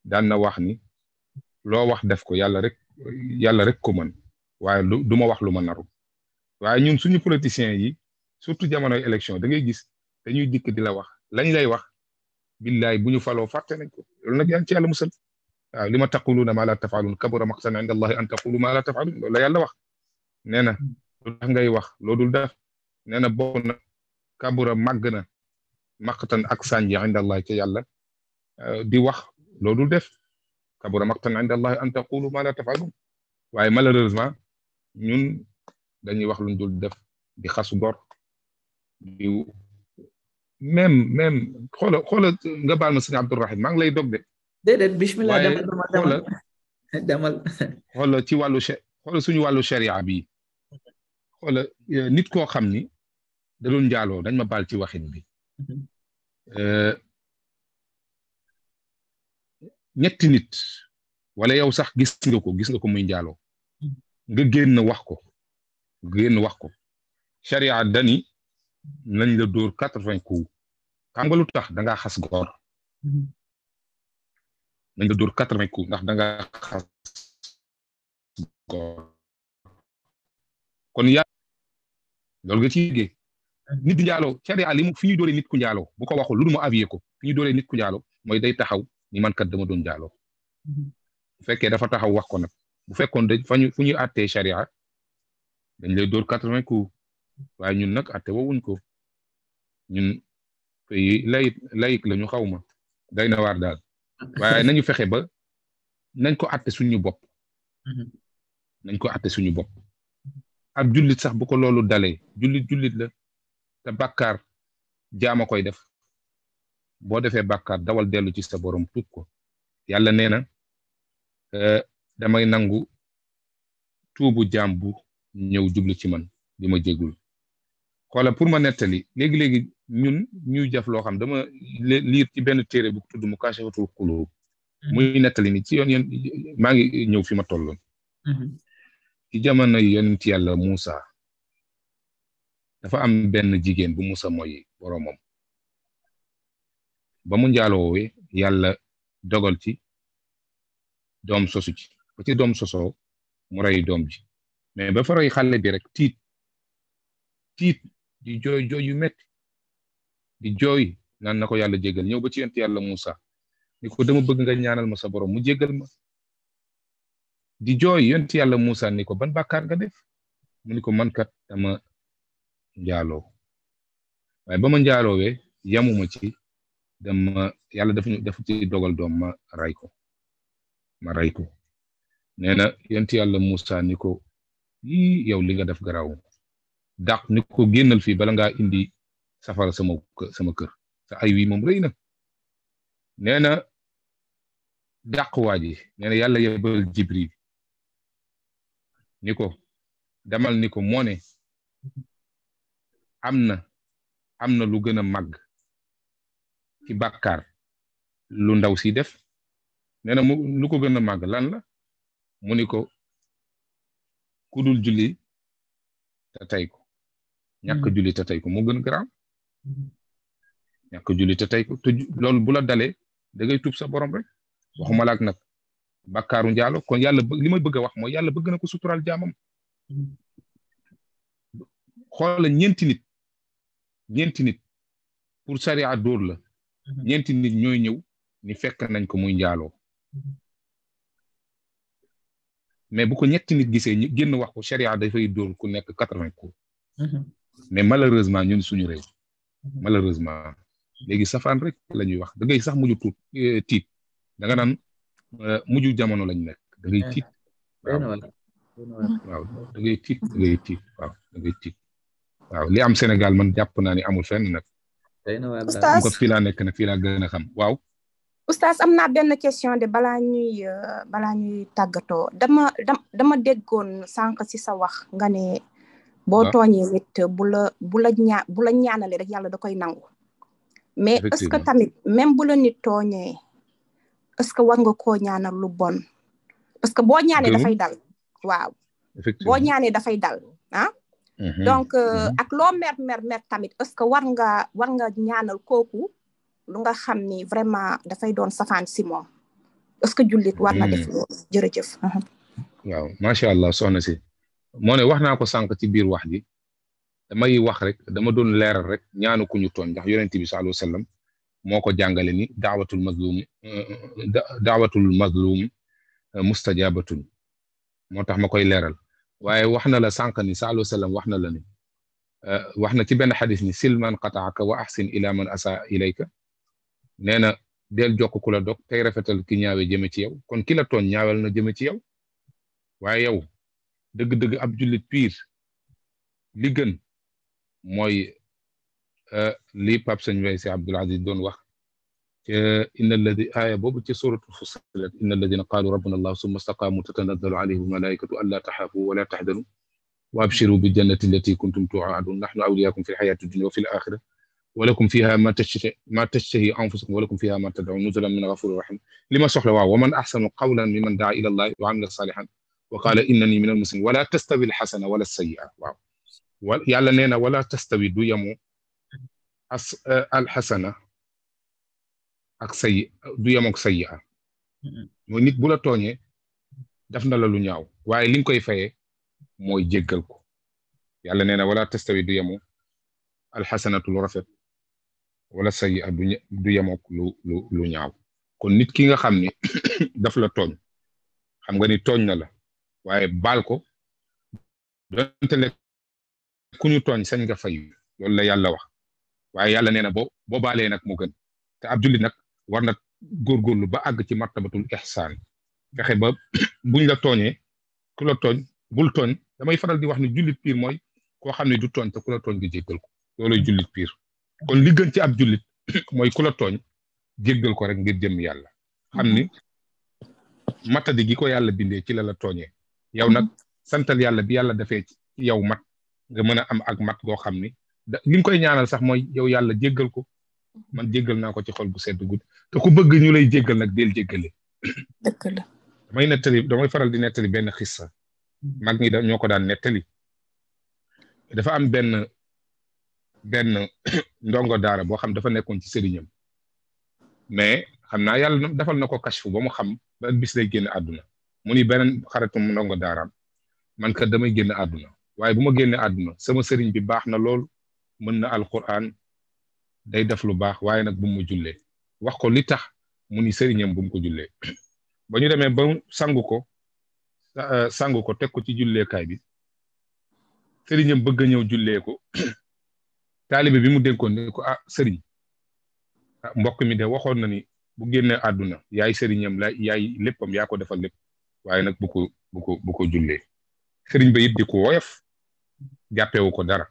dan na wax ni loo wax def ko yàlla rek yàlla rek ko mën waaye lu du ma wax lu ma naru waaye ñun suñu politiciens yi surtout jamonoy élection da ngay gis dañuy dikk di la wax lañ lay wax billahi bu ñu faloo fàtte nañ ko loolu nag yaa ci yàlla musal waaw li ma taquluna ma la tafalun kabura maqtan inda allahi an taqulu ma la tafalun loolu la yàlla wax nee na lu tax ngay wax loo dul def nee na bokk na kabura màgg na maqtan ak sànji inda allahi ca yàlla di wax loo def kabura maqtan inda allahi an taqulu ma la tafalun waaye malheureusement ñun dañuy wax luñ jul def bi xas gor di même même xoola xoola nga baal ma sëñ Abdourahim maa ngi lay dog de déedéet bismillah demal demal demal xoola ci wàllu xoola suñu wàllu sharia bi xoola eh, nit koo xam ni da doon njaaloo dañ ma baal ci waxin bi mhm. eh, ñetti nit wala yow sax gis nga ko gis nga ko muy njaaloo nga génn wax ko génn wax ko charia dani nañ la dóor quatre vingt coups xam nga tax da ngaa xas góor nañ la dóor quatre vingt coups ndax da ngaa xas góor kon yaa loolu nga ci yëgee nit di njaaloo charia li mu fi ñuy dóoree nit ku njaaloo bu ko waxul lu mu avier ko fi ñuy dóoree nit ku njaaloo mooy day taxaw ni man kat dama doon jaaloo mhm. bu fekkee dafa taxaw wax ko nag bu fekkoon dañ fa ñu fu ñuy dañ lay dóor quatre-vingts coups waaye ñun nag àtte wowuñ ko ñun pays layit layit la ñu xaw ma day na waar daal waaye nañu fexe ba nañ ko àtte suñu bopp mhm. nañ ko àtte suñu bopp ab jullit sax bu ko loolu dalee jullit jullit la te bàkkaar jaama koy def boo defee bàkkaar dawal dellu ci sa borom tuub ko yàlla nee na eh, damay nangu tuubu jaam bu ñëw jublu ci man di ma jégul xoola pour ma nettali léegi-léegi ñun ñuy jaf loo xam dama liir ci benn téere bu tudd mu kaashafatul xulóob hmm. muy nettali ni ci yoon yoon maa ngi ñëw fi ma tolloon hmm. ci jamono yonent yàlla Muusa dafa am benn jigéen bu Muusa mooy boromam ba mu njaaloowee yàlla dogal ci doom sosu ci ba ci doom sosoo mu rey doom ji mais ba fa rey xale bi rek tiit tiit di jooy jooy yu metti di jooy naan na ko yàlla jégal ñëw ba ci yent yàlla Moussa ni ko dama bëgg nga ñaanal ma sa borom mu jégal ma di jooy yonent yàlla Moussa ni ko ban bàkkaar nga def mu ni ko man kat dama njaaloo waaye ba ma njaaloowee yamuma ci dem yàlla dafa ñu dafa ci dogal doom ma ray ko ma ray ko nee na yent yàlla Moussa ni ko yii yow li nga def garaaw dàq ni ko génnal fii bala ngaa indi safara sama sama kër sa ay wi moom rëy na nee na dàq ji nee yàlla yebal Jibril ni ko demal ni ko moo ne am na am na lu gën a màgg ci bàkkaar lu ndaw si def nee na mu lu ko gën a màgg lan la mu ni ko ku dul julli te tey ko ñàkk hmm. julli te tey ko moo gën garaaw hmm. ñàkk julli te tey ko te loolu bu la dalee da ngay sa borom rek waxuma laak nag bàkkaaru njaalo kon yàlla li may bëgg a wax mooy yàlla bëgg na ko suturaal jaamam hmm. xoola ñeenti nit ñeenti nit pour sariya dóor la Mm-hmm. ñeenti nit ñooy ñëw ni fekk nañ ko muy njaalo mm-hmm. mais bu ko ñetti nit gisee ñu génn wax ko sharia dafay dóor ku nekk quatre-vingts coups mm-hmm. mais malheureusement ñun suñu réew malheureusement léegi safaan rek lañuy wax da ngay sax mujj tuut euh, tiit da nga naan euh, mujj jamono lañ nekk da ngay tiit ah, waaw waaw tiit da ngay waaw da ngay waaw li am Sénégal man jàpp naa ni amul fenn nag oustaz ko fii laa nekk am na benn question de balaa ñuy euh, balaa ñuy tàggatoo dama dama déggoon sànq si sa wax nga ne. boo tooñee nit bu la ñaanalee rek yàlla da koy nangu. mais est ce que tamit même bu la nit tooñee est ce que war nga koo ñaanal lu bon. parce que boo ñaanee dafay dal. waaw boo ñaanee dafay dal ah? Mm-hmm. donc euh, mm-hmm. ak loo mer mer tamit est que war nga war nga ñaanal kooku lu nga xam ni vraiment dafay doon safaan si moom est que jullit war na def mm-hmm. loolu jërëjëf waaw macha allah soxna si moo ne wax naa ko sànq ci biir wax ji damay wax rek dama doon leeral rek ñaanu ku ñu tooñ ndax yonent bi sallallahu alayhi wasallam moo ko jàngale ni daawatul mazlum euh, daawatul mazlum euh, mustajabatun moo tax ma koy leeral واحنا لا سانك النساء عليه وسلم واحنا لني آه، واحنا تبين حديث سل من قطعك واحسن الى من اساء اليك نينا ديل جوك كولا دوك تاي رافتال كي نياوي جيمي تي كون كي لا تون نياوال نا جيمي تي ياو واي ياو دغ دغ اب جولي بير لي گن موي آه، لي باب سنجوي سي عبد العزيز دون واخ آه، إن الذي آية بوب سورة الفصلت إن الذين قالوا ربنا الله ثم استقاموا تتنزل عليهم الملائكة ألا تخافوا ولا تحزنوا وأبشروا بالجنة التي كنتم توعدون نحن اولياكم في الحياة الدنيا وفي الآخرة ولكم فيها ما تشتهي ما تشتهي أنفسكم ولكم فيها ما تدعون نزلا من غفور رحيم لما سحل واو ومن أحسن قولا ممن دعا إلى الله وعمل صالحا وقال إنني من المسلمين ولا تستوي الحسنة ولا السيئة واو يالا ولا تستوي دو يمو آه، الحسنة ak say du yem ak say ah mooy nit bu la tooñee def na la lu ñaaw waaye li nga koy fayee mooy jéggal ko yàlla nee na wala tastawi du yemu alxasanatu lu rafet wala say ah du du ak lu lu lu ñaaw kon nit ki nga xam daf la tooñ xam nga ni tooñ na la waaye baal ko donte ne ku ñu tooñ sañ nga fay loolu la yàlla wax waaye yàlla nee na boo boo baalee mu gën te ab jullit war na góorgóorlu ba àgg ci martabatul ihsaan fexe ba buñ la tooñee ku la tooñ bul tooñ damay faral di wax ni jullit piir mooy koo xam ne du tooñ te ku la tooñ nga jéggal ko looloy jullit piir kon li gën ci ab jullit mooy ku la tooñ jéggal ko rek ngir jëm yàlla xam ni matadi gi ko yàlla bindee ci la la tooñee yow nag santal yàlla bi yàlla defee ci yow mat nga mën a am ak mat goo xam ni da li koy ñaanal sax mooy yow yàlla jéggal ko man jéggal naa ko ci xol bu sedd gudd te ku bëgg ñu lay jéggal nag del jéggale dëgg la damay nettali damay faral di nettali benn xissa mag ñi da ñoo ko daan nettali dafa am benn benn ndongo daara boo xam dafa nekkoon ci sëriñam mais xam naa yàlla defal na ko kashfu ba mu xam ba bis lay génn àdduna mu ni benn xaritum ndongo daaraam man kat damay génn àdduna waaye bu ma génne àdduna sama sëriñ bi baax na lool mën na alquran day def lu baax waaye nag bu mu jullee wax ko li tax mu ni sëriñam bu ko jullee ba ñu demee ba sangu ko euh, sangu ko teg ko ci julleekaay bi sëriñam bëgg a ñëw jullee ko taalibe bi mu dénkoon ne ko ah sëriñ ah, mbokk mi de waxoon na ni bu génnee àdduna yaay sëriñam la yaay léppam yaa ko defal lépp waaye nag bu ko bu ko bu sëriñ ba it di ko woyof jàppewu ko dara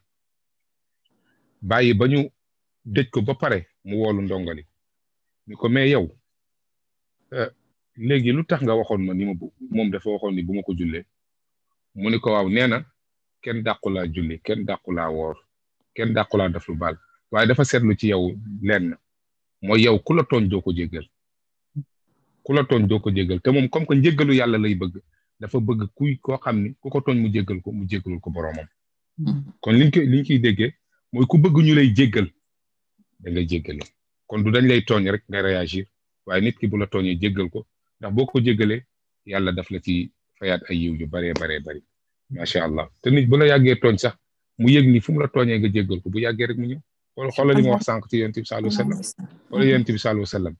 bàyyi ba dëj ko ba pare mu woolu ndongoli ni ko mais yow euh, léegi lu tax nga waxoon ma ni ma moom dafa waxoon ni bu ma ko jullee mu ni ko waw nee na kenn dàqulaa julli kenn dàqulaa woor kenn dàqulaa def lu baal waaye dafa seetlu ci yow lenn mooy yow ku la tooñ doo ko jéggal ku la tooñ doo ko jéggal te moom comme que njéggalu yàlla lay bëgg dafa bëgg kuy koo xam ni ku ko tooñ mu jéggal ko mu jéggalul ko boroomam mm-hmm. kon liñ koy liñ koy mooy ku bëgguñu lay jéggal da ngay jéggal kon du dañ lay tooñ rek nga réagir waaye nit ki bu la tooñee jéggal ko ndax boo ko jéggalee yàlla daf la ci fayaat ay yiw yu baree baree bari macha allah te nit bu la yàggee tooñ sax mu yëg ni fu mu la tooñee nga jéggal ko bu yàggee rek mu ñëw xool xoolal li ma wax sànq ci yonent bi sallallahu alayhi wa sallam xoolal bi sallallahu alayhi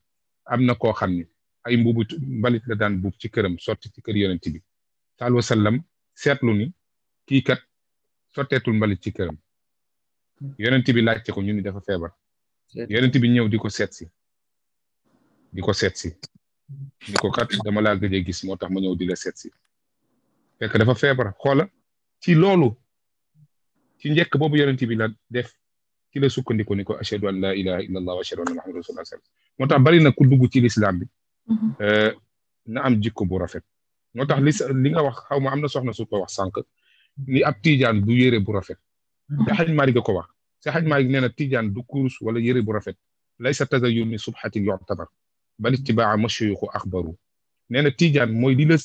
wa na koo xam ni ay mbubu mbalit la daan buub ci këram sotti ci kër yonent bi sallallahu alayhi wa sallam seetlu ni kii kat sotteetul mbalit ci këram yonent bi laajte ko ñu ni dafa feebar yonent bi ñëw di ko seet si di ko seet si di ko kat dama laa gëj gis moo tax ma ñëw di la seet si dafa feebar xoola ci loolu ci njëkk boobu yonent bi la def ci la sukkandiku ni ko ashhadu an la ilaha illa allah wa ashhadu anna muhammadu rasulullah moo tax bari na ku dugg ci lislaam bi mhm. euh, na am jikko bu rafet moo tax li li wax xaw ma am na soxna su ko sànq ni ab tiijaan du yére bu rafet daxañ mhm. maari ko wax si xaj Maalik nee na tijaan du kurus wala yëre bu rafet sa laysa tazayun min subhatin yu'tabar bal ittibaa mashayixu axbaru nee na tijaan mooy li la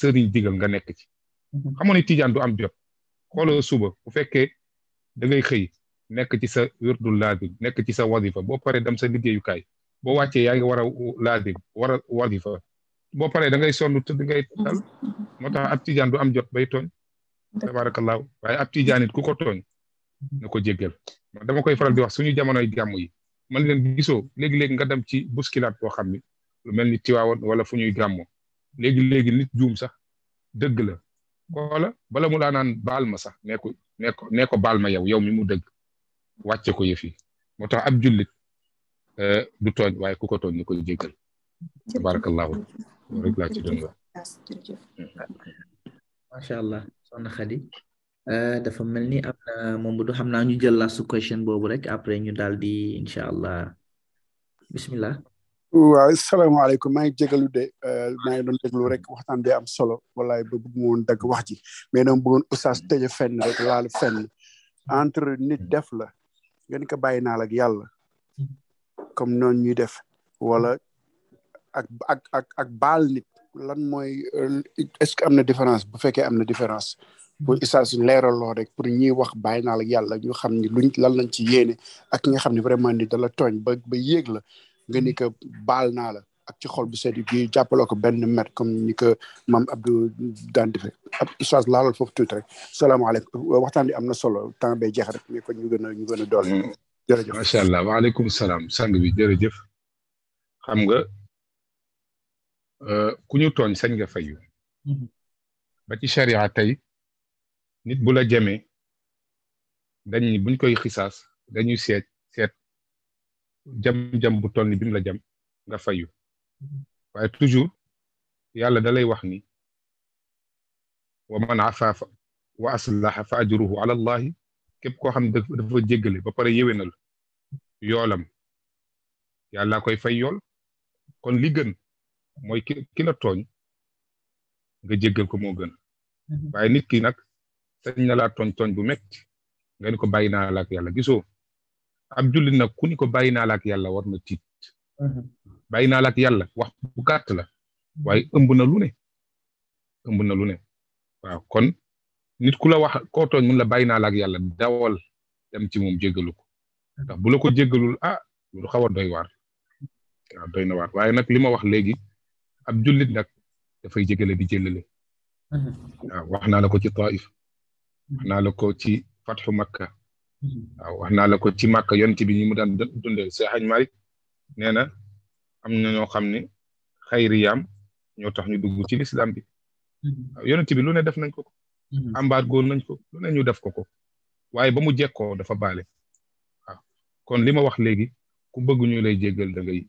sëriñ digal nga nekk ci mhm. xamoon ne tijaan du am jot xoolal suba bu fekkee da ngay xëy nekk ci sa wirdu laazim nekk ci sa wazifa boo paree dem sa liggéeyukaay boo wàccee yaa ngi war a laazim war a wazifa boo paree da ngay sonn tëdd ngay mhm. moo tax ab tijaan du am jot bay tooñ tabaarakallaahu waaye ab tijaan it ku ko tooñ na ko jéggal dama koy faral di wax suñu jamonoy gàmm yi man leen gisoo léegi-léegi nga dem ci buskilaat boo xam ni lu mel ni Tiwaawoon wala fu ñuy gàmmoo léegi-léegi nit juum sax dëgg la xoola bala mu laa naan baal ma sax nee ko nee baal ma yow yow mi mu dëgg wàcce ko yëf yi moo tax ab jullit euh, du tooñ waaye ku ko tooñ ko koy jéggal tabarakallahu rek laa ci Xadi तफमलनी अपना मोमबडो हम ना न्यू जल्ला सु क्वेश्चन बोबरेक आप रे न्यू डाल दी इंशाल्लाह bismillah waaw asalaamaaleykum maa ngi jégalu de eh, maa ngi doon déglu rek waxtaan bi am solo wallaay ba bëgg woon dagg wax ji mais dama bëggoon oustaz tëje fenn rek laal fenn entre nit def la nga ko bàyyi naa ak yàlla comme noonu ñuy def wala ak ak ak ak baal nit lan mooy eh, est ce que am na différence bu fekkee am na différence pour Issa su leeraloo rek pour ñuy wax bàyyi naa la yàlla ñu xam ni luñ lan lañ ci yéene ak nga xam ne vraiment ni dala tooñ ba ba yéeg la nga ni que baal naa la ak ci xol bu sedd bi jàppaloo ko benn mètre comme ni ko maam Abdou daan defee ab Issa laalal foofu tuuti rek salaamaaleykum waxtaan bi am na solo temps bee jeex rek mais kon ñu gën a ñu gën a doole. jërëjëf macha allah waaleykum salaam sang bi jërëjëf. xam nga euh, ku ñu tooñ sañ nga fayu. Mm-hmm. ba ci tey. nit bu la jamee dañ buñ koy xisaas dañuy seet seet jam-jam bu toll ni bi la jam nga fayu waaye toujours yàlla dalay wax ni wa man afa wa aslaha fa ajruhu ala allahi képp koo xam ne dafa ba pare yéwénal yoolam yàlla koy fay yool kon li gën mooy ki ki la tooñ nga jéggal ko moo gën mhm. nit ki sañ na laa tooñ bu metti nga ni ko bàyyi naa la ak yàlla gisoo ab jullit nag ku ni ko bàyyi naa la yàlla war na tiit mhm. bàyyi naa yàlla wax bu gàtt la waaye ëmb na lu ne ëmb na lu ne kon nit ku la wax koo tooñ mun la bàyyi naa la dawal dem ci moom jéggalu ko ndax bu la ko jéggalul ah, lu xaw a doy war waaw doy na waar waaye nag li ma wax léegi ab jullit nag dafay jégale di jëlale mhm. waaw wax naa la ko ci taif wax naa la ko ci fatxu makka waaw wax naa la ko ci makka yonent bi ñi mu daan dundee Seex Haj Malik nee na am na ñoo xam ne xayriyaam ñoo tax ñu dugg ci lislaam bi waaw yonent bi lu ne def nañ ko ko embargo nañ ko lu ne ñu def ko ko waaye ba mu jekkoo dafa baale waaw kon li ma wax léegi ku bëgg ñu lay jéggal da ngay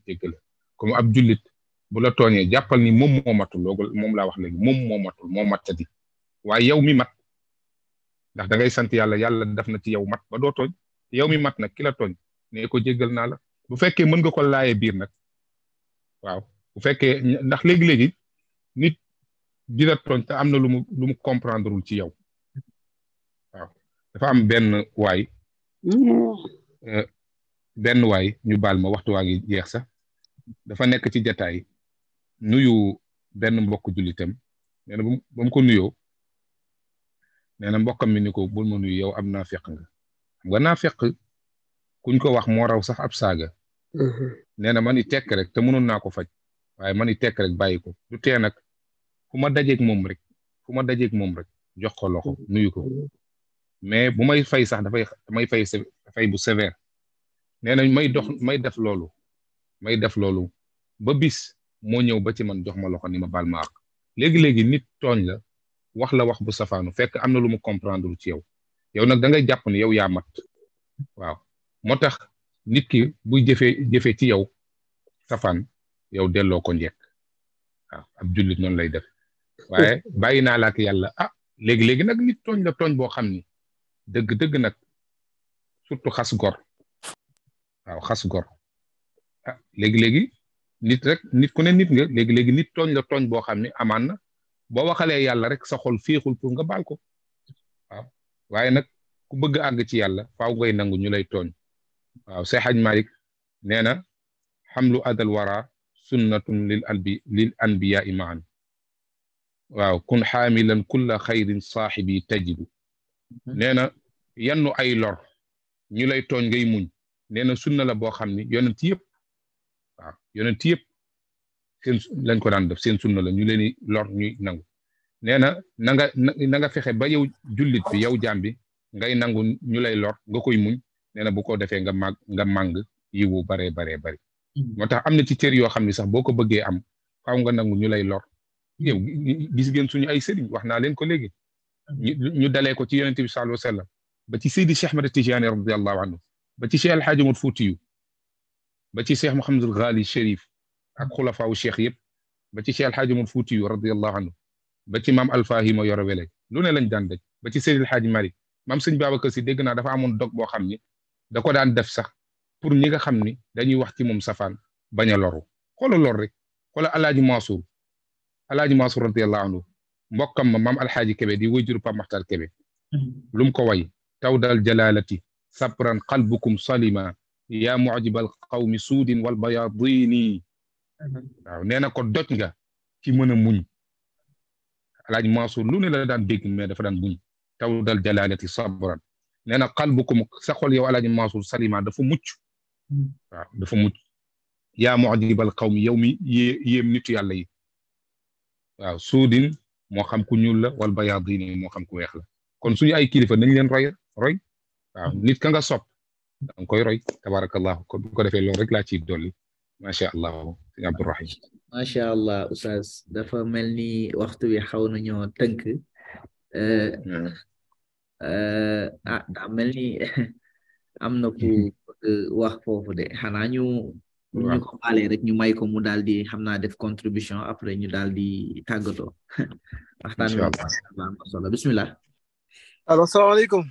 comme ab julit bu la tooñee jàppal ni moom moo matul loolu moom laa wax léegi moom moo matul moo matadi waaye yow mi mat ndax da ngay sant yàlla yàlla def na ci yow mat ba doo tooñ yow mi mat nag ki la tooñ ne ko jéggal naa la bu fekkee mën nga ko laaye biir nag waaw bu fekkee ndax léegi-léegi nit dina tooñ te am na lu mu lu mu comprendrewul ci yow waaw dafa am benn waay mm-hmm. euh, benn waay ñu baal ma waxtu waa ngi jeex sax dafa nekk ci jataay nuyu benn mbokk jullitam nee na ba ko nuyoo nee na mbokkam mi ni ko bul ma nuy yow am naa feq nga xam nga naa feq kuñ ko wax moo raw sax ab saaga mhm. nee na man i tekk rek te mënoon naa ko faj waaye man i tekk rek bàyyi ko du tee nag fu ma dajeeg moom rek fu ma dajeeg moom rek jox ko loxo nuyu ko mais bu may fay sax dafay may fay fay bu sévère nee na may dox may def loolu may def loolu ba bis moo ñëw ba ci man jox ma loxo ni ma bal ma àq léegi-léegi nit tooñ la wax la wax bu safaanu fekk am na lu mu comprendre ci yow yow nag da ngay jàpp ne yow yaa mat waaw moo tax nit ki buy jëfe jëfe ci yow safaan yow delloo ko njekk waaw ab jullit noonu lay def waaye bàyyi naa la ak yàlla ah léegi léegi nag nit tooñ la tooñ boo xam ni dëgg dëgg nag surtout xas gor waaw xas gor ah léegi léegi nit rek nit ku ne nit nga léegi léegi nit tooñ la tooñ boo xam ni amaan na bo waxale yàlla rek sa xol féexul pour nga bal ko waaw waaye nak ku bëgg ag ci yàlla faaw ngay nangu ñu lay togn waaw cheikh hadj Malik neena hamlu adal wara sunnatun lil albi lil anbiya iman waaw kun hamilan kull khairin sahibi tajid neena yannu ay lor ñu lay togn ngay muñ neena sunna la bo xamni yonent yep waaw yonent yep kël lañ ko daan def seen sunna la ñu leen di lor ñuy nangu nee na na nga na nga fexe ba yow jullit bi yow jaam bi ngay nangu ñu lay lor nga koy muñ nee na bu ko defee nga màgg nga màng yiwu baree baree bari moo tax am na ci cër yoo xam ne sax boo ko bëggee am faaw nga nangu ñu lay lor yow gis ngeen suñu ay sëriñ wax naa leen ko léegi ñu dalee ko ci yonente bi sallallahu alayhi wasallam ba ci Seydi Cheikh Ahmed Tidiane radiyallahu anhu ba ci Cheikh El Hadj Omar Foutiyou ba ci Cheikh Mouhamadul Ghali Chérif خلفاء الشيخ ييب با تي شيخ الحاج مفوتي رضي الله عنه با تي مام الفاهيم يورو ولي لون لا ندان دج با تي سيد الحاج مالك مام سيغ بابا كسي دغنا دا فا امون دوك بو خامني دا كو دان ديف صاح بور نيغا خامني دا ني واختي موم سفان باغا لورو خول لور ريك خول الحاج ماسور الحاج ماسور رضي الله عنه مبوكم مام الحاج كبي دي ويجور با مختار كبي لوم كو واي تاودال جلالتي صبرا قلبكم سليما يا معجب القوم سود والبياضيني waaw nee na ko doj nga ci mën a muñ alaaj Mansour lu ne la daan dégg mais dafa daan muñ taw dal jalalati sabran nee na qalbukum sa xol yow alaaj Mansour salima dafa muc waaw dafa mucc yaa mujibal qawmi yow mi yée yéem nitu yàlla yi waaw suudin moo xam ku ñuul la wal bayaadin moo xam ku weex la kon suñ ay kilifa nañ leen roy roy nit ka nga sob danga koy roy tabarakallahu ko bu ko defee loolu rek laa ci dolli macha allah عبد الرحيم macha allah oustaz dafa mel ni waxtu wi xaw nañoo tënk ah daa mel ni am na ku wax foofu de xanaa ñu ñu ko baale rek ñu may ko mu daal di xam naa def contribution après ñu daal di tàggatoo waxtaan wi am solo bismillah alors salaamaaleykum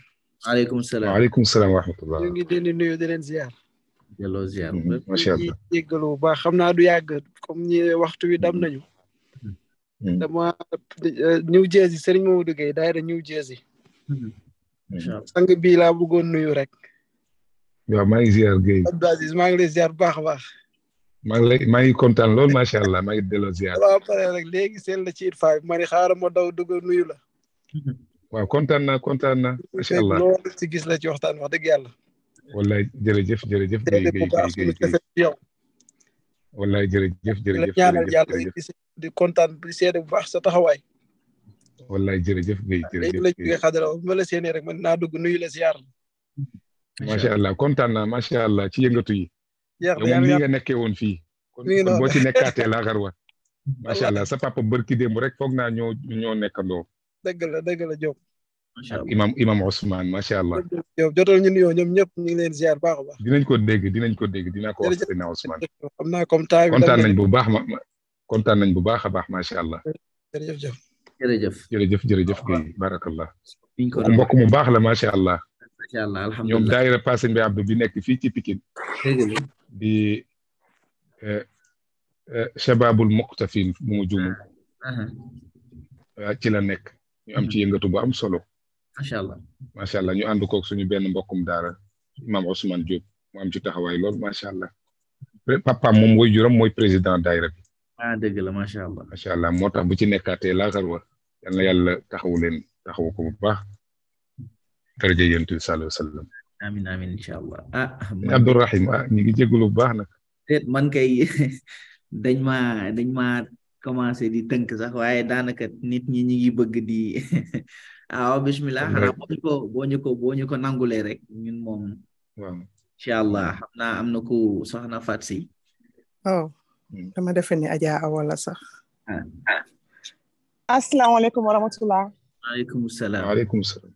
waaleykum salaam waaleykum salaam wa rahmatullah ñu ngi leen di nuyu di leen ziar delloo ziar mm-hmm. macha allah jéggalu bu baax xam naa du yàgg comme ñi waxtu wi dam mm-hmm. nañu mm-hmm. dama eh, New Jersey Serigne Mamadou Gueye daayira New Jersey sang bii laa bëggoon nuyu rek waaw maa ngi ziar Gueye Abdou Aziz maa ngi lay ziar bu baax a baax maa ngi lay maa ngi kontaan lool macha allah maa ngi delloo ziar waaw léegi seen la ci it faay ma ne xaaral ma daw dugg nuyu la waaw kontaan na kontaan na macha allah loolu ci gis la ci waxtaan wa dëgg yàlla wallaay jërëjëf jërëjëf. Guèye Guèye Guèye wallaay jërëjëf jërëjëf ñaanal yàlla di kontaan di seede bu baax sa taxawaay. wallaay jërëjëf Guèye jërëjëf la jógee xadara ma la seenee rek man naa dugg nuyu la ziar. macha allah kontaan naa macha allah ci yëngatu yi. jeex na yàlla nga nekkee woon fii. kon boo ci nekkaatee laa xar macha allah sa papa bërki démb rek foog naa ñoo ñoo nekkandoo. dëgg la dëgg la Diop. ak imam imam Ousmane macha allah. yow jotal ñu nuyoo ñoom ñëpp ñu ngi leen ziar baax a baax. dinañ ko dégg dinañ ko dégg dina ko wax dina Ousmane. xam naa comme temps kontaan nañ bu baax ma kontaan nañ bu baax a baax macha allah. jërëjëf jef jërëjëf jërëjëf jërëjëf Guèye barakallah. mbokk mu baax la macha allah. macha allah alhamdulilah ñoom daayira passé bi Abdou bi nekk fii ci Pikine. di eh, eh, Shababul Muqtafin bu mu jumul. Ah, ah. eh, ci la nekk ñu am ci mm-hmm. yëngatu bu am solo. Masya allah Masya allah ñu Masya Allah. suñu benn Masya daara imam Osman Diop mu am ci Masya lool Masya allah papa Masya Allah. juram Allah. Masya Allah. bi ah Masya la Masya allah Masya allah Masya Allah. bu ci Masya Allah. wa Allah. Masya Allah. taxawu Allah. taxawu ko bu baax Masya Allah. Masya sallallahu alayhi wasallam amin amin Masya allah ah abdourahim ah ñi ngi jégalu bu baax nag déet man kay dañ ma dañ ma commencé di tënk sax waaye daanaka nit ñi ñi ngi bëgg di waaw bismillah xanaa boo ñu ko boo ko nangulee rek ñun moom waaw incha allah xam naa am na ku soxna Fat Si waaw oh, dama hmm. defe ni Adja Awa sax asalaamaaleykum ah. wa rahmatullah waaleykum salaam waaleykum salaam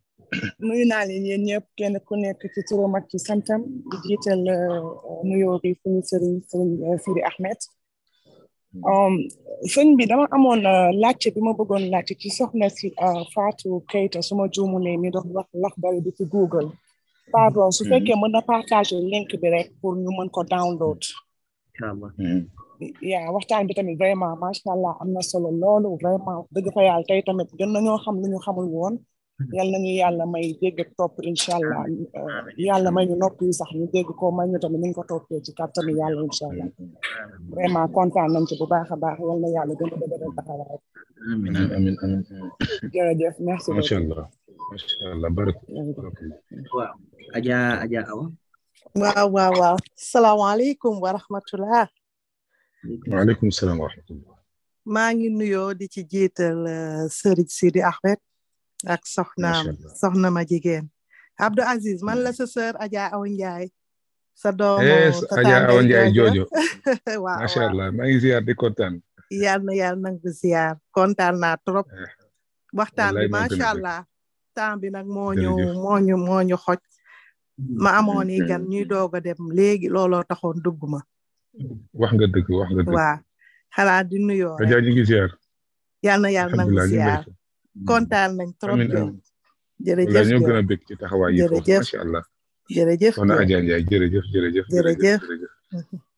nuyu naa leen yéen kenn ku nekk ci turam ci santam di jiital eh, nuyoo bi suñu eh, sëriñ sëriñ Sidi Ahmed Mm. Um, sëñ bi dama amoon euh, laaj bi ma bëggoon laaj ci soxla si euh, Fatou Keita suma juumulee mi doon wax lax bari bi ci Google mm. pardon su mm. fekkee mën na partager link bi rek pour ñu mën ko download yaa waxtaan bi tamit vraiment macha allah am na solo loolu vraiment dëgg fa yàlla tey tamit gën nañoo xam lu ñu xamul woon yal nañu yàlla may dégg allah may ñu nopp sax ñu dégg ko may ñu tamit niñ ko toppee ci allah vraiment kontaan nañ ci bu baax baax amin amin amin jërëjëf merci macha allah barak waaw aja aja awa waaw waaw waaw salaamaaleykum wa rahmatullah salaam wa rahmatullah maa ngi nuyo di ci jiital euh, Serigne Sidi Ahmed ak soxnaam soxna ma jigéen Abdou Aziz man la sa sœur Adja Awa Ndiaye sa doom eh, sa Adja Awa Ndiaye joojo waaw macha allah maa ngi ziar di kontaan yal na yal nang bi kontaan naa trop eh, waxtaan bi macha allah temps bi nag moo ñu moo ñu moo ma amoon i hmm. gan ñuy doog a dem léegi looloo taxoon dugg ma wax nga dëgg wax nga dëgg waaw xalaat di nuyoo Adja ñu na yal kontaan nañ trop jërëjëf ñoo gën bëgg ci taxawaay yi foofu macha allah jërëjëf soxna Adja Ndiaye jërëjëf jërëjëf jërëjëf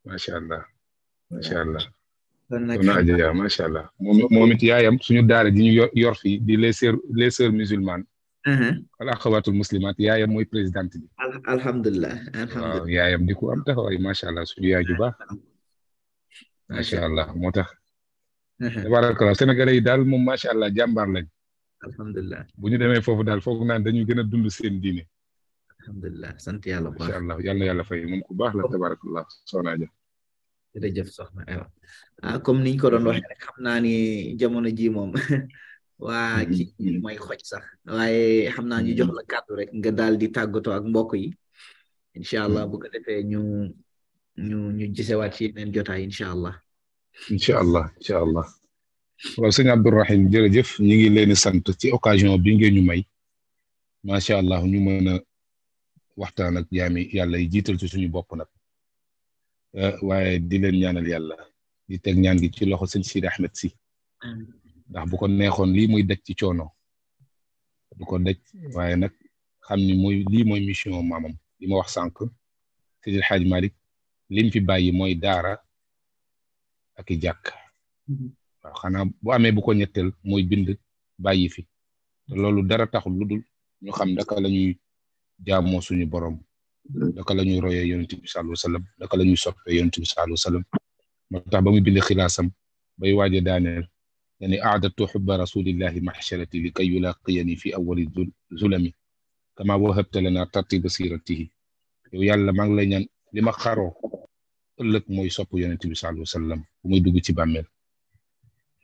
macha allah ya. macha allah soxna Adja Ndiaye ya? macha allah moom yaayam suñu daara ji ñu yor di les sœurs les sœurs musulmanes wala mhm. axawaatul muslimat yaayam mooy présidente bi yaayam allah suñu yaay ju baax ya. allah mhm. tabarakallah sénégalais yi allah lañ alhamdulilah bu ñu demee foofu daal foog naan dañuy gën a dund seen diine. alhamdulilah sant yàlla bu baax allah yal na yàlla fay moom ku baax la tabarakallah soxna Aja. jërëjëf soxna Awa ah, comme niñ ko doon waxee rek xam naa ni jamono ji moom waa ci mm-hmm. mooy xoj sax waaye xam naa ñu jox la mm-hmm. kàddu rek nga daal di tàggatoo ak mbokk yi incha allah mm-hmm. bu defee ñu jise waat gisewaat ci yeneen jotaay incha allah. incha allah incha allah. waaw sëñ Abdourahim jërëjëf ñu ngi leen sant ci occasion bi ngeen ñu may macha allah ñu mën a waxtaan ak jaami yàlla jiital ci suñu bopp nag eh, waaye di leen ñaanal yàlla di teg ñaan gi ci loxo sëñ Sidi Ahmed si ndax bu ko neexoon lii muy daj ci coono du ko daj waaye nag xam ni mooy lii mooy mission maamam li ma wax sànq sëñ El Hadj lim fi bàyyi mooy daara ak i waaw xanaa bu amee bu ko ñetteel mooy bind bàyyi fi te loolu dara taxul lu dul ñu xam naka lañuy ñuy jaamoo suñu borom naka lañuy ñuy royee yonente bi sallallahu alayhi wasallam daka la ñuy soppee yonente bi sallallahu alayhi wasallam moo tax ba muy bind xilaasam bay waaje daaneel يعني أعددت hubba rasulillahi mahsharati li kay yulaqiyani fi awwali ظلمي kama وهبت lana tartiba siratihi yow yàlla maa ngi lay ñaan li ma xaroo ëllëg mooy sopp yonente bi sallallahu alayhi wasallam bu muy dugg ci bàmmeel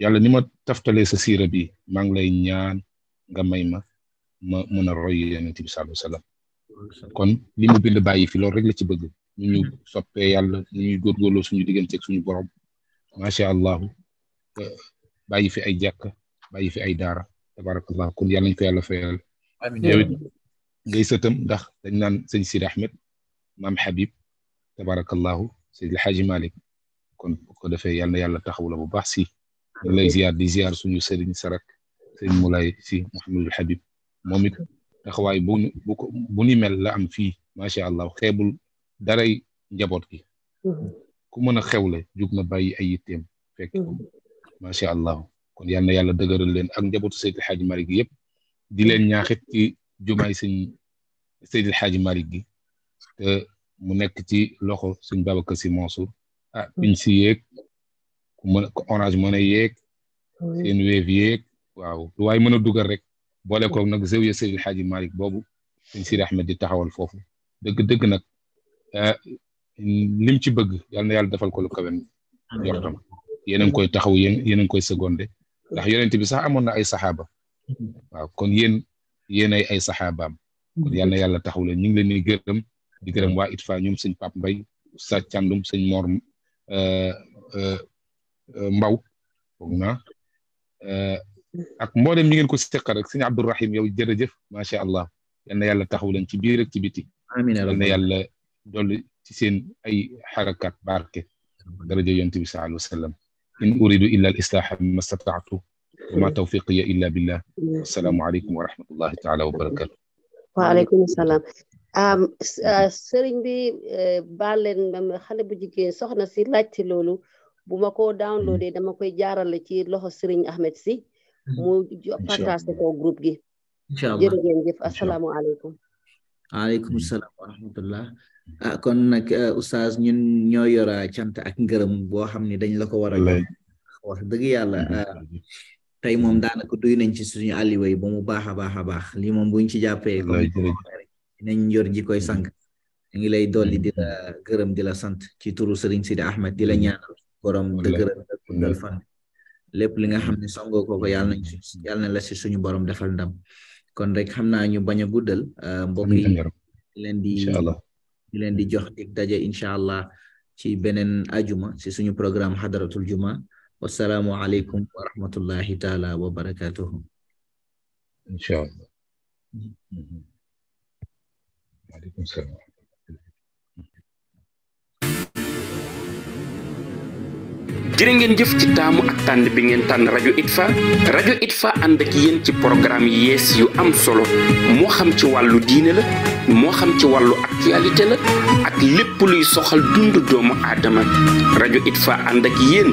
yàlla ni ma taftalee sa siira bi maa ngi lay ñaan nga may ma ma mën a roy yonent bi sallallahu alayhi kon li mu bind bàyyi fi loolu rek la ci bëgg ñu ñu soppee yàlla ñu ñuy góorgóorloo suñu digganteeg suñu borom macha allah bàyyi fi ay jàkk bàyyi fi ay daara tabarakallah kon yàlla ñu ko yàlla fayal yow it ngay sëtam ndax dañ naan sëñ Sidi Ahmed maam Habib tabarakallahu sëñ El Hadji Malick kon ko defee yàlla na yàlla taxaw la bu baax si ñu lay ziar di ziar suñu sëriñ sarak sëñ Moulay si Mouhamadul Habib moom it taxawaay bu bu ni mel la am fii macha allah xeebul daray njaboot gi ku mën a xewle jug na bàyyi ay yitteem fekk ko macha allah kon yal na yàlla dëgëral leen ak njabootu Seydil Hadji Malick gi yëpp di leen ñaaxit ci jumaay sëñ Seydil Hadji Malick gi te mu nekk ci loxo sëñ Babacar Sy Mansour ah piñ si yeeg mën orange mën a yeeg seen wéef yeeg waaw lu waaye mën a dugal rek boole ko nag zawiya Seydil Hadji Malick boobu sëñ Sidi Ahmed di taxawal foofu dëgg dëgg nag eh, lim ci bëgg yal yàlla defal ko lu yéen a ngi koy taxaw yéen yéen a ngi koy secondé ndax yonent bi sax amoon na ay saxaaba waaw kon yéen yéen ay ay saxaabaam kon yal na yàlla taxaw leen ñu ngi leen di gërëm di gërëm waa ITFA ñoom sëñ Pape Mbaye sa sëñ Mor eh, eh, mbaw foog naa ak mboolem ñi ngeen ko seqal rek sëñ abdourahim yow jërëjëf macha allah yal na yàlla taxaw leen ci biir ak ci biti amiin yal na yàlla dolli ci seen ay xarakat barke daraja yonte bi sallallahu alayhi wa sallam in uridu illa al islaha ma stataatu وما توفيقي الا بالله السلام عليكم ورحمه الله تعالى وبركاته وعليكم السلام sëriñ bi baal leen xale bu jigéen soxna si laajte loolu bu ma ko downloadee mm-hmm. dama koy jaarale ci loxo Serigne Ahmed si. Mm-hmm. mu partage ko groupe gi. incha allah jërë salaam wa rahmatullah ah, kon nag ah, oustaz ñun ñoo yora cant ak ngërëm boo xam ne dañ la ko war a wax dëgg yàlla ah, tey moom daanaka duy nañ ci suñu àlliway ba mu baax a baax a baax lii moom buñ ci jàppee dinañ yor ji koy sànq ñu ngi lay dolli di la gërëm di la sant ci turu Serigne Sidi Ahmed di la mm-hmm. ñaanal borom hmm. deugural ak guddal fan lepp li nga xamni songo ko ko yalla nañu yalla na la ci suñu borom defal ndam kon rek xamna ñu baña guddal eh, mbokk yi len di di len di jox dig inshallah ci benen ajuma ci suñu programme hadratul juma wasalaamu alaykum wa rahmatullahi taala wa barakatuh inshallah وعليكم mhm. السلام mhm. jërë ngeen jëf ci taamu ak tànn bi ngeen tànn rajo itfa rajo itfa ànd ak yéen ci programme yees yu am solo moo xam ci wàllu diine la moo xam ci wàllu actualité la ak lépp luy soxal dund doomu aadama rajo itfa ànd ak yéen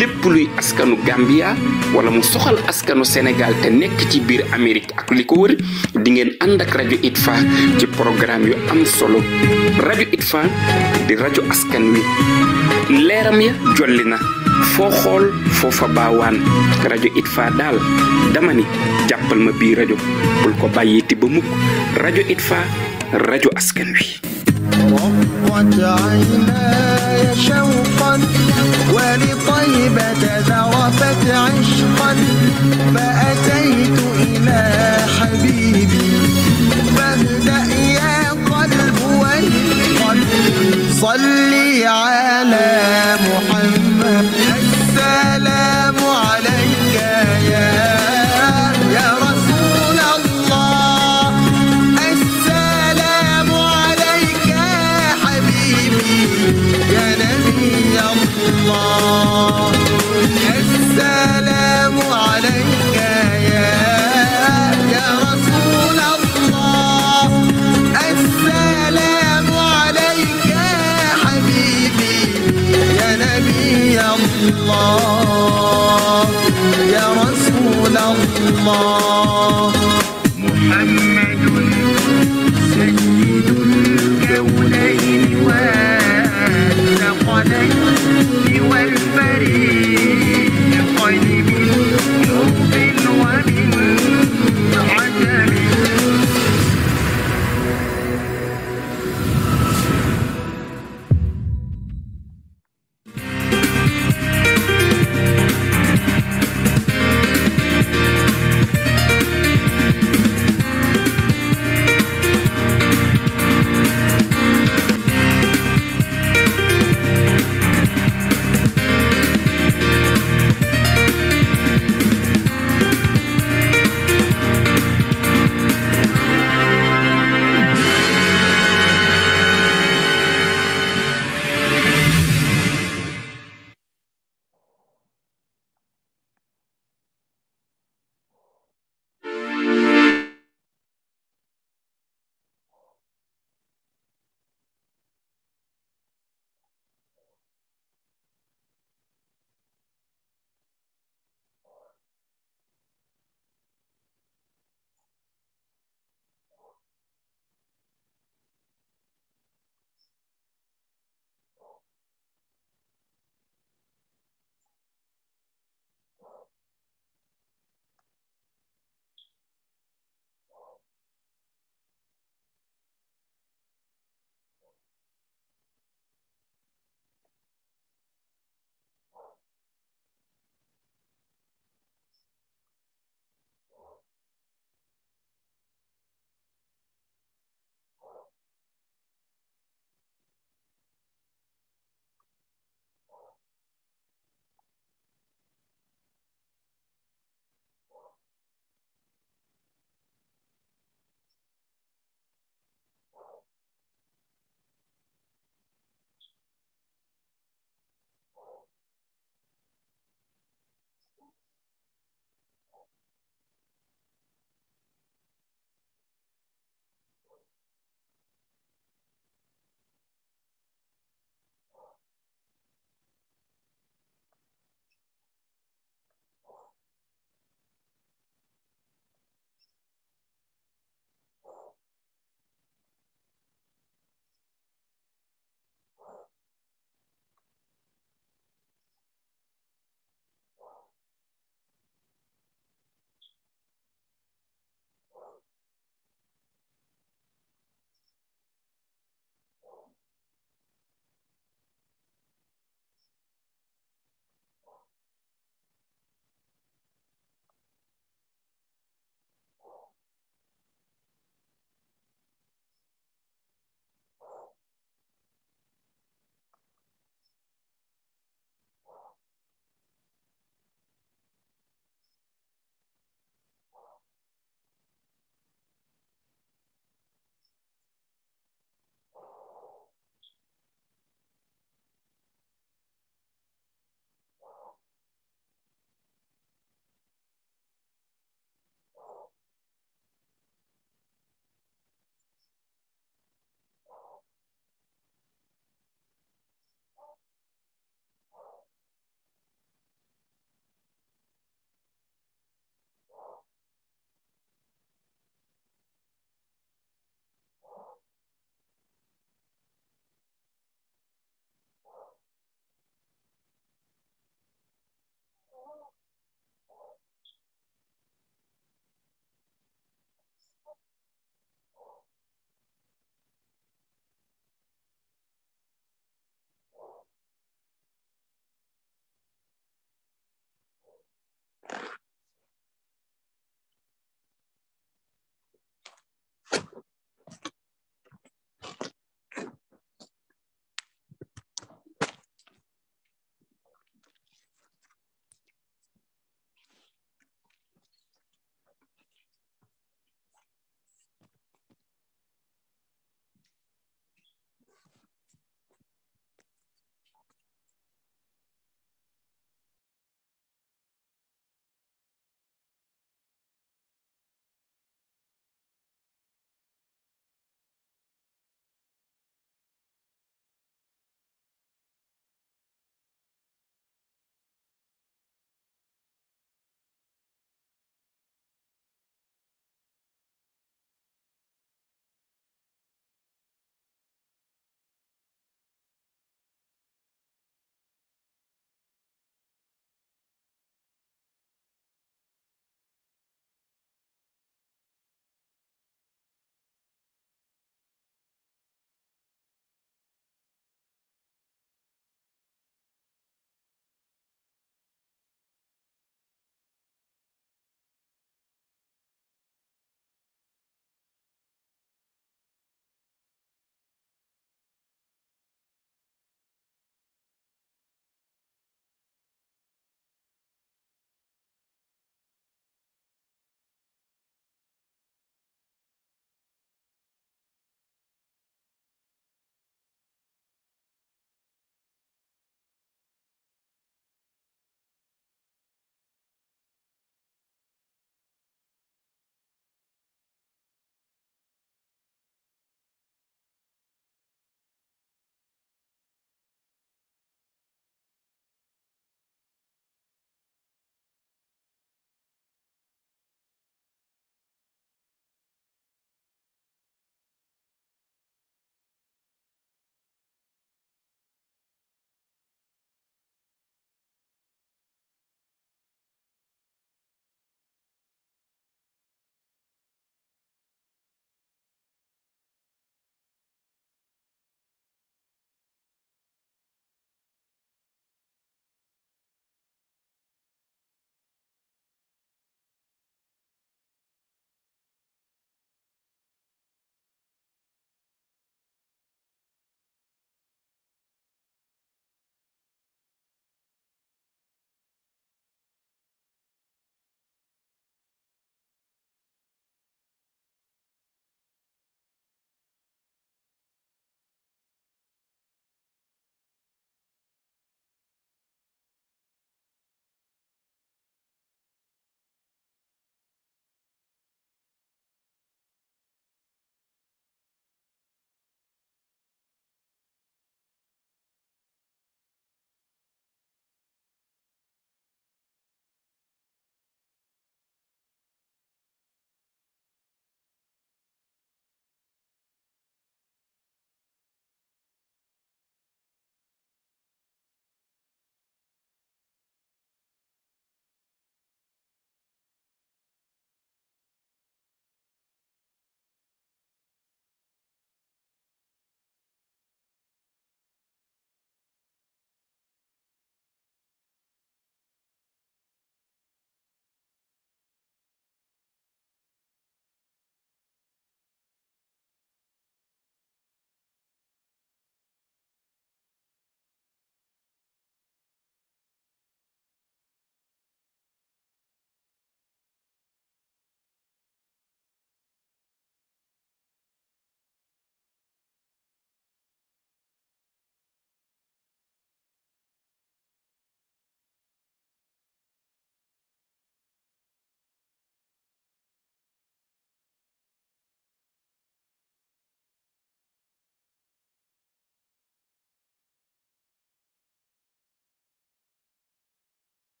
lépp luy askanu gambia wala mu soxal askanu sénégal te nekk ci biir amérique ak li ko wër di ngeen ànd ak rajo itfa ci programme yu am solo rajo itfa di rajo askan wi leeram ya jolli na foo xool fa baawaan rajo itfa daal dama ni jàppal ma bii rajo bul ko bàyyeeti ba mukk rajo itfa rajo askan wi غضت عيناي ولطيبة ذرفت عشقا فأتيت إلى حبيبي صل على محمد الله يا رسول الله